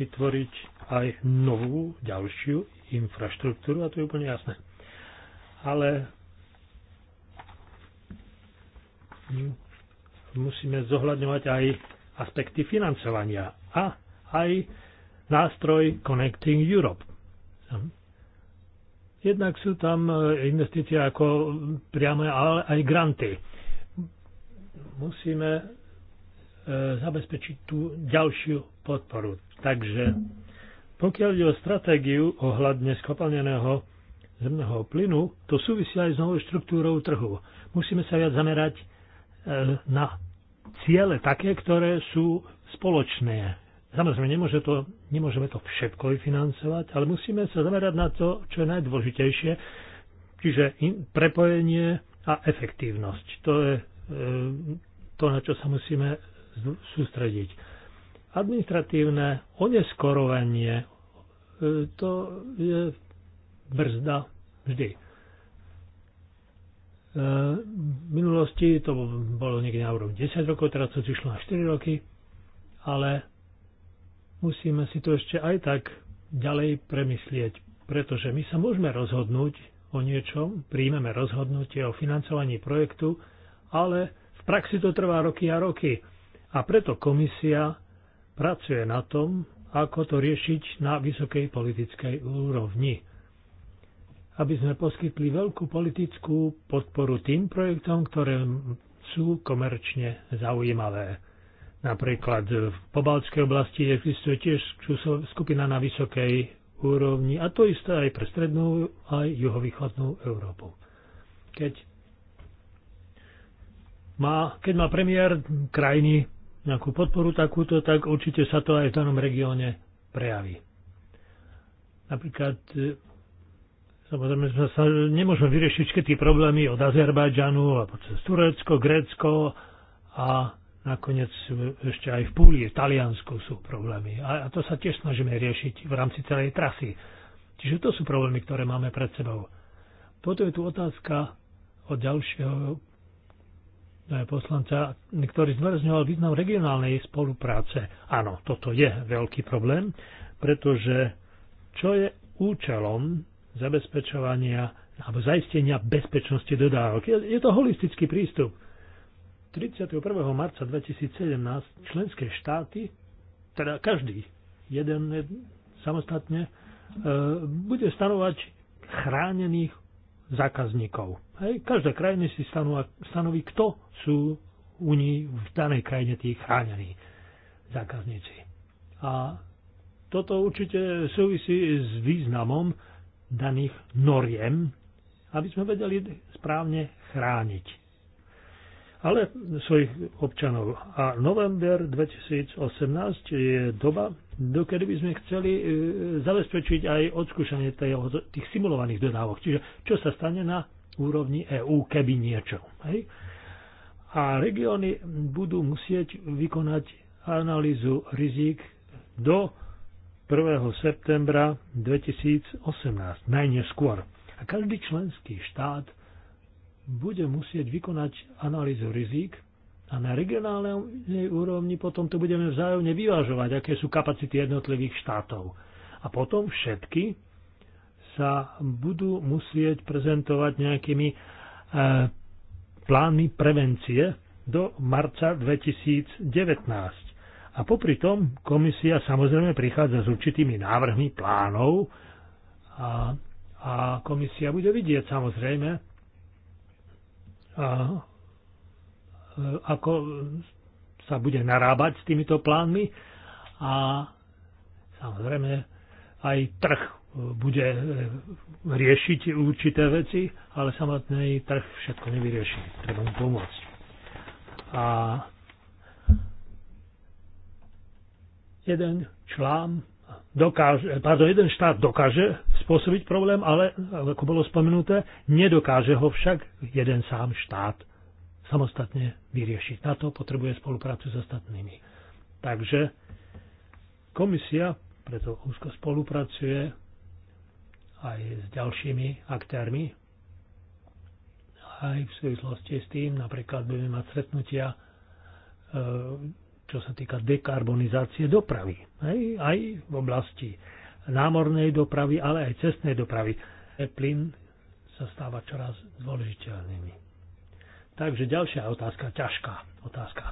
vytvoriť aj novú, ďalšiu infraštruktúru a to je úplne jasné. Ale musíme zohľadňovať aj aspekty financovania a aj nástroj Connecting Europe. Jednak sú tam eh, investície ako priame, ale aj granty. Musíme eh, zabezpečiť tú ďalšiu podporu. Takže pokiaľ ide o stratégiu ohľadne skopalneného zemného plynu, to súvisí aj s novou štruktúrou trhu. Musíme sa viac zamerať eh, na ciele také, ktoré sú spoločné. Samozrejme, nemôže to, nemôžeme to všetko vyfinancovať, ale musíme sa zamerať na to, čo je najdôležitejšie, čiže in, prepojenie a efektívnosť. To je e, to, na čo sa musíme sústrediť. Administratívne oneskorovanie, e, to je brzda vždy. V minulosti to bolo niekde na úrovni 10 rokov, teraz to išlo na 4 roky, ale musíme si to ešte aj tak ďalej premyslieť, pretože my sa môžeme rozhodnúť o niečom, príjmeme rozhodnutie o financovaní projektu, ale v praxi to trvá roky a roky. A preto komisia pracuje na tom, ako to riešiť na vysokej politickej úrovni aby sme poskytli veľkú politickú podporu tým projektom, ktoré sú komerčne zaujímavé. Napríklad v pobaltskej oblasti existuje tiež skupina na vysokej úrovni a to isté aj pre strednú aj juhovýchodnú Európu. Keď má, keď má premiér krajiny nejakú podporu takúto, tak určite sa to aj v danom regióne prejaví. Napríklad Samozrejme, sme sa nemôžeme vyriešiť všetky problémy od Azerbajdžanu a cez Turecko, Grécko a nakoniec ešte aj v Púli, v Taliansku sú problémy. A, a to sa tiež snažíme riešiť v rámci celej trasy. Čiže to sú problémy, ktoré máme pred sebou. Potom je tu otázka od ďalšieho no, poslanca, ktorý zmerezňoval význam regionálnej spolupráce. Áno, toto je veľký problém, pretože čo je účelom zabezpečovania alebo zaistenia bezpečnosti dodávok. Je to holistický prístup. 31. marca 2017 členské štáty, teda každý, jeden samostatne, e, bude stanovať chránených zákazníkov. Hej, každá krajina si stanoví, kto sú u ní v danej krajine tí chránení zákazníci. A toto určite súvisí s významom daných noriem, aby sme vedeli správne chrániť. Ale svojich občanov. A november 2018 je doba, dokedy by sme chceli e, zabezpečiť aj odskúšanie tých simulovaných dodávok. Čiže čo sa stane na úrovni EÚ, keby niečo. Hej? A regióny budú musieť vykonať analýzu rizik do 1. septembra 2018, najneskôr. A každý členský štát bude musieť vykonať analýzu rizík a na regionálnej úrovni potom to budeme vzájomne vyvážovať, aké sú kapacity jednotlivých štátov. A potom všetky sa budú musieť prezentovať nejakými e, plánmi prevencie do marca 2019. A popri tom komisia samozrejme prichádza s určitými návrhmi plánov a, a komisia bude vidieť samozrejme, a, ako sa bude narábať s týmito plánmi a samozrejme aj trh bude riešiť určité veci, ale samotný trh všetko nevyrieši. Treba mu pomôcť. A jeden člán dokáže, pardon, jeden štát dokáže spôsobiť problém, ale, ako bolo spomenuté, nedokáže ho však jeden sám štát samostatne vyriešiť. Na to potrebuje spoluprácu s ostatnými. Takže komisia preto úzko spolupracuje aj s ďalšími aktérmi. Aj v súvislosti s tým napríklad budeme mať stretnutia e, čo sa týka dekarbonizácie dopravy. Hej, aj v oblasti námornej dopravy, ale aj cestnej dopravy. E, plyn sa stáva čoraz dôležiteľnými. Takže ďalšia otázka, ťažká otázka.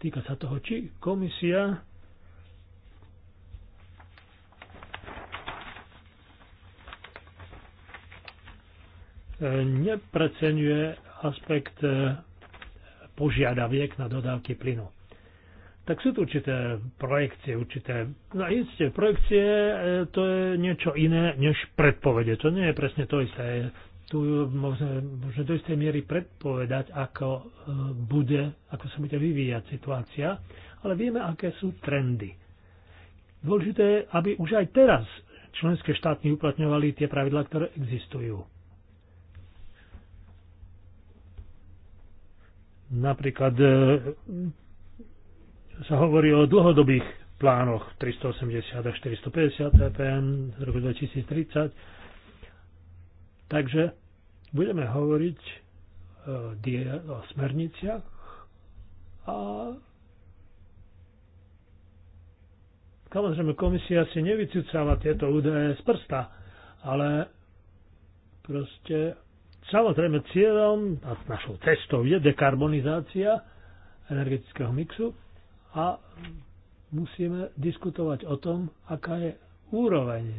Týka sa toho, či komisia e, nepreceňuje aspekt e, požiadaviek na dodávky plynu tak sú tu určité projekcie, určité... No isté, projekcie e, to je niečo iné než predpovede. To nie je presne to isté. Tu môžeme, možno do istej miery predpovedať, ako e, bude, ako sa bude vyvíjať situácia, ale vieme, aké sú trendy. Dôležité je, aby už aj teraz členské štáty uplatňovali tie pravidlá, ktoré existujú. Napríklad e, sa hovorí o dlhodobých plánoch 380 až 450 ppm z roku 2030. Takže budeme hovoriť e, o smerniciach a samozrejme komisia si nevycúcala tieto údaje z prsta, ale proste samozrejme cieľom a našou cestou je dekarbonizácia energetického mixu a musíme diskutovať o tom, aká je úroveň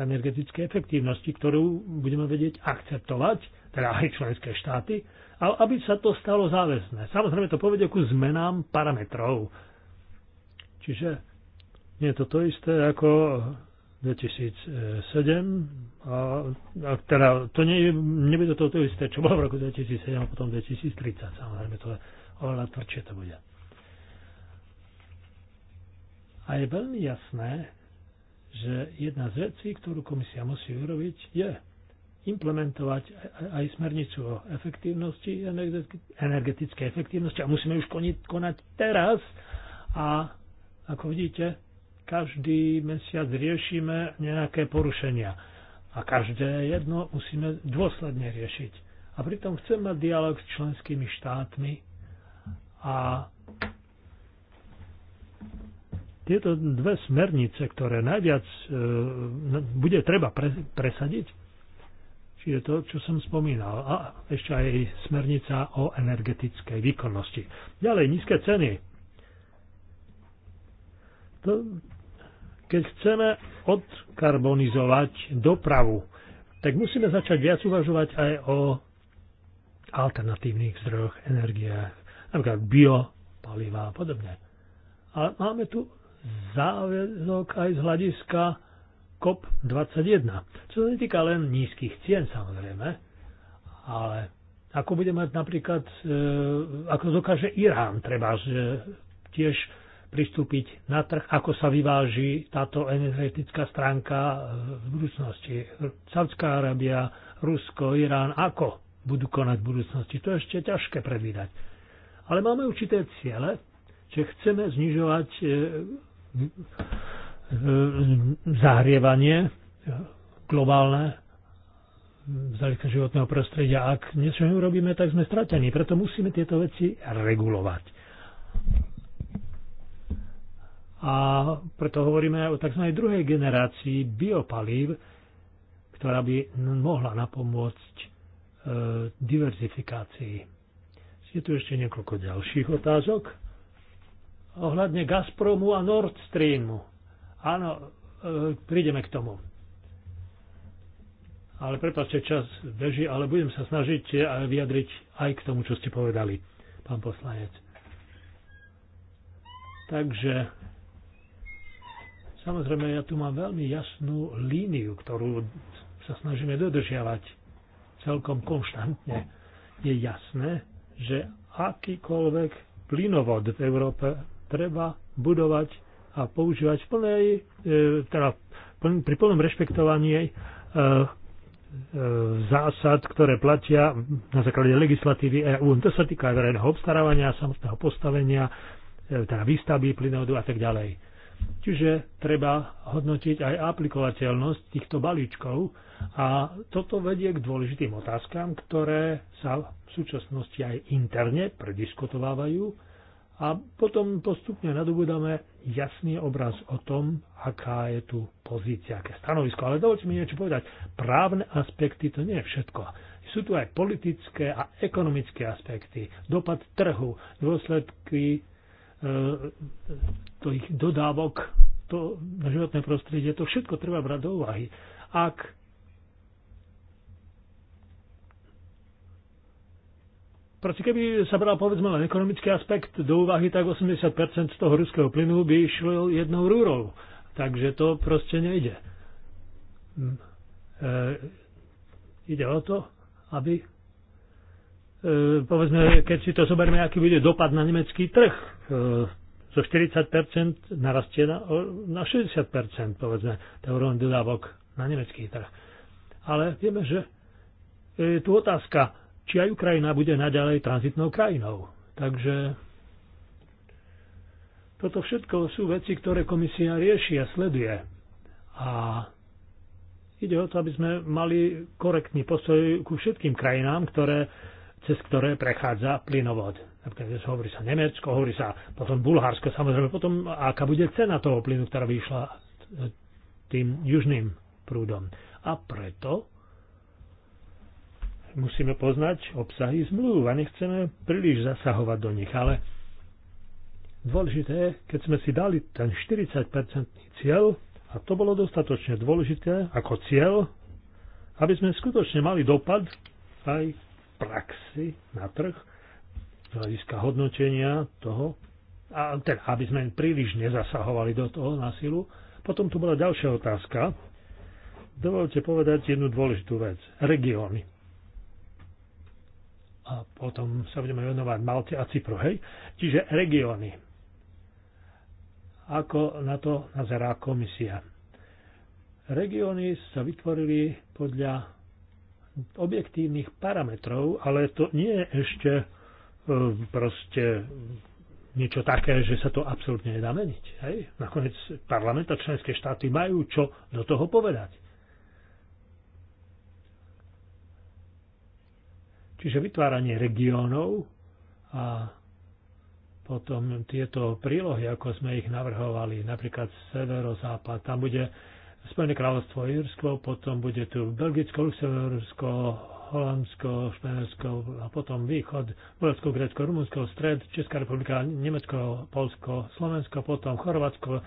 energetickej efektívnosti, ktorú budeme vedieť akceptovať, teda aj členské štáty, ale aby sa to stalo záväzné. Samozrejme to povedie ku zmenám parametrov. Čiže nie je to to isté ako 2007, a, a teda to nie, nebude to to isté, čo bolo v roku 2007 a potom 2030, samozrejme to je oveľa tvrdšie to bude. A je veľmi jasné, že jedna z vecí, ktorú komisia musí urobiť, je implementovať aj smernicu o efektívnosti, energetickej efektívnosti a musíme už konať teraz. A ako vidíte, každý mesiac riešime nejaké porušenia a každé jedno musíme dôsledne riešiť. A pritom chcem mať dialog s členskými štátmi a tieto dve smernice, ktoré najviac e, bude treba pre, presadiť, čiže to, čo som spomínal, a ešte aj smernica o energetickej výkonnosti. Ďalej, nízke ceny. To, keď chceme odkarbonizovať dopravu, tak musíme začať viac uvažovať aj o alternatívnych zdrojoch energie, napríklad biopaliva a podobne. A máme tu záväzok aj z hľadiska COP21. Čo sa netýka len nízkych cien samozrejme, ale ako bude mať napríklad, e, ako dokáže Irán treba tiež pristúpiť na trh, ako sa vyváži táto energetická stránka e, v budúcnosti. Saudská Arábia, Rusko, Irán, ako budú konať v budúcnosti. To je ešte ťažké predvídať. Ale máme určité ciele, že chceme znižovať e, zahrievanie globálne z hľadiska životného prostredia. Ak niečo neurobíme, tak sme stratení. Preto musíme tieto veci regulovať. A preto hovoríme aj o tzv. druhej generácii biopalív, ktorá by mohla napomôcť e, diverzifikácii. Je tu ešte niekoľko ďalších otázok ohľadne Gazpromu a Nord Streamu. Áno, e, prídeme k tomu. Ale prepáčte, čas beží, ale budem sa snažiť e, vyjadriť aj k tomu, čo ste povedali, pán poslanec. Takže samozrejme ja tu mám veľmi jasnú líniu, ktorú sa snažíme dodržiavať celkom konštantne. Je jasné, že akýkoľvek plynovod v Európe treba budovať a používať v plnej, e, teda pri plnom rešpektovaní e, e, zásad, ktoré platia na základe legislatívy EÚ. To sa týka aj verejného obstarávania, samotného postavenia, teda výstavby plynovodu a tak ďalej. Čiže treba hodnotiť aj aplikovateľnosť týchto balíčkov a toto vedie k dôležitým otázkam, ktoré sa v súčasnosti aj interne prediskutovávajú a potom postupne nadobudáme jasný obraz o tom, aká je tu pozícia, aké stanovisko. Ale dovolte mi niečo povedať. Právne aspekty to nie je všetko. Sú tu aj politické a ekonomické aspekty, dopad trhu, dôsledky e, tých dodávok, to na životné prostredie, to všetko treba brať do úvahy. Ak Proste keby sa bral povedzme len ekonomický aspekt do úvahy, tak 80% z toho ruského plynu by išlo jednou rúrou. Takže to proste nejde. Hm. E, ide o to, aby e, povedzme, keď si to zoberme, aký bude dopad na nemecký trh. E, zo 40% narastie na, na 60%, povedzme, tá dodávok na nemecký trh. Ale vieme, že je tu otázka či aj Ukrajina bude naďalej tranzitnou krajinou. Takže toto všetko sú veci, ktoré komisia rieši a sleduje. A ide o to, aby sme mali korektný postoj ku všetkým krajinám, ktoré, cez ktoré prechádza plynovod. Napríklad hovorí sa Nemecko, hovorí sa potom Bulharsko, samozrejme potom, aká bude cena toho plynu, ktorá vyšla tým južným prúdom. A preto musíme poznať obsahy zmluv a nechceme príliš zasahovať do nich, ale dôležité, keď sme si dali ten 40-percentný cieľ, a to bolo dostatočne dôležité ako cieľ, aby sme skutočne mali dopad aj v praxi na trh z hľadiska hodnotenia toho, a teda, aby sme príliš nezasahovali do toho na silu. Potom tu bola ďalšia otázka. Dovolte povedať jednu dôležitú vec. Regióny a potom sa budeme venovať Malte a Cypru, hej? Čiže regióny. Ako na to nazerá komisia? Regióny sa vytvorili podľa objektívnych parametrov, ale to nie je ešte e, proste niečo také, že sa to absolútne nedá meniť. Hej? Nakoniec parlament a členské štáty majú čo do toho povedať. Čiže vytváranie regiónov a potom tieto prílohy, ako sme ich navrhovali, napríklad severozápad, tam bude Spojené kráľovstvo Írsko, potom bude tu Belgicko, Luxembursko, Holandsko, Španielsko a potom východ, Bulharsko, Grécko, Rumunsko, stred, Česká republika, Nemecko, Polsko, Slovensko, potom Chorvátsko,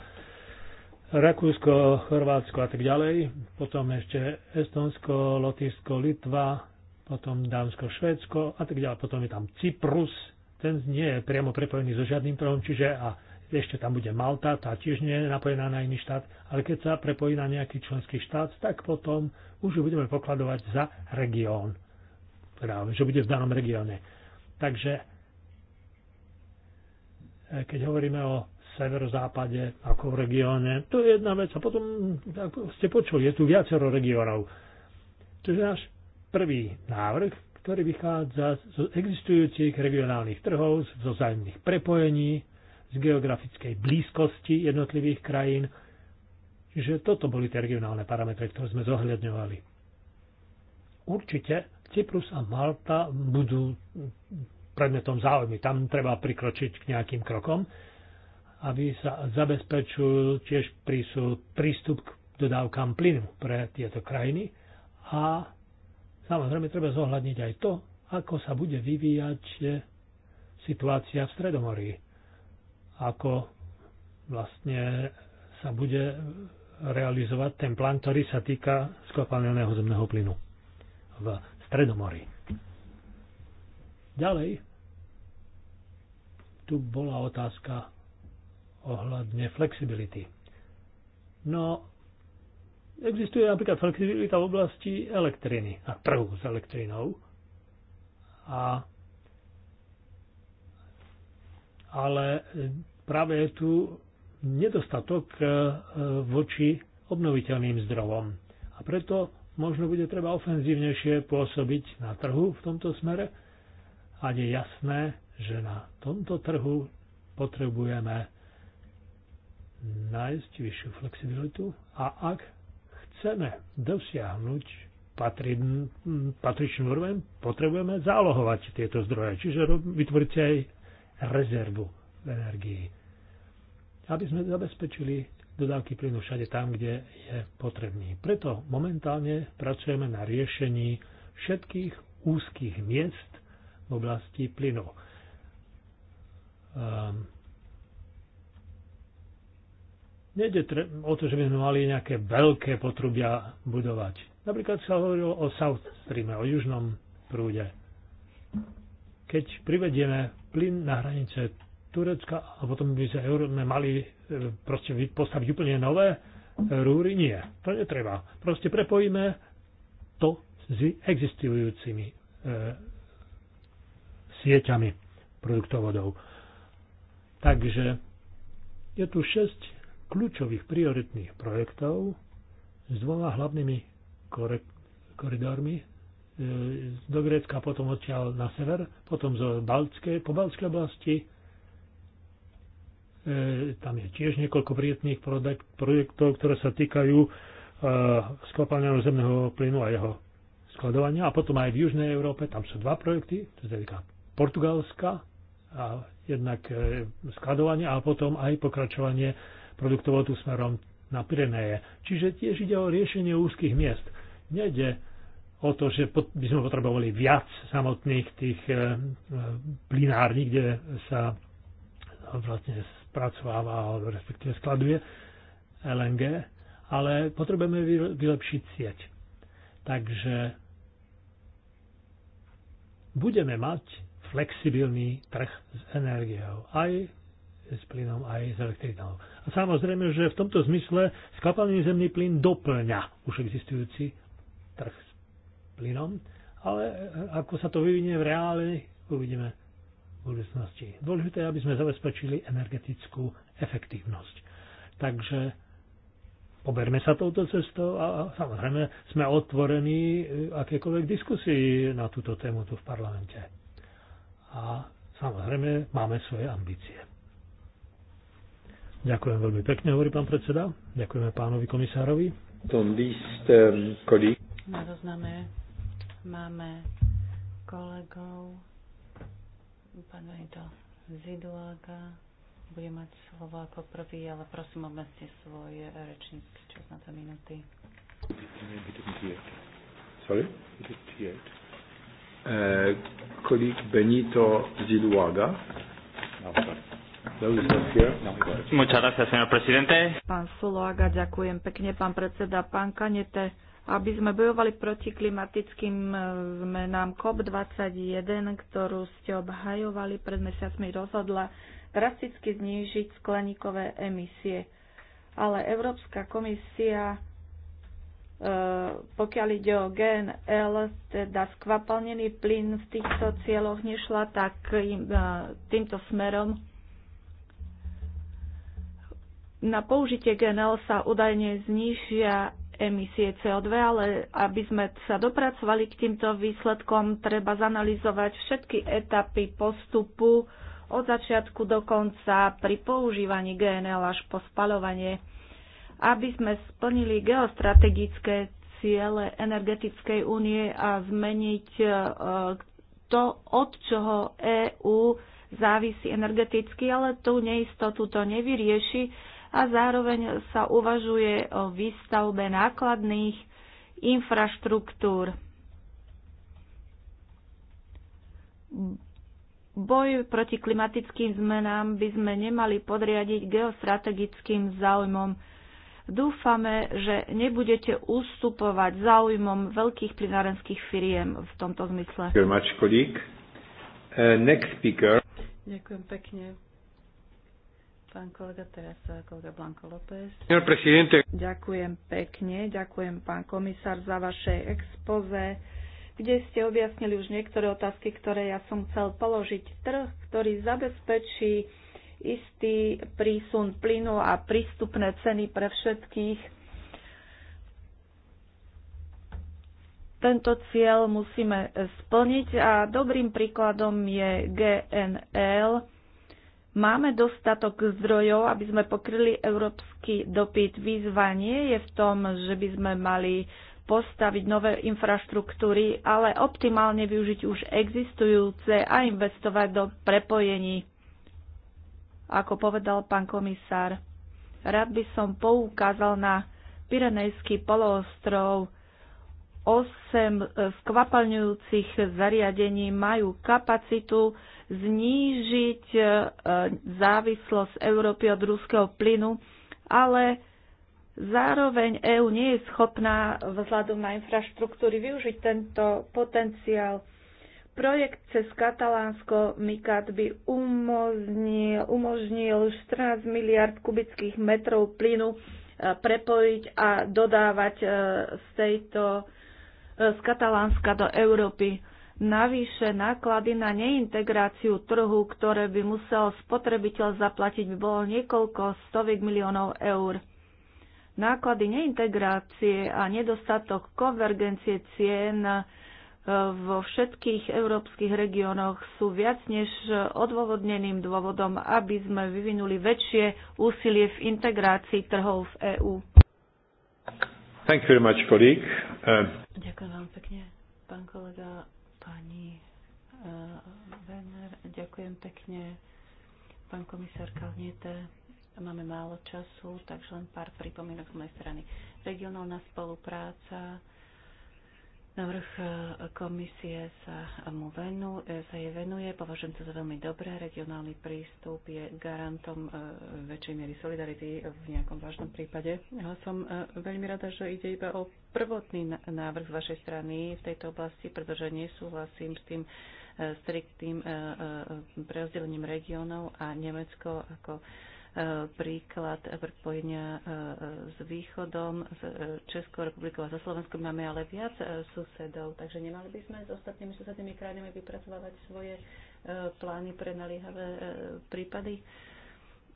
Rakúsko, Chorvátsko a tak ďalej. Potom ešte Estonsko, Lotyšsko, Litva, potom Dánsko, Švédsko a tak ďalej. Potom je tam Cyprus, ten nie je priamo prepojený so žiadnym trhom, čiže a ešte tam bude Malta, tá tiež nie je napojená na iný štát, ale keď sa prepojí na nejaký členský štát, tak potom už ju budeme pokladovať za región. Práve, teda, že bude v danom regióne. Takže e, keď hovoríme o severozápade ako v regióne, to je jedna vec. A potom, ako ste počuli, je tu viacero regiónov. Čiže náš prvý návrh, ktorý vychádza z existujúcich regionálnych trhov, z vzájomných prepojení, z geografickej blízkosti jednotlivých krajín. Čiže toto boli tie regionálne parametre, ktoré sme zohľadňovali. Určite Cyprus a Malta budú predmetom záujmy. Tam treba prikročiť k nejakým krokom, aby sa zabezpečil tiež prístup k dodávkam plynu pre tieto krajiny a Samozrejme, treba zohľadniť aj to, ako sa bude vyvíjať situácia v Stredomorí. Ako vlastne sa bude realizovať ten plán, ktorý sa týka skvapalneného zemného plynu v Stredomorí. Ďalej, tu bola otázka ohľadne flexibility. No, Existuje napríklad flexibilita v oblasti elektriny a trhu s elektrinou. A, ale práve je tu nedostatok e, voči obnoviteľným zdrojom. A preto možno bude treba ofenzívnejšie pôsobiť na trhu v tomto smere a je jasné, že na tomto trhu potrebujeme nájsť vyššiu flexibilitu a ak chceme dosiahnuť patri, patričnú úroveň, potrebujeme zálohovať tieto zdroje, čiže vytvoriť si aj rezervu v energii, aby sme zabezpečili dodávky plynu všade tam, kde je potrebný. Preto momentálne pracujeme na riešení všetkých úzkých miest v oblasti plynu. Um, Nede o to, že by sme mali nejaké veľké potrubia budovať. Napríklad sa hovorilo o South Stream, o južnom prúde. Keď privedieme plyn na hranice Turecka a potom by sme Euró- mali e, proste postaviť úplne nové e, rúry, nie. To netreba. Proste prepojíme to s existujúcimi e, sieťami produktovodov. Takže je tu 6 kľúčových prioritných projektov s dvoma hlavnými koridormi e, do Grécka, potom odtiaľ na sever, potom zo Balcké, po Balckej oblasti. E, tam je tiež niekoľko prietných projektov, ktoré sa týkajú e, skvapalného zemného plynu a jeho skladovania. A potom aj v Južnej Európe, tam sú dva projekty, to je Portugalska a jednak skladovanie a potom aj pokračovanie produktovotu smerom na Pireneje. Čiže tiež ide o riešenie úzkých miest. Nede o to, že by sme potrebovali viac samotných tých e, e, plinární, kde sa vlastne spracováva, respektíve skladuje LNG, ale potrebujeme vylepšiť sieť. Takže budeme mať flexibilný trh s energiou aj s plynom aj s elektrinou. A samozrejme, že v tomto zmysle skvapalný zemný plyn doplňa už existujúci trh s plynom, ale e, ako sa to vyvinie v reáli, uvidíme v budúcnosti. Dôležité je, aby sme zabezpečili energetickú efektívnosť. Takže poberme sa touto cestou a samozrejme sme otvorení e, akékoľvek diskusii na túto tému tu v parlamente. A samozrejme máme svoje ambície. Ďakujem veľmi pekne, hovorí pán predseda. Ďakujeme pánovi komisárovi. Ehm, na zozname máme kolegov, pán Benito Ziduaga, bude mať slovo ako prvý, ale prosím, obmedzte svoj rečnícky čas na dve minúty. Sorry? Uh, Benito Ziduaga. No, Pán Suloaga, ďakujem pekne, pán predseda. Pán Kanete, aby sme bojovali proti klimatickým e, zmenám COP21, ktorú ste obhajovali pred mesiacmi, rozhodla drasticky znížiť skleníkové emisie. Ale Európska komisia e, pokiaľ ide o GNL, teda skvapalnený plyn v týchto cieľoch nešla tak e, týmto smerom na použitie GNL sa údajne znižia emisie CO2, ale aby sme sa dopracovali k týmto výsledkom, treba zanalizovať všetky etapy postupu od začiatku do konca pri používaní GNL až po spalovanie, aby sme splnili geostrategické ciele energetickej únie a zmeniť e, to, od čoho EÚ závisí energeticky, ale tú neistotu to nevyrieši a zároveň sa uvažuje o výstavbe nákladných infraštruktúr. Boj proti klimatickým zmenám by sme nemali podriadiť geostrategickým záujmom. Dúfame, že nebudete ústupovať záujmom veľkých plinárenských firiem v tomto zmysle. Uh, Ďakujem pekne. Pán kolega, teraz kolega Blanko López. Ďakujem pekne, ďakujem pán komisár za vaše expoze, kde ste objasnili už niektoré otázky, ktoré ja som chcel položiť. Trh, ktorý zabezpečí istý prísun plynu a prístupné ceny pre všetkých. Tento cieľ musíme splniť a dobrým príkladom je GNL, Máme dostatok zdrojov, aby sme pokryli európsky dopyt. Výzva nie je v tom, že by sme mali postaviť nové infraštruktúry, ale optimálne využiť už existujúce a investovať do prepojení. Ako povedal pán komisár, rád by som poukázal na Pirenejský poloostrov. osem skvapalňujúcich zariadení majú kapacitu znížiť e, závislosť Európy od ruského plynu, ale zároveň EÚ nie je schopná vzhľadom na infraštruktúry využiť tento potenciál. Projekt cez Katalánsko MIKAT by umožnil, umožnil 14 miliard kubických metrov plynu e, prepojiť a dodávať e, z tejto z Katalánska do Európy. Navyše náklady na neintegráciu trhu, ktoré by musel spotrebiteľ zaplatiť, by bolo niekoľko stoviek miliónov eur. Náklady neintegrácie a nedostatok konvergencie cien eh, vo všetkých európskych regiónoch sú viac než odôvodneným dôvodom, aby sme vyvinuli väčšie úsilie v integrácii trhov v EÚ. Thank you very much, colleague. Uh... Ďakujem vám pekne, pán kolega pani e, Werner. Ďakujem pekne, pán komisár Kalniete. Máme málo času, takže len pár pripomienok z mojej strany. Regionálna spolupráca Návrh e, komisie sa mu venu, e, sa jej venuje, považujem to za veľmi dobré. Regionálny prístup je garantom e, väčšej miery solidarity v nejakom vážnom prípade. Ja som veľmi rada, že ide iba o prvotný návrh z vašej strany v tejto oblasti, pretože nesúhlasím s tým striktným preozdelením regiónov a Nemecko ako príklad prepojenia e, e, s východom, s e, Českou republikou a so Slovenskom máme ale viac susedov, takže nemali by sme s ostatnými susednými krajinami vypracovávať svoje plány pre naliehavé prípady.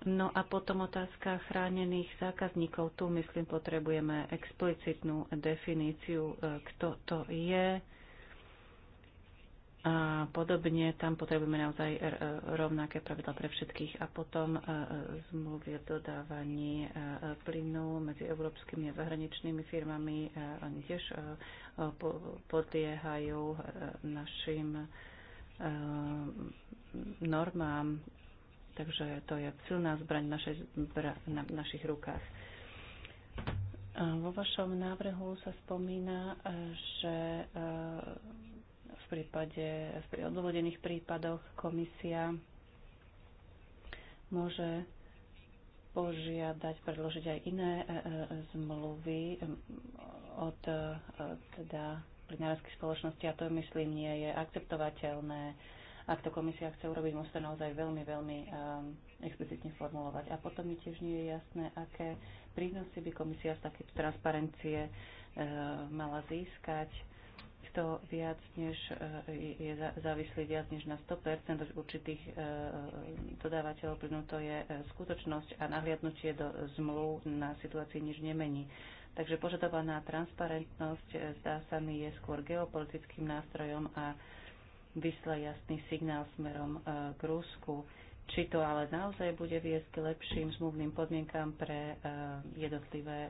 No a potom otázka chránených zákazníkov. Tu, myslím, potrebujeme explicitnú definíciu, kto to je, a podobne. Tam potrebujeme naozaj e, rovnaké pravidla pre všetkých. A potom e, e, zmluvy o dodávaní plynu medzi európskymi a zahraničnými firmami. Oni tiež podliehajú našim normám. Takže to je silná zbraň v našej, na, našich rukách. Vo vašom návrhu sa spomína, že prípade, v odvodených prípadoch komisia môže požiadať predložiť aj iné e, e, zmluvy od e, teda plinárskej spoločnosti a to myslím nie je akceptovateľné. Ak to komisia chce urobiť, musí to naozaj veľmi, veľmi explicitne formulovať. A potom mi tiež nie je jasné, aké prínosy by komisia z takéto transparencie mala získať niekto viac než e, je závislý viac než na 100% od určitých e, dodávateľov plynu, to je e, skutočnosť a nahliadnutie do zmluv na situácii nič nemení. Takže požadovaná transparentnosť zdá sa mi je skôr geopolitickým nástrojom a vysla jasný signál smerom k Rusku či to ale naozaj bude viesť k lepším zmluvným podmienkám pre e, jednotlivé e,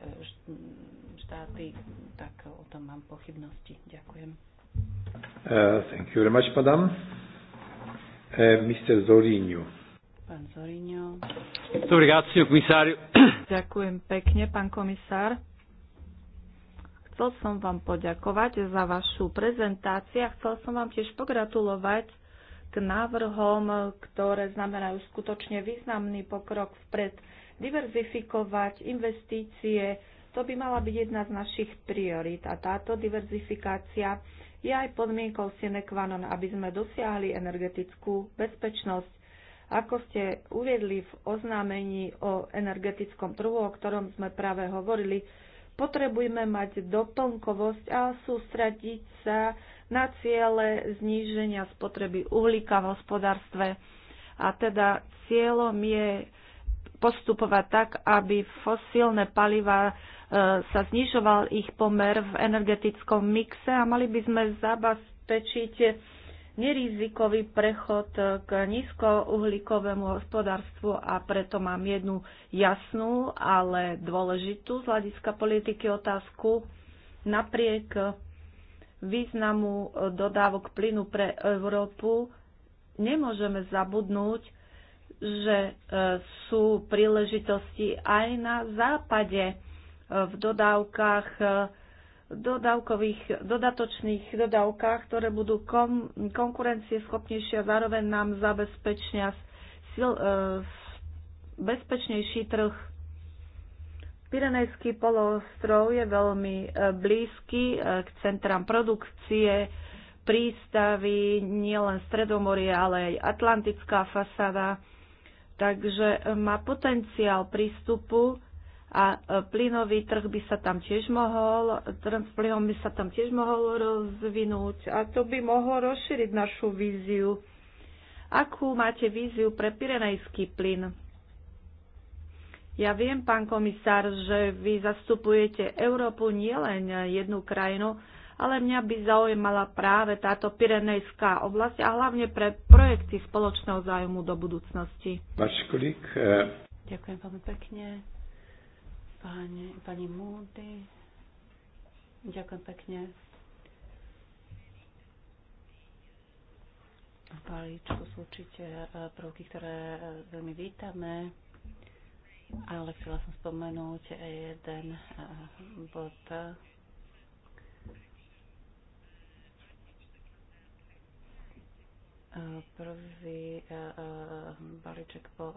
štáty, tak o tom mám pochybnosti. Ďakujem. Uh, thank you very much, madam. Uh, Mr. Zorinio. Pán Zorinio. Ďakujem pekne, pán komisár. Chcel som vám poďakovať za vašu prezentáciu a chcel som vám tiež pogratulovať k návrhom, ktoré znamenajú skutočne významný pokrok vpred. Diverzifikovať investície, to by mala byť jedna z našich priorít a táto diverzifikácia je aj podmienkou sine qua non, aby sme dosiahli energetickú bezpečnosť. Ako ste uviedli v oznámení o energetickom trhu, o ktorom sme práve hovorili, potrebujeme mať doplnkovosť a sústrediť sa na ciele zníženia spotreby uhlíka v hospodárstve. A teda cieľom je postupovať tak, aby fosílne paliva e, sa znižoval ich pomer v energetickom mixe a mali by sme zabezpečiť nerizikový prechod k nízkouhlíkovému hospodárstvu a preto mám jednu jasnú, ale dôležitú z hľadiska politiky otázku. Napriek významu e, dodávok plynu pre Európu, nemôžeme zabudnúť, že e, sú príležitosti aj na západe e, v dodávkach dodávkových, dodatočných dodávkach, ktoré budú kom, konkurencieschopnejšie a zároveň nám zabezpečnia sil, e, bezpečnejší trh Pirenejský poloostrov je veľmi e, blízky e, k centrám produkcie, prístavy, nielen Stredomorie, ale aj Atlantická fasáda. Takže e, má potenciál prístupu a plynový trh by sa tam tiež mohol, trh s plynom by sa tam tiež mohol rozvinúť a to by mohlo rozšíriť našu víziu. Akú máte víziu pre Pirenejský plyn? Ja viem, pán komisár, že vy zastupujete Európu nielen jednu krajinu, ale mňa by zaujímala práve táto Pirenejská oblasť a hlavne pre projekty spoločného zájmu do budúcnosti. Vaškulík. Eh, Ďakujem veľmi pekne. Pani, pani Múdy. Ďakujem pekne. V balíčku sú určite eh, prvky, ktoré eh, veľmi vítame ale chcela som spomenúť jeden eh, bod. Eh, prvý eh, balíček po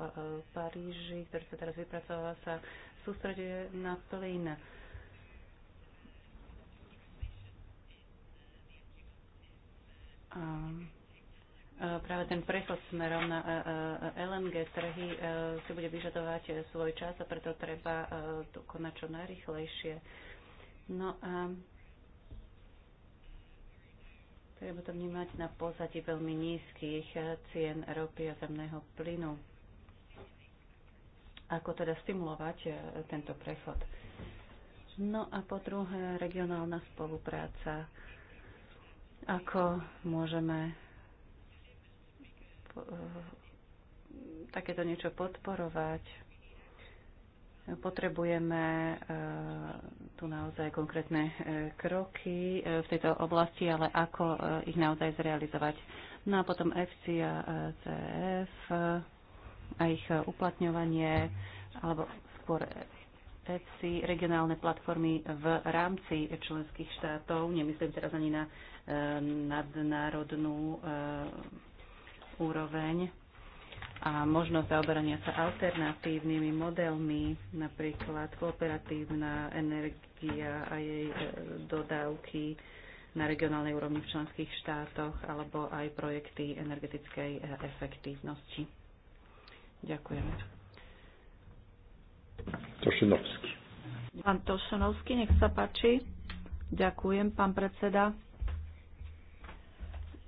Paríži, ktorý sa teraz vypracováva, sa sústreduje na plyn. Um, E, práve ten prechod smerom na e, e, LNG trhy si bude vyžadovať svoj čas a preto treba to konať čo najrychlejšie. No a treba to vnímať na pozadí veľmi nízkych cien ropy a zemného plynu. Ako teda stimulovať tento prechod? No a po druhé, regionálna spolupráca. Ako môžeme Eh, takéto niečo podporovať. Potrebujeme eh, tu naozaj konkrétne eh, kroky v tejto oblasti, ale ako ich naozaj zrealizovať. No a potom FC a CF a ich uplatňovanie, alebo skôr FC regionálne platformy v rámci členských štátov, nemyslím teraz ani na nadnárodnú úroveň a možnosť zaoberania sa alternatívnymi modelmi, napríklad kooperatívna energia a jej e, dodávky na regionálnej úrovni v členských štátoch alebo aj projekty energetickej e, efektívnosti. Ďakujem. Tošinovský. Pán Tošinovský, nech sa páči. Ďakujem, pán predseda.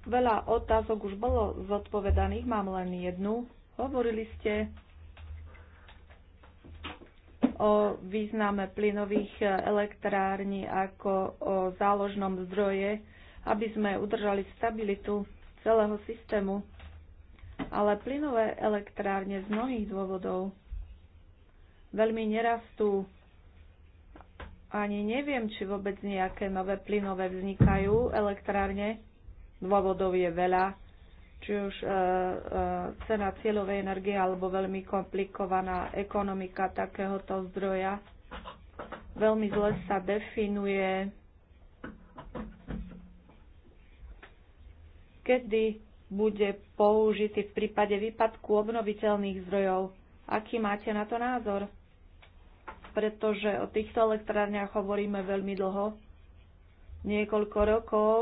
Veľa otázok už bolo zodpovedaných, mám len jednu. Hovorili ste o význame plynových elektrární ako o záložnom zdroje, aby sme udržali stabilitu celého systému. Ale plynové elektrárne z mnohých dôvodov veľmi nerastú. Ani neviem, či vôbec nejaké nové plynové vznikajú elektrárne Dôvodov je veľa, či už e, e, cena cieľovej energie alebo veľmi komplikovaná ekonomika takéhoto zdroja. Veľmi zle sa definuje, kedy bude použitý v prípade výpadku obnoviteľných zdrojov. Aký máte na to názor? Pretože o týchto elektrárniach hovoríme veľmi dlho, niekoľko rokov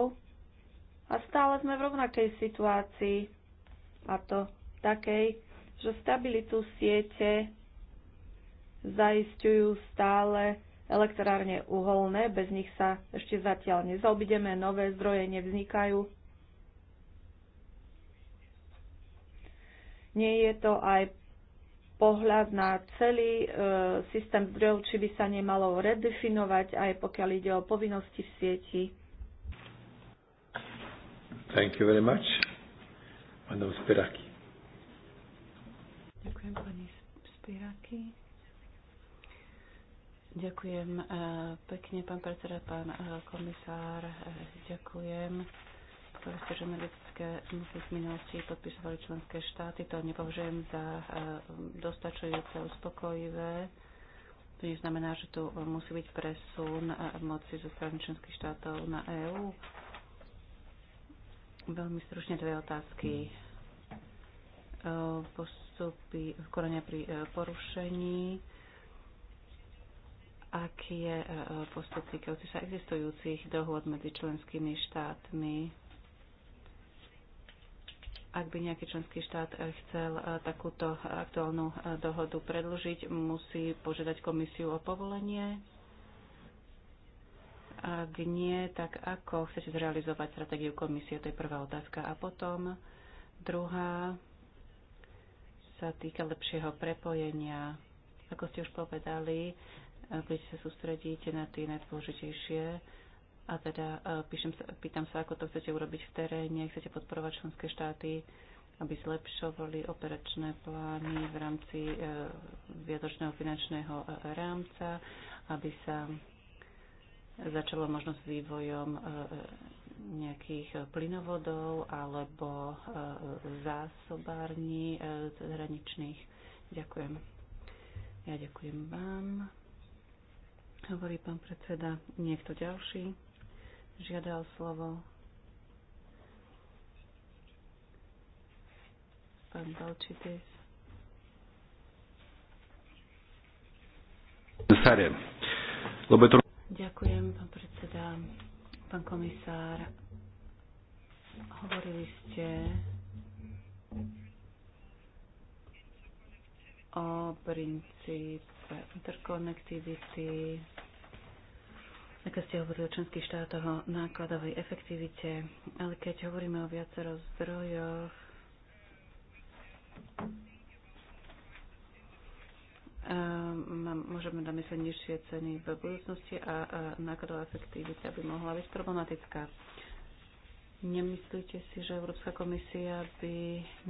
a stále sme v rovnakej situácii, a to takej, že stabilitu siete zaistujú stále elektrárne uholné, bez nich sa ešte zatiaľ nezaobideme, nové zdroje nevznikajú. Nie je to aj pohľad na celý e, systém zdrojov, či by sa nemalo redefinovať, aj pokiaľ ide o povinnosti v sieti. Thank you very much. Madam Spiraki. Ďakujem pani Spiraki. Ďakujem eh, pekne, pán predseda, pán eh, komisár. Eh, ďakujem ktoré ste žurnalistické v minulosti podpisovali členské štáty. To nepovažujem za dostačujúce, uspokojivé. To neznamená, že tu musí byť presun moci zo strany členských štátov na EÚ. Veľmi stručne dve otázky. Eh, postupy konania pri eh, porušení. Aký je eh, postup týkajúci sa existujúcich dohôd medzi členskými štátmi? ak by nejaký členský štát chcel takúto aktuálnu dohodu predlžiť, musí požiadať komisiu o povolenie. Ak nie, tak ako chcete zrealizovať stratégiu komisie? To je prvá otázka. A potom druhá sa týka lepšieho prepojenia. Ako ste už povedali, eh, budete sa sústrediť na tie najdôležitejšie a teda eh, píšem sa, pýtam sa, ako to chcete urobiť v teréne, chcete podporovať členské štáty, aby zlepšovali operačné plány v rámci e, eh, viadočného finančného rámca, aby sa začalo možno s vývojom e, e, nejakých e, plynovodov alebo zásobární hraničných. Ďakujem. Ja ďakujem vám. Hovorí pán predseda. Niekto ďalší žiada o slovo. Pán Balčitis. Lebo je to Ďakujem, pán predseda, pán komisár. Hovorili ste o princípe interkonektivity, ako ste hovorili o členských štátoch, o nákladovej efektivite, ale keď hovoríme o viacero zdrojoch, Ehm, môžeme namyslieť nižšie ceny v budúcnosti a nákladová efektivita by mohla byť problematická. Nemyslíte si, že Európska komisia by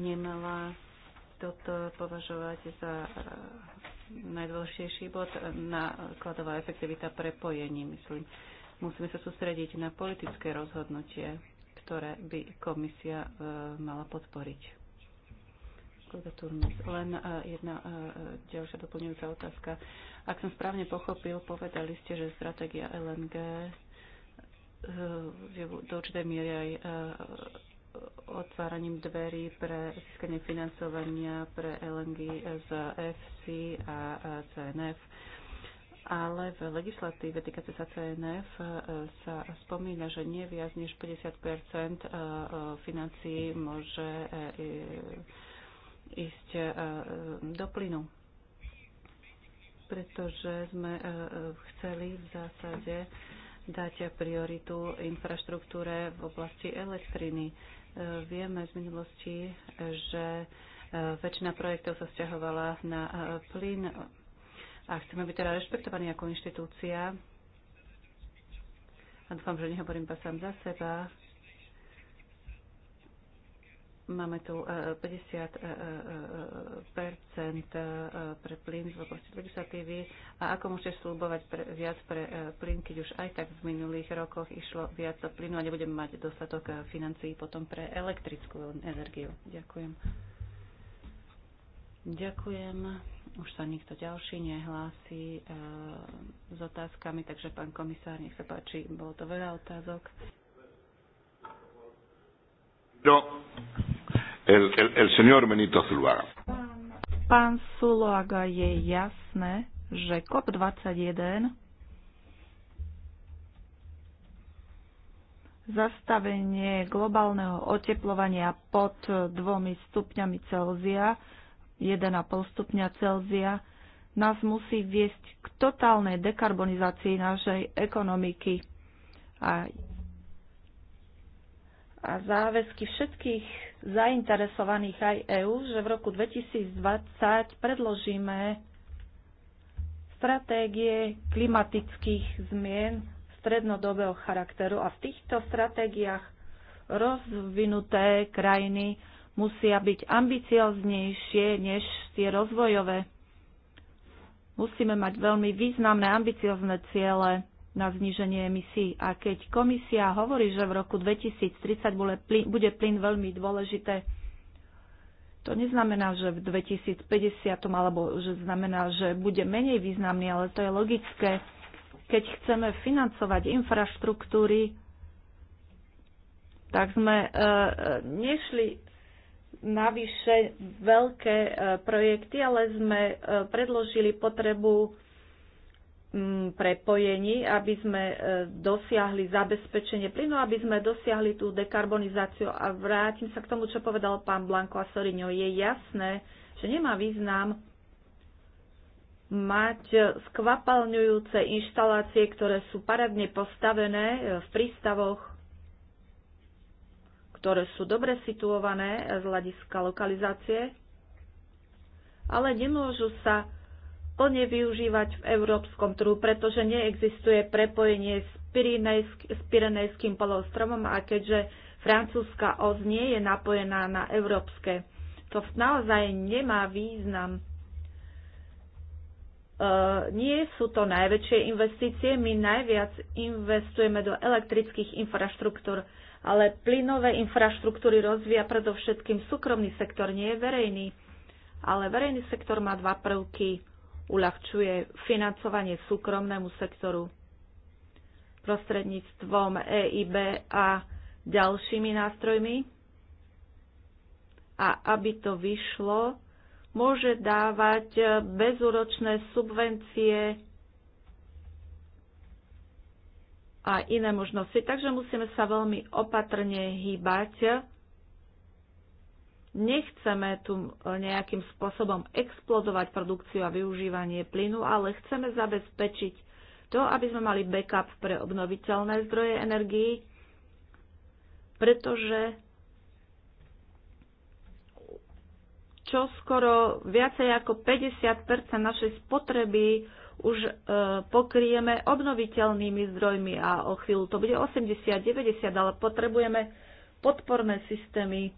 nemala toto považovať za e, najdôležitejší bod? Nákladová efektivita prepojení, myslím. Musíme sa sústrediť na politické rozhodnutie, ktoré by komisia e, mala podporiť kolega Turmes. Len e, jedna e, e, ďalšia doplňujúca otázka. Ak som správne pochopil, povedali ste, že stratégia LNG je do určitej miery aj otváraním dverí pre získanie financovania pre LNG z FC a CNF. Ale v legislatíve týkace sa CNF sa spomína, že nie viac než 50 financií môže ísť e, e, do plynu. Pretože sme e, chceli v zásade dať prioritu infraštruktúre v oblasti elektriny. Vieme z minulosti, že väčšina projektov sa stiahovala na plyn a chceme byť teda rešpektovaní ako inštitúcia. A dúfam, že nehovorím pasám sám za seba, Máme tu 50 e, e, e, pre plyn v oblasti legislatívy. A ako môžete slúbovať pre, viac pre plyn, keď už aj tak v minulých rokoch išlo viac do plynu a nebudeme mať dostatok financií potom pre elektrickú energiu? Ďakujem. Ďakujem. Už sa nikto ďalší nehlási s otázkami, takže pán komisár, nech sa páči, bolo to veľa otázok. No, El, el, el señor Benito Zuluaga. Pán Zuluaga, je jasné, že COP21 zastavenie globálneho oteplovania pod dvomi stupňami Celzia, 1,5 stupňa Celzia, nás musí viesť k totálnej dekarbonizácii našej ekonomiky. A a záväzky všetkých zainteresovaných aj EÚ, že v roku 2020 predložíme stratégie klimatických zmien strednodobého charakteru a v týchto stratégiách rozvinuté krajiny musia byť ambicioznejšie než tie rozvojové. Musíme mať veľmi významné ambiciozne ciele na zníženie emisí. A keď komisia hovorí, že v roku 2030 bude plyn, bude plyn veľmi dôležité, to neznamená, že v 2050 alebo že znamená, že bude menej významný, ale to je logické. Keď chceme financovať infraštruktúry, tak sme e, e nešli navyše veľké e, projekty, ale sme e, predložili potrebu Mm, prepojení, aby sme e, dosiahli zabezpečenie plynu, aby sme dosiahli tú dekarbonizáciu. A vrátim sa k tomu, čo povedal pán Blanko a Sorinio. Je jasné, že nemá význam mať skvapalňujúce inštalácie, ktoré sú paradne postavené e, v prístavoch, ktoré sú dobre situované z hľadiska lokalizácie, ale nemôžu sa plne využívať v európskom trhu, pretože neexistuje prepojenie s, Pirinejsk, s Pirenejským polostrovom a keďže francúzska os nie je napojená na európske, to naozaj nemá význam. E, nie sú to najväčšie investície, my najviac investujeme do elektrických infraštruktúr, ale plynové infraštruktúry rozvíja predovšetkým súkromný sektor, nie je verejný. Ale verejný sektor má dva prvky uľahčuje financovanie súkromnému sektoru prostredníctvom EIB a ďalšími nástrojmi. A aby to vyšlo, môže dávať bezúročné subvencie a iné možnosti. Takže musíme sa veľmi opatrne hýbať Nechceme tu e, nejakým spôsobom explodovať produkciu a využívanie plynu, ale chceme zabezpečiť to, aby sme mali backup pre obnoviteľné zdroje energii. pretože čo skoro viacej ako 50 našej spotreby už e, pokrieme obnoviteľnými zdrojmi a o chvíľu to bude 80-90, ale potrebujeme podporné systémy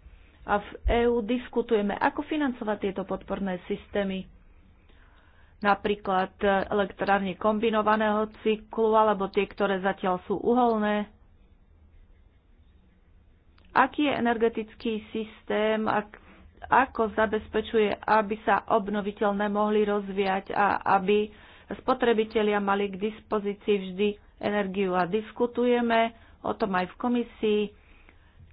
a v EÚ diskutujeme, ako financovať tieto podporné systémy napríklad elektrárne kombinovaného cyklu alebo tie, ktoré zatiaľ sú uholné. Aký je energetický systém, ak, ako zabezpečuje, aby sa obnoviteľné mohli rozvíjať a aby spotrebitelia mali k dispozícii vždy energiu. A diskutujeme o tom aj v komisii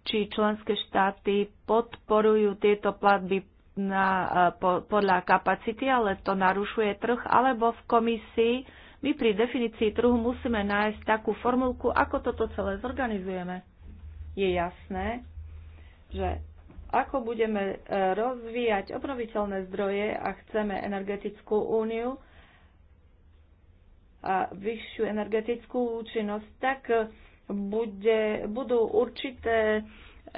či členské štáty podporujú tieto platby na, e, po, podľa kapacity, ale to narušuje trh, alebo v komisii my pri definícii trhu musíme nájsť takú formulku, ako toto celé zorganizujeme. Je jasné, že ako budeme e, rozvíjať obnoviteľné zdroje a chceme energetickú úniu a vyššiu energetickú účinnosť, tak bude, budú určité eh,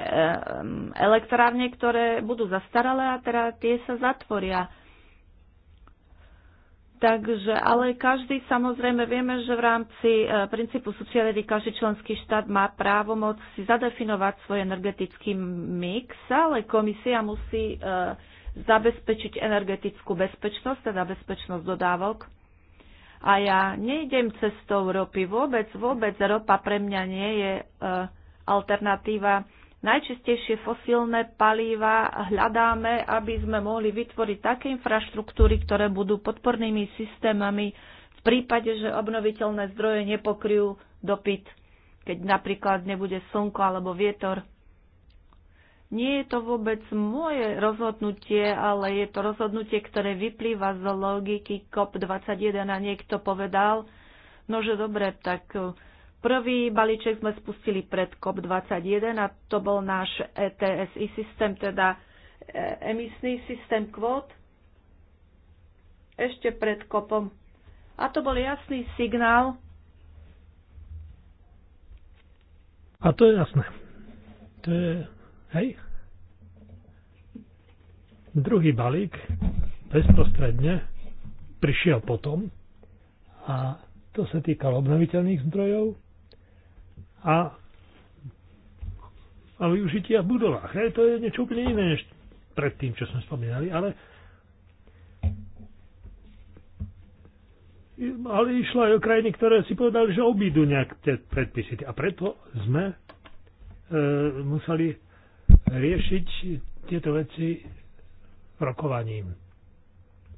elektrárne, ktoré budú zastaralé a teda tie sa zatvoria. Takže, ale každý samozrejme vieme, že v rámci eh, princípu subsidiarity každý členský štát má právo moc si zadefinovať svoj energetický mix, ale komisia musí eh, zabezpečiť energetickú bezpečnosť, teda bezpečnosť dodávok. A ja nejdem cestou ropy vôbec, vôbec. Ropa pre mňa nie je e, alternatíva. Najčistejšie fosílne palíva hľadáme, aby sme mohli vytvoriť také infraštruktúry, ktoré budú podpornými systémami v prípade, že obnoviteľné zdroje nepokryjú dopyt, keď napríklad nebude slnko alebo vietor. Nie je to vôbec moje rozhodnutie, ale je to rozhodnutie, ktoré vyplýva z logiky COP21 a niekto povedal, no že dobre, tak e, prvý balíček sme spustili pred COP21 a to bol náš ETSI systém, teda e, emisný systém kvót ešte pred kopom. A to bol jasný signál. A to je jasné. To je Hej. Druhý balík bezprostredne prišiel potom a to sa týkalo obnoviteľných zdrojov a, a využitia v budovách. Hej, to je niečo úplne iné než predtým, čo sme spomínali, ale ale išlo aj o krajiny, ktoré si povedali, že obídu nejak tie predpisy. A preto sme e, museli riešiť tieto veci rokovaním.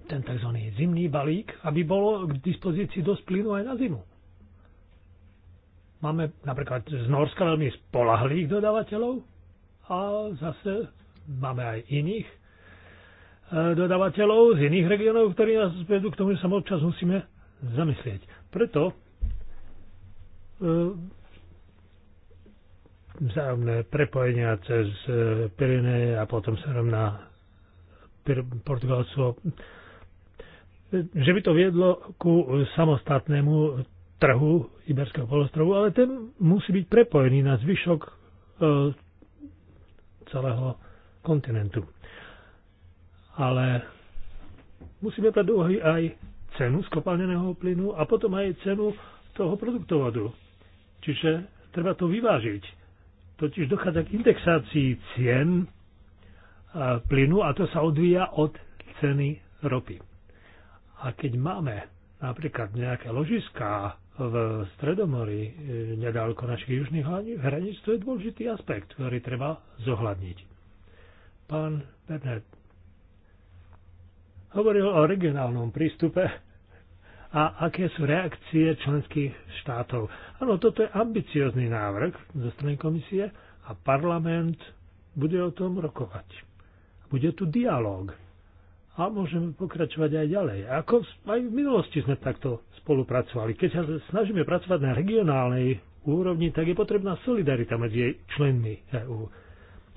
Ten tzv. zimný balík, aby bolo k dispozícii dosť plynu aj na zimu. Máme napríklad z Norska veľmi spolahlých dodávateľov a zase máme aj iných e, dodávateľov z iných regiónov, ktorí nás vedú k tomu, že sa občas musíme zamyslieť. Preto e, vzájomné prepojenia cez e, Pirine a potom smerom na Portugalsko, že by to viedlo ku samostatnému trhu Iberského polostrovu, ale ten musí byť prepojený na zvyšok e, celého kontinentu. Ale musíme brať do aj cenu skopalneného plynu a potom aj cenu toho produktovodu. Čiže treba to vyvážiť. Totiž dochádza k indexácii cien plynu a to sa odvíja od ceny ropy. A keď máme napríklad nejaké ložiská v Stredomori, e, nedaleko našich južných hraníc, to je dôležitý aspekt, ktorý treba zohľadniť. Pán Bernard hovoril o regionálnom prístupe a aké sú reakcie členských štátov. Áno, toto je ambiciózny návrh zo strany komisie a parlament bude o tom rokovať. Bude tu dialóg. A môžeme pokračovať aj ďalej. Ako aj v minulosti sme takto spolupracovali. Keď sa snažíme pracovať na regionálnej úrovni, tak je potrebná solidarita medzi jej členmi EÚ.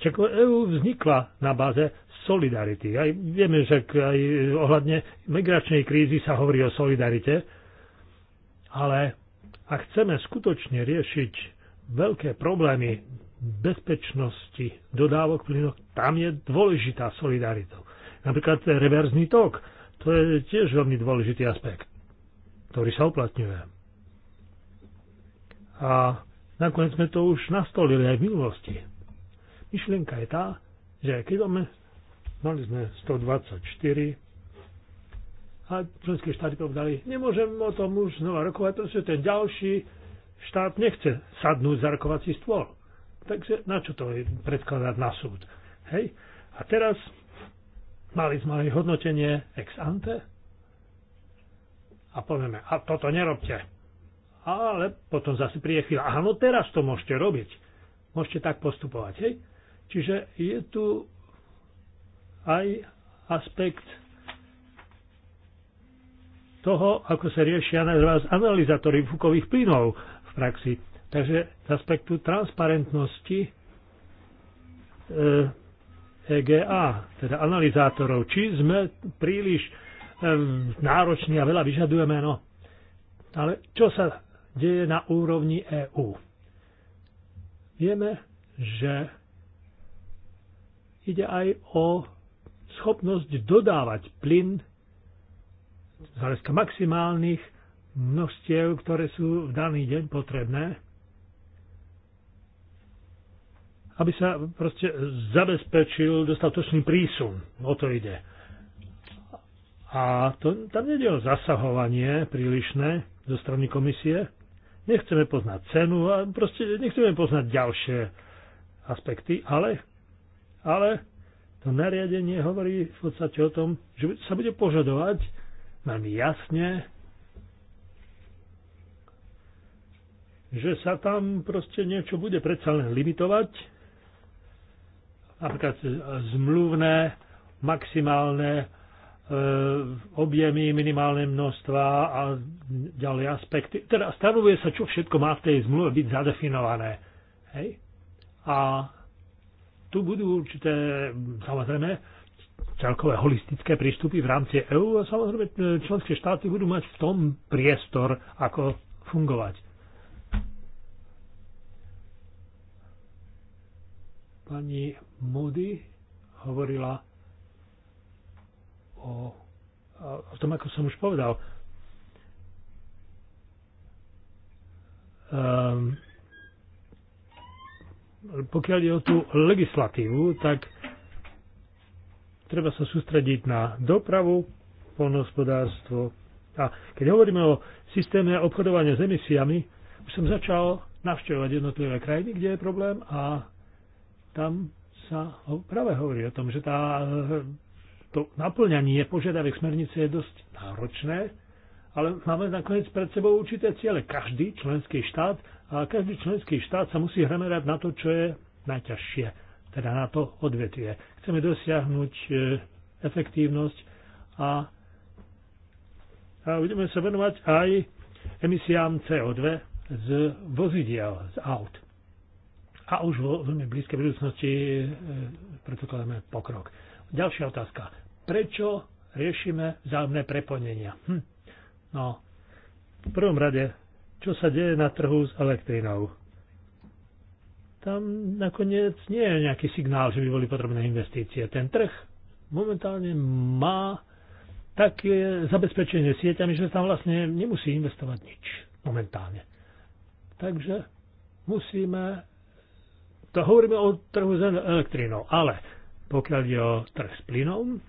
Čak EU vznikla na báze solidarity. Aj, vieme, že aj ohľadne migračnej krízy sa hovorí o solidarite, ale ak chceme skutočne riešiť veľké problémy bezpečnosti dodávok plynu, tam je dôležitá solidarita. Napríklad reverzný tok, to je tiež veľmi dôležitý aspekt, ktorý sa uplatňuje. A nakoniec sme to už nastolili aj v minulosti. Myšlienka je tá, že keď máme, mali sme 124 a členské štáty povedali, nemôžem o tom už znova rokovať, pretože ten ďalší štát nechce sadnúť za rokovací stôl. Takže na čo to je predkladať na súd? Hej? A teraz mali sme aj hodnotenie ex ante a povieme, a toto nerobte. Ale potom zase príde chvíľa, áno, teraz to môžete robiť. Môžete tak postupovať, hej? Čiže je tu aj aspekt toho, ako sa riešia najprv analyzátory fukových plynov v praxi. Takže z aspektu transparentnosti EGA, e teda analyzátorov, či sme príliš e, nároční a veľa vyžadujeme, no. Ale čo sa deje na úrovni EÚ? Vieme, že ide aj o schopnosť dodávať plyn z hľadiska maximálnych množstiev, ktoré sú v daný deň potrebné, aby sa proste zabezpečil dostatočný prísun. O to ide. A to, tam nie o zasahovanie prílišné zo strany komisie. Nechceme poznať cenu a proste nechceme poznať ďalšie aspekty, ale ale to nariadenie hovorí v podstate o tom, že sa bude požadovať veľmi jasne, že sa tam proste niečo bude predsa len limitovať, napríklad zmluvné, maximálne e, objemy, minimálne množstva a ďalej aspekty. Teda stanovuje sa, čo všetko má v tej zmluve byť zadefinované. Hej? A tu budú určité, samozrejme, celkové holistické prístupy v rámci EÚ a samozrejme e, členské štáty budú mať v tom priestor, ako fungovať. Pani Moody hovorila o, o tom, ako som už povedal. Um, pokiaľ je o tú legislatívu, tak treba sa sústrediť na dopravu, polnohospodárstvo. A keď hovoríme o systéme obchodovania s emisiami, už som začal navštevovať jednotlivé krajiny, kde je problém a tam sa práve hovorí o tom, že tá, to naplňanie požiadavých smernice je dosť náročné, ale máme nakoniec pred sebou určité ciele. Každý členský štát a každý členský štát sa musí hramerať na to, čo je najťažšie, teda na to odvetvie. Chceme dosiahnuť e, efektívnosť a, a budeme sa venovať aj emisiám CO2 z vozidiel, z aut. A už vo veľmi blízkej budúcnosti e, predpokladáme pokrok. Ďalšia otázka. Prečo riešime vzájomné preplnenia? Hm. No, v prvom rade čo sa deje na trhu s elektrinou. Tam nakoniec nie je nejaký signál, že by boli potrebné investície. Ten trh momentálne má také zabezpečenie sieťami, že tam vlastne nemusí investovať nič momentálne. Takže musíme, to hovoríme o trhu s elektrínou, ale pokiaľ je o trh s plynom,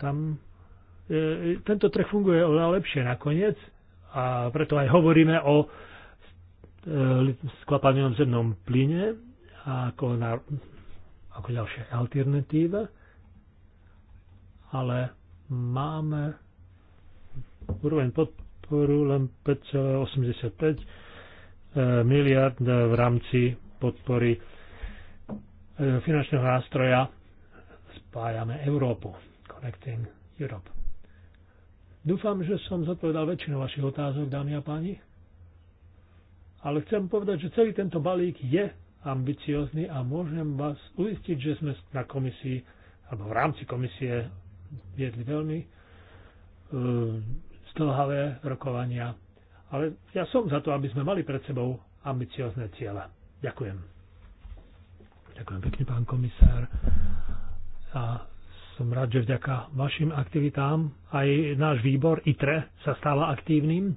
tam e, tento trh funguje oveľa lepšie nakoniec, a preto aj hovoríme o e, skvapalnenom zemnom plyne ako, na, ako ďalšia alternatíva, ale máme úroveň podporu len 5,85 e, miliard v rámci podpory e, finančného nástroja spájame Európu, Connecting Europe. Dúfam, že som zodpovedal väčšinu vašich otázok, dámy a páni. Ale chcem povedať, že celý tento balík je ambiciózny a môžem vás uistiť, že sme na komisii alebo v rámci komisie viedli veľmi uh, zdlhavé rokovania. Ale ja som za to, aby sme mali pred sebou ambiciozne ciele. Ďakujem. Ďakujem pekne, pán komisár. A som rád, že vďaka vašim aktivitám aj náš výbor ITRE sa stáva aktívnym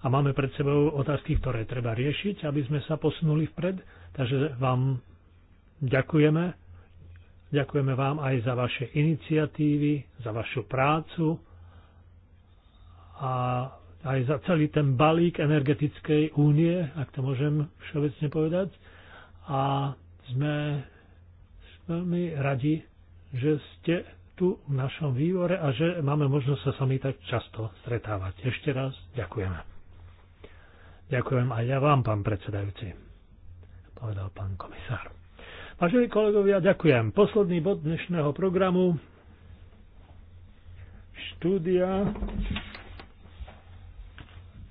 a máme pred sebou otázky, ktoré treba riešiť, aby sme sa posunuli vpred. Takže vám ďakujeme. Ďakujeme vám aj za vaše iniciatívy, za vašu prácu a aj za celý ten balík energetickej únie, ak to môžem všeobecne povedať. A sme veľmi radi, že ste tu v našom vývore a že máme možnosť sa sami tak často stretávať. Ešte raz ďakujeme. Ďakujem aj ja vám, pán predsedajúci, povedal pán komisár. Vážení kolegovia, ďakujem. Posledný bod dnešného programu. Štúdia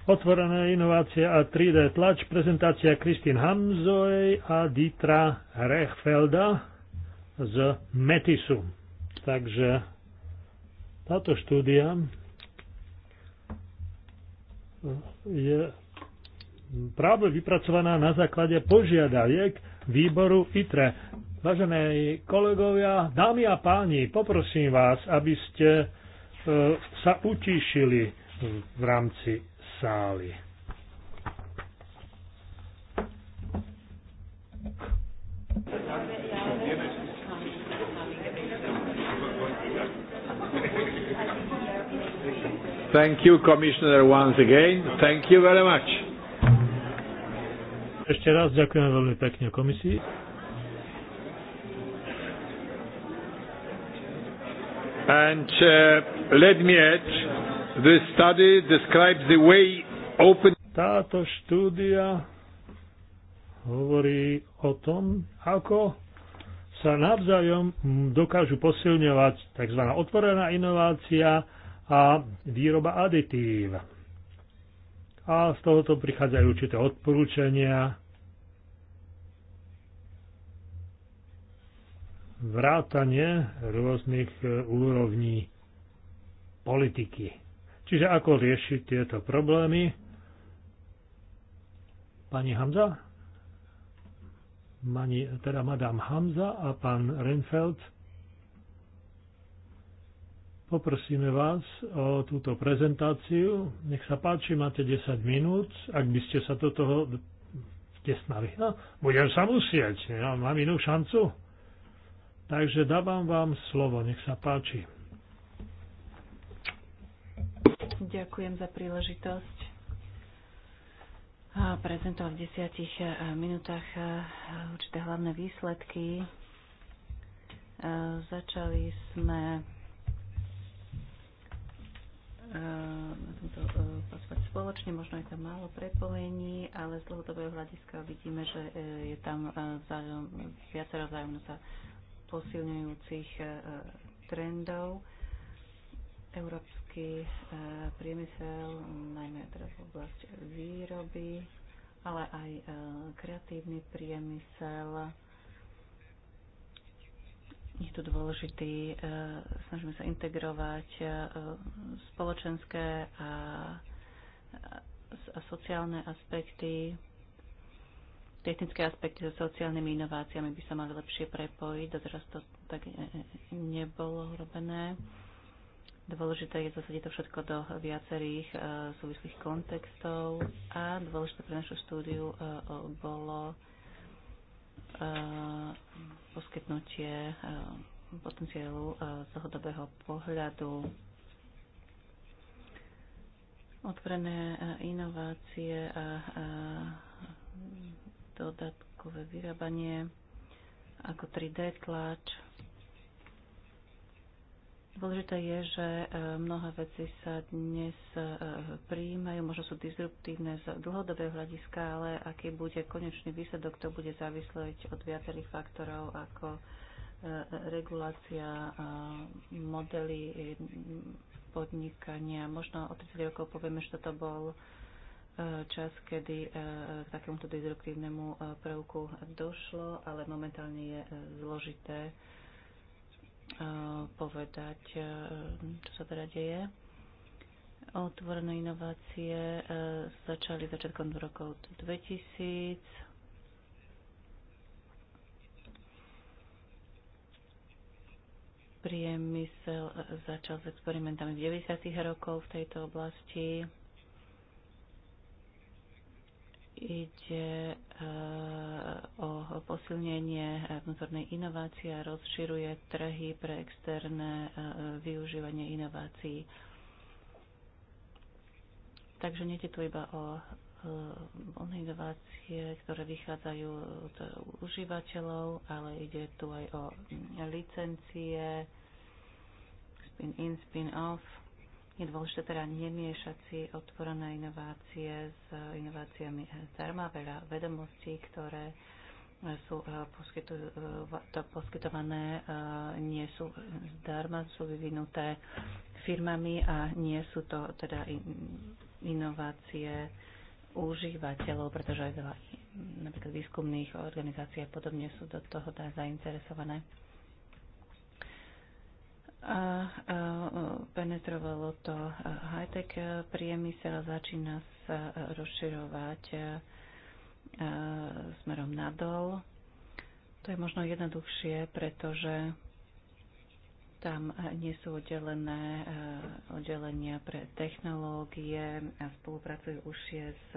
Otvorené inovácie a 3D tlač, prezentácia Kristín Hamzoj a Dietra Rechfelda z Metisu. Takže táto štúdia je práve vypracovaná na základe požiadaviek výboru ITRE. Vážené kolegovia, dámy a páni, poprosím vás, aby ste e, sa utišili v rámci sály. Thank you, Commissioner, once again. Thank you very much. Ešte raz ďakujem veľmi pekne komisii. And uh, let me add, the study describes the way open... Táto štúdia hovorí o tom, ako sa navzájom dokážu posilňovať tzv. otvorená inovácia a výroba aditív. A z tohoto prichádzajú určité odporúčania, vrátanie rôznych e, úrovní politiky. Čiže ako riešiť tieto problémy? Pani Hamza? Mani, teda madame Hamza a pán Renfeld? Poprosíme vás o túto prezentáciu. Nech sa páči, máte 10 minút, ak by ste sa do toho tesnali. No, budem sa musieť, ja mám inú šancu. Takže dávam vám slovo, nech sa páči. Ďakujem za príležitosť prezentovať v desiatich e, minútach e, určité hlavné výsledky. E, začali sme Eh, na tomto eh, pracovať spoločne. Možno je tam málo prepojení, ale z dlhodobého hľadiska vidíme, že eh, je tam vzájom, viacero vzájomno sa posilňujúcich trendov. Európsky priemysel, najmä teraz oblasť výroby, ale aj kreatívny priemysel je to dôležitý, e, snažíme sa integrovať e, spoločenské a, a sociálne aspekty, technické aspekty so sociálnymi inováciami by sa mali lepšie prepojiť, doteraz to tak e, nebolo urobené. Dôležité je zasadiť to všetko do viacerých súvislých kontextov a dôležité pre našu štúdiu bolo poskytnutie eh, potenciálu z eh, dlhodobého pohľadu otvorené eh, inovácie a dodatkové vyrábanie ako 3D tlač Dôležité je, že e, mnohé veci sa dnes e, prijímajú, možno sú disruptívne z dlhodobého hľadiska, ale aký bude konečný výsledok, to bude závisleť od viacerých faktorov ako e, regulácia, modely podnikania. Možno o 30 rokov povieme, že toto bol čas, kedy k takémuto disruptívnemu prvku došlo, ale momentálne je zložité Eh, povedať, eh, čo sa teda deje. Otvorené inovácie eh, začali začiatkom rokov 2000. Priemysel začal s experimentami v 90. rokov v tejto oblasti ide eh, o posilnenie vnútornej inovácie a rozširuje trhy pre externé eh, využívanie inovácií. Takže nie je tu iba eh, o inovácie, ktoré vychádzajú od užívateľov, ale ide tu aj o mm, licencie, spin-in, spin-off je dôležité teda nemiešať si otvorené inovácie s inováciami zdarma, veľa vedomostí, ktoré sú eh, eh, poskytované, eh, nie sú zdarma, sú vyvinuté firmami a nie sú to teda inovácie užívateľov, pretože aj veľa napríklad výskumných organizácií a podobne sú do toho teda zainteresované a penetrovalo to high-tech priemysel, začína sa rozširovať smerom nadol. To je možno jednoduchšie, pretože tam nie sú oddelené oddelenia pre technológie a spolupracujú už je s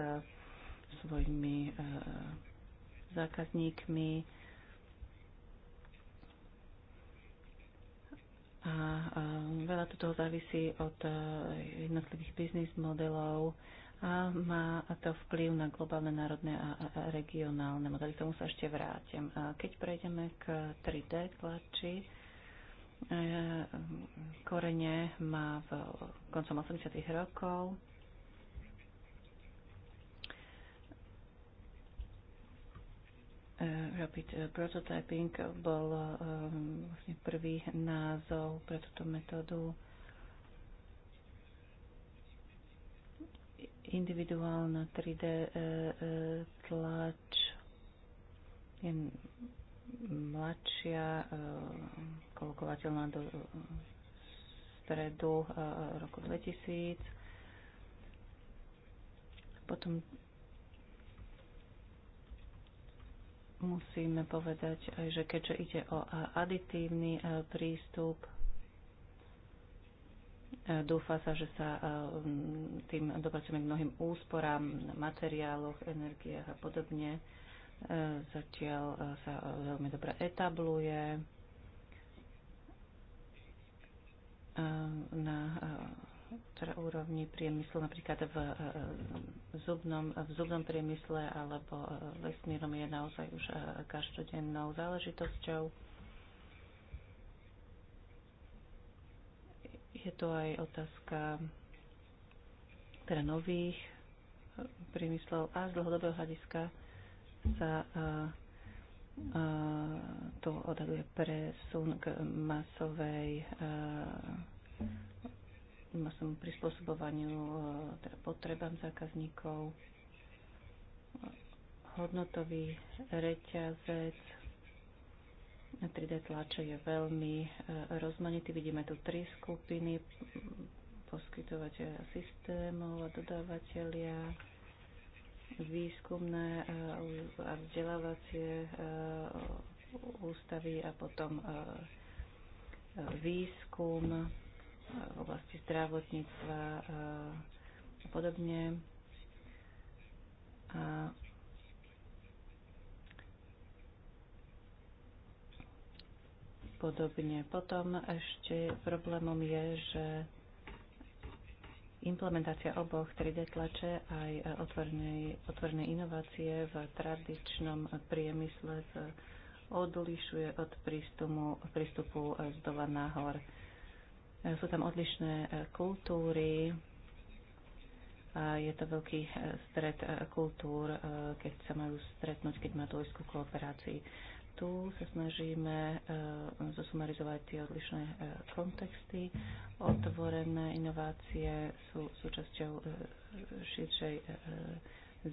svojimi zákazníkmi A, a veľa to toho závisí od e, jednotlivých biznis modelov a má to vplyv na globálne, národné a regionálne modely. K tomu sa ešte vrátim. A keď prejdeme k 3D tlači, e, korene má v koncom 80. rokov Eh, Rapid eh, Prototyping bol eh, vlastne prvý názov pre túto metódu. Individuálna 3D tlač je mladšia, kolokovateľná do stredu roku 2000. Potom musíme povedať, že keďže ide o aditívny e, prístup, e, dúfa sa, že sa e, tým dopracujeme k mnohým úsporám na materiáloch, energiách a podobne. Zatiaľ sa veľmi dobre etabluje na teda úrovni priemyslu, napríklad v eh, zubnom, v zubnom priemysle alebo eh, vesmírom je naozaj už eh, každodennou záležitosťou. Je to aj otázka teda nových priemyslov a z dlhodobého hľadiska sa to odhaduje presun k masovej má som prispôsobovaniu e, teda potrebám zákazníkov, hodnotový reťazec, 3D tlače je veľmi e, rozmanitý. Vidíme tu tri skupiny, poskytovateľa systémov a dodávateľia, výskumné e, a vzdelávacie ústavy a potom výskum v oblasti zdravotníctva eh, a podobne. A podobne. Potom ešte problémom je, že implementácia oboch 3D tlače aj otvornej, inovácie v tradičnom priemysle odlišuje od prístupu, prístupu z dola nahor. hor E, sú tam odlišné e, kultúry, je to veľký e, stred kultúr, keď sa majú stretnúť, keď má dôjsť ku kooperácii. Tu sa snažíme zosumarizovať tie odlišné kontexty. Otvorené inovácie sú súčasťou širšej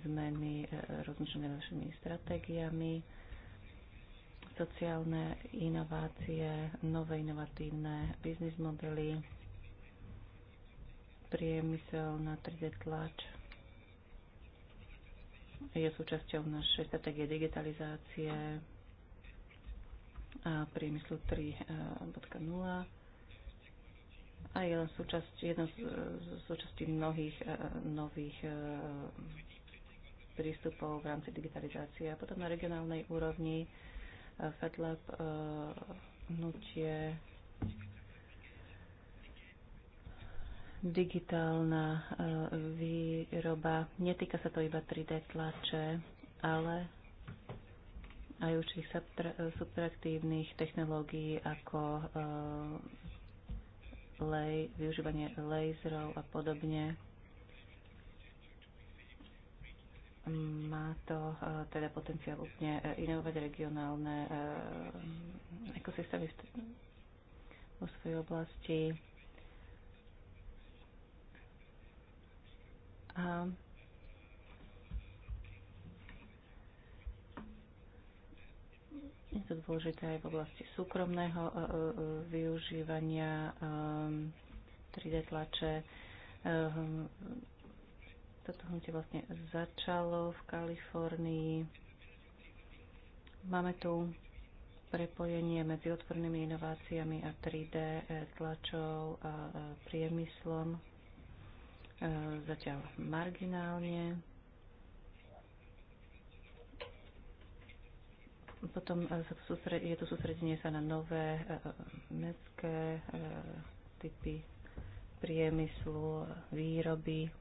zmeny rozmýšľania našimi stratégiami sociálne inovácie, nové inovatívne biznis modely, priemysel na 3D tlač je súčasťou našej stratégie digitalizácie a priemyslu 3.0 a je len súčasť, jednou z, súčasti mnohých e, nových e, prístupov v rámci digitalizácie. A potom na regionálnej úrovni FedLab eh, hnutie digitálna eh, výroba. Netýka sa to iba 3D tlače, ale aj určitých subtraktívnych technológií ako eh, lej, využívanie laserov a podobne. Má to e, teda potenciál úplne e, inovovať regionálne e, ekosystémy vo svojej oblasti. A je to dôležité aj v oblasti súkromného využívania 3D tlače toto hnutie vlastne začalo v Kalifornii. Máme tu prepojenie medzi otvorenými inováciami a 3D e, tlačou a e, priemyslom e, zatiaľ marginálne. Potom je tu sústredenie sa na nové mestské typy priemyslu, výroby.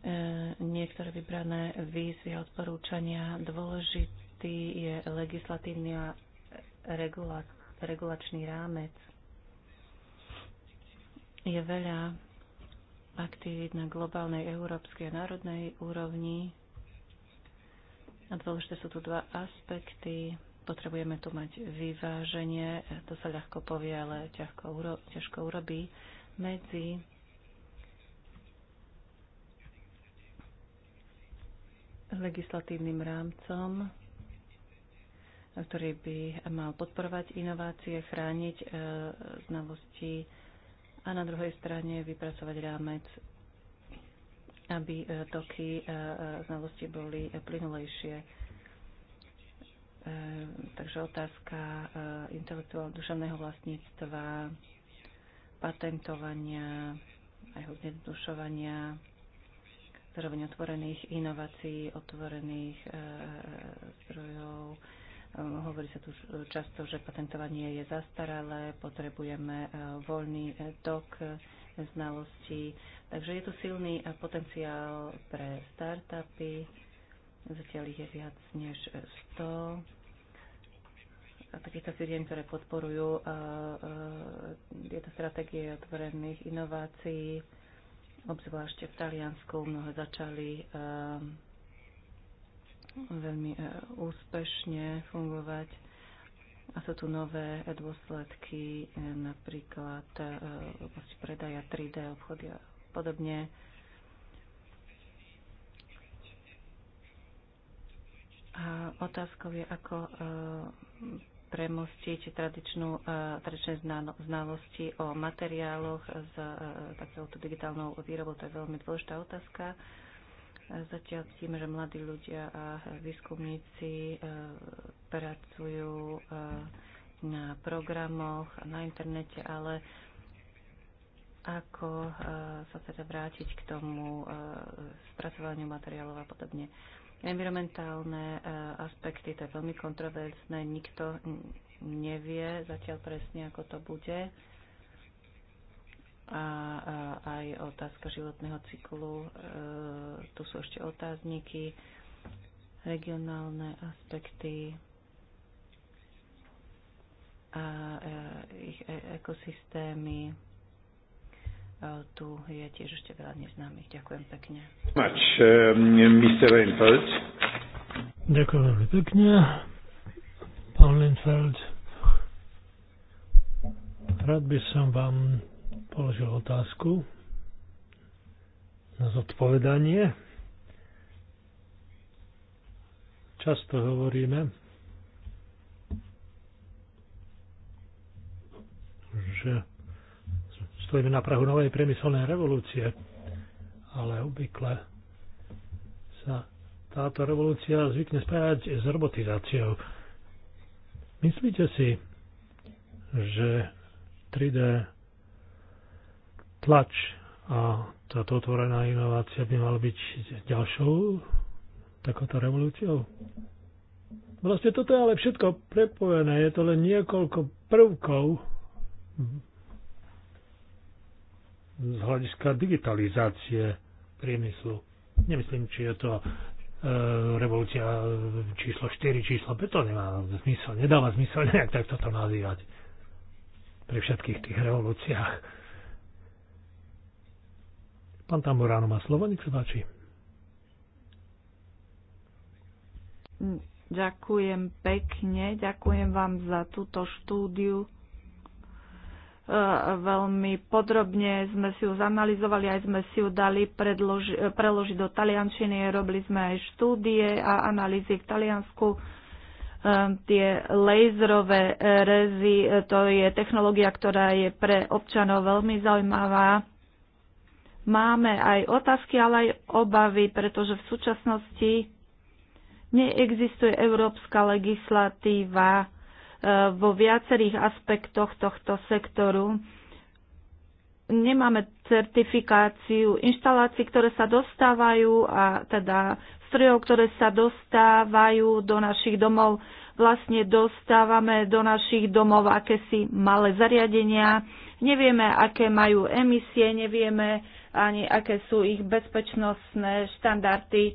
E, niektoré vybrané výzvy a odporúčania. Dôležitý je legislatívny a regula- regulačný rámec. Je veľa aktivít na globálnej, európskej a národnej úrovni. A dôležité sú tu dva aspekty. Potrebujeme tu mať vyváženie, to sa ľahko povie, ale ťažko, uro- ťažko urobí, medzi legislatívnym rámcom, ktorý by mal podporovať inovácie, chrániť e, znalosti a na druhej strane vypracovať rámec, aby e, toky e, znalosti boli plynulejšie. Takže otázka intelektuálneho duševného vlastníctva, patentovania, aj ho zjednodušovania, zároveň otvorených inovácií, otvorených e, e, zdrojov. E, hovorí sa tu často, že patentovanie je zastaralé, potrebujeme voľný tok znalostí. Takže je tu silný potenciál pre startupy. Zatiaľ ich je viac než 100 takýchto firiem, ktoré podporujú tieto stratégie otvorených inovácií Obzvlášť v Taliansku mnohé začali ehm, veľmi e, úspešne fungovať a sú tu nové dôsledky, e, napríklad e, oblasti predaja 3D obchody a podobne. A otázkou je, ako premostiť tradičnú, e, tradičné znalosti o materiáloch s e, takouto digitálnou výrobou. To je veľmi dôležitá otázka. E, zatiaľ vidíme, že mladí ľudia a výskumníci pracujú na programoch, na internete, ale ako sa teda vrátiť k tomu spracovaniu materiálov a podobne. Environmentálne e, aspekty, to je veľmi kontroverzné, nikto nevie zatiaľ presne, ako to bude. A, aj otázka životného cyklu, e, tu sú ešte otázniky, regionálne aspekty a e, ich ekosystémy Eh, tu je tiež ešte veľa neznámych. Ďakujem pekne. Much, um, Ďakujem veľmi pekne. Pán Lindfeld, rád by som vám položil otázku na zodpovedanie. Často hovoríme, že stojíme na prahu novej priemyselnej revolúcie, ale obvykle sa táto revolúcia zvykne spájať s robotizáciou. Myslíte si, že 3D tlač a táto otvorená inovácia by mala byť ďalšou takouto revolúciou? Vlastne toto je ale všetko prepojené, je to len niekoľko prvkov z hľadiska digitalizácie priemyslu. Nemyslím, či je to e, revolúcia číslo 4, číslo 5, to nemá zmysel, nedáva zmysel nejak takto to nazývať pri všetkých tých revolúciách. Pán Tamburáno má slovo, nech sa páči. Ďakujem pekne, ďakujem vám za túto štúdiu veľmi podrobne sme si ju zanalizovali, aj sme si ju dali predloži, preložiť do taliančiny, robili sme aj štúdie a analýzy v Taliansku. Ehm, tie laserové rezy, e, to je technológia, ktorá je pre občanov veľmi zaujímavá. Máme aj otázky, ale aj obavy, pretože v súčasnosti neexistuje európska legislatíva, vo viacerých aspektoch tohto sektoru. Nemáme certifikáciu inštalácií, ktoré sa dostávajú a teda strojov, ktoré sa dostávajú do našich domov. Vlastne dostávame do našich domov akési malé zariadenia. Nevieme, aké majú emisie, nevieme ani aké sú ich bezpečnostné štandardy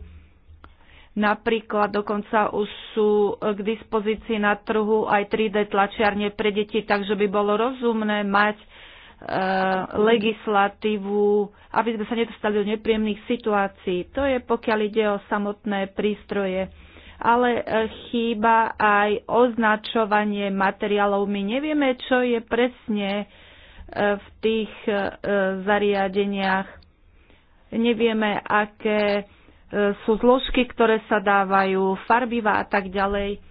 Napríklad dokonca už sú eh, k dispozícii na trhu aj 3D tlačiarne pre deti, takže by bolo rozumné mať e, legislatívu, aby sme sa nedostali do nepríjemných situácií. To je pokiaľ ide o samotné prístroje. Ale eh, chýba aj označovanie materiálov. My nevieme, čo je presne v tých zariadeniach. Nevieme, aké E, sú zložky, ktoré sa dávajú, farbiva a tak ďalej.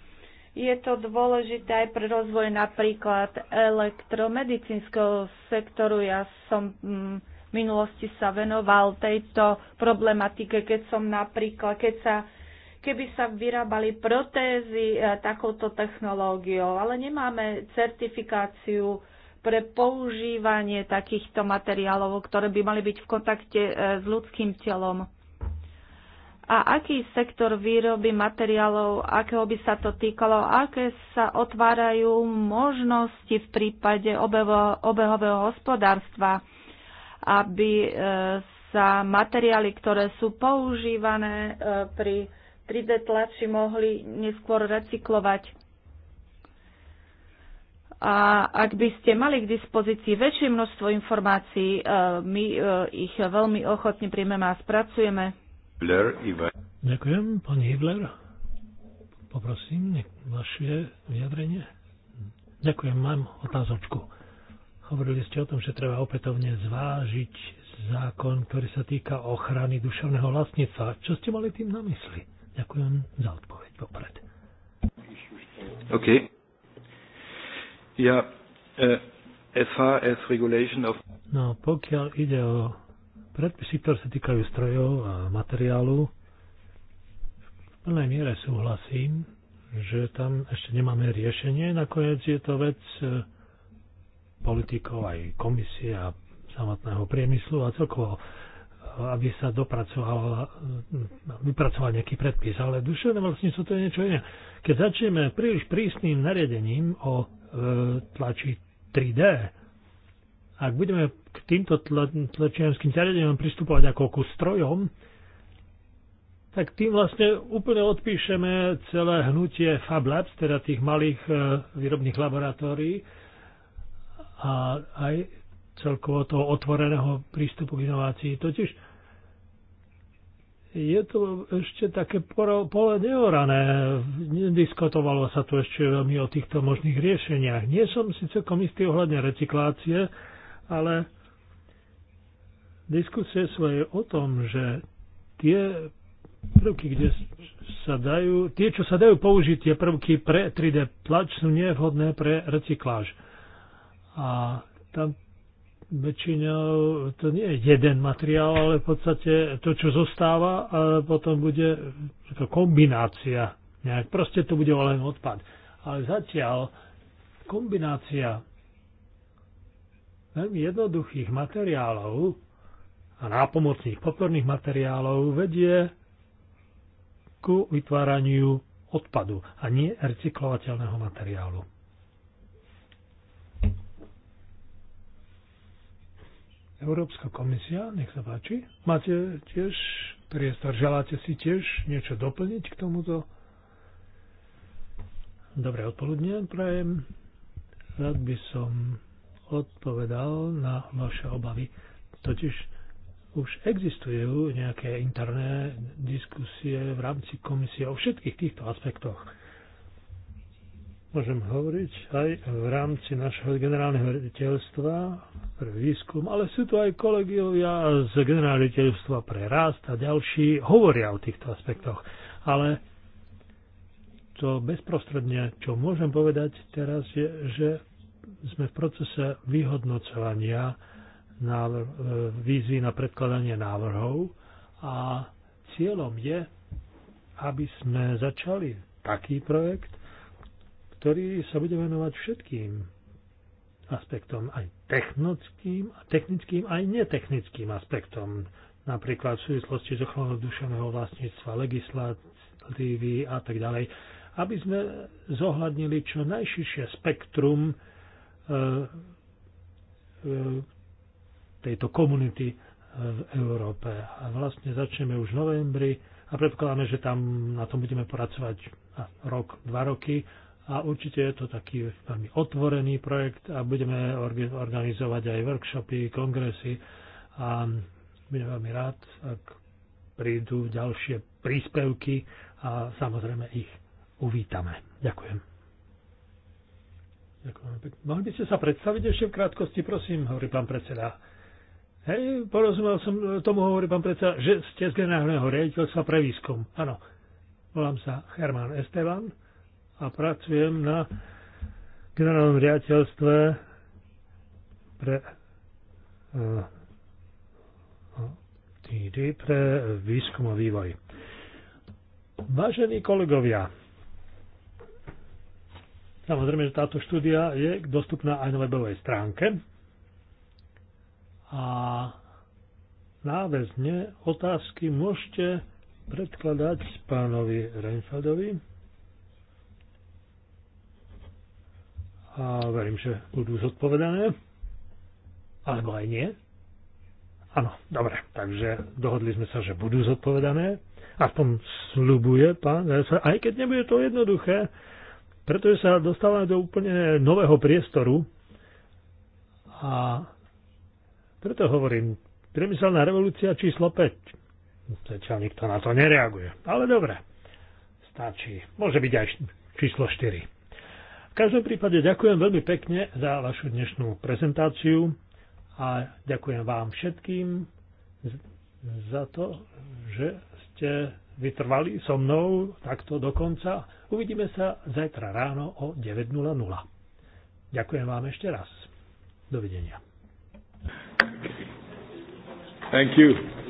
Je to dôležité aj pre rozvoj napríklad elektromedicínskeho sektoru. Ja som mm, v minulosti sa venoval tejto problematike, keď som napríklad, keď sa keby sa vyrábali protézy e, takouto technológiou, ale nemáme certifikáciu pre používanie takýchto materiálov, ktoré by mali byť v kontakte e, s ľudským telom a aký sektor výroby materiálov, akého by sa to týkalo, aké sa otvárajú možnosti v prípade obeho, obehového hospodárstva, aby e, sa materiály, ktoré sú používané e, pri 3D tlači, mohli neskôr recyklovať. A ak by ste mali k dispozícii väčšie množstvo informácií, e, my ich veľmi ochotne príjmeme a spracujeme. Blair, Ďakujem, pani Hibler. Poprosím, nech vaše vyjadrenie. Ďakujem, mám otázočku. Hovorili ste o tom, že treba opätovne zvážiť zákon, ktorý sa týka ochrany duševného vlastníctva. Čo ste mali tým na mysli? Ďakujem za odpoveď popred. OK. Ja, yeah. uh, as far as regulation of... No, pokiaľ ide o Predpisy, ktoré sa týkajú strojov a materiálu, v plnej miere súhlasím, že tam ešte nemáme riešenie. Nakoniec je to vec e, politikov aj komisie a samotného priemyslu a celkovo e, aby sa dopracoval, e, vypracoval nejaký predpis, ale duševné vlastníctvo to je niečo iné. Keď začneme príliš prísnym nariadením o e, tlači 3D, ak budeme k týmto tlačiarským zariadeniam pristupovať ako ku strojom, tak tým vlastne úplne odpíšeme celé hnutie Fab Labs, teda tých malých e, výrobných laboratórií a aj celkovo toho otvoreného prístupu k inovácii. Totiž je to ešte také pole neorané. Nediskutovalo sa tu ešte veľmi o týchto možných riešeniach. Nie som si celkom istý ohľadne recyklácie, ale diskusie sú aj o tom, že tie prvky, kde sa dajú, tie, čo sa dajú použiť, tie prvky pre 3D tlač sú nevhodné pre recykláž. A tam väčšinou to nie je jeden materiál, ale v podstate to, čo zostáva, a potom bude to kombinácia. Nejak. Proste to bude len odpad. Ale zatiaľ kombinácia veľmi jednoduchých materiálov a nápomocných podporných materiálov vedie ku vytváraniu odpadu a nie recyklovateľného materiálu. Európska komisia, nech sa páči. Máte tiež priestor. Želáte si tiež niečo doplniť k tomuto? Dobré odpoludne prajem. Rád by som odpovedal na vaše obavy. Totiž už existujú nejaké interné diskusie v rámci komisie o všetkých týchto aspektoch. Môžem hovoriť aj v rámci našeho generálneho rediteľstva pre výskum, ale sú tu aj kolegovia z generálneho pre rast a ďalší hovoria o týchto aspektoch. Ale to bezprostredne, čo môžem povedať teraz, je, že sme v procese vyhodnocovania výzvy e, na predkladanie návrhov a cieľom je, aby sme začali taký projekt, ktorý sa bude venovať všetkým aspektom, aj technickým, technickým aj netechnickým aspektom, napríklad v súvislosti s ochranou duševného vlastníctva, legislatívy a tak ďalej, aby sme zohľadnili čo najširšie spektrum E, e, tejto komunity v Európe. A vlastne začneme už v novembri a predpokladáme, že tam na tom budeme pracovať rok, dva roky a určite je to taký veľmi otvorený projekt a budeme organizovať aj workshopy, kongresy a budem veľmi rád, ak prídu ďalšie príspevky a samozrejme ich uvítame. Ďakujem. Ďakujem pekne. Mohli by ste sa predstaviť ešte v krátkosti, prosím, hovorí pán predseda. Hej, porozumel som tomu, hovorí pán predseda, že ste z generálneho riaditeľstva pre výskum. Áno, volám sa Herman Esteban a pracujem na generálnom riaditeľstve pre TD pre výskum a vývoj. Vážení kolegovia, Samozrejme, že táto štúdia je dostupná aj na webovej stránke. A náväzne otázky môžete predkladať pánovi Reinfeldovi. A verím, že budú zodpovedané. Alebo aj nie. Áno, dobre. Takže dohodli sme sa, že budú zodpovedané. Aspoň slubuje pán, aj keď nebude to jednoduché, pretože sa dostávame do úplne nového priestoru a preto hovorím, priemyselná revolúcia číslo 5. Zatiaľ nikto na to nereaguje. Ale dobre, stačí. Môže byť aj číslo 4. V každom prípade ďakujem veľmi pekne za vašu dnešnú prezentáciu a ďakujem vám všetkým za to, že ste vytrvali so mnou takto do konca. Uvidíme sa zajtra ráno o 9.00. Ďakujem vám ešte raz. Dovidenia. Thank you.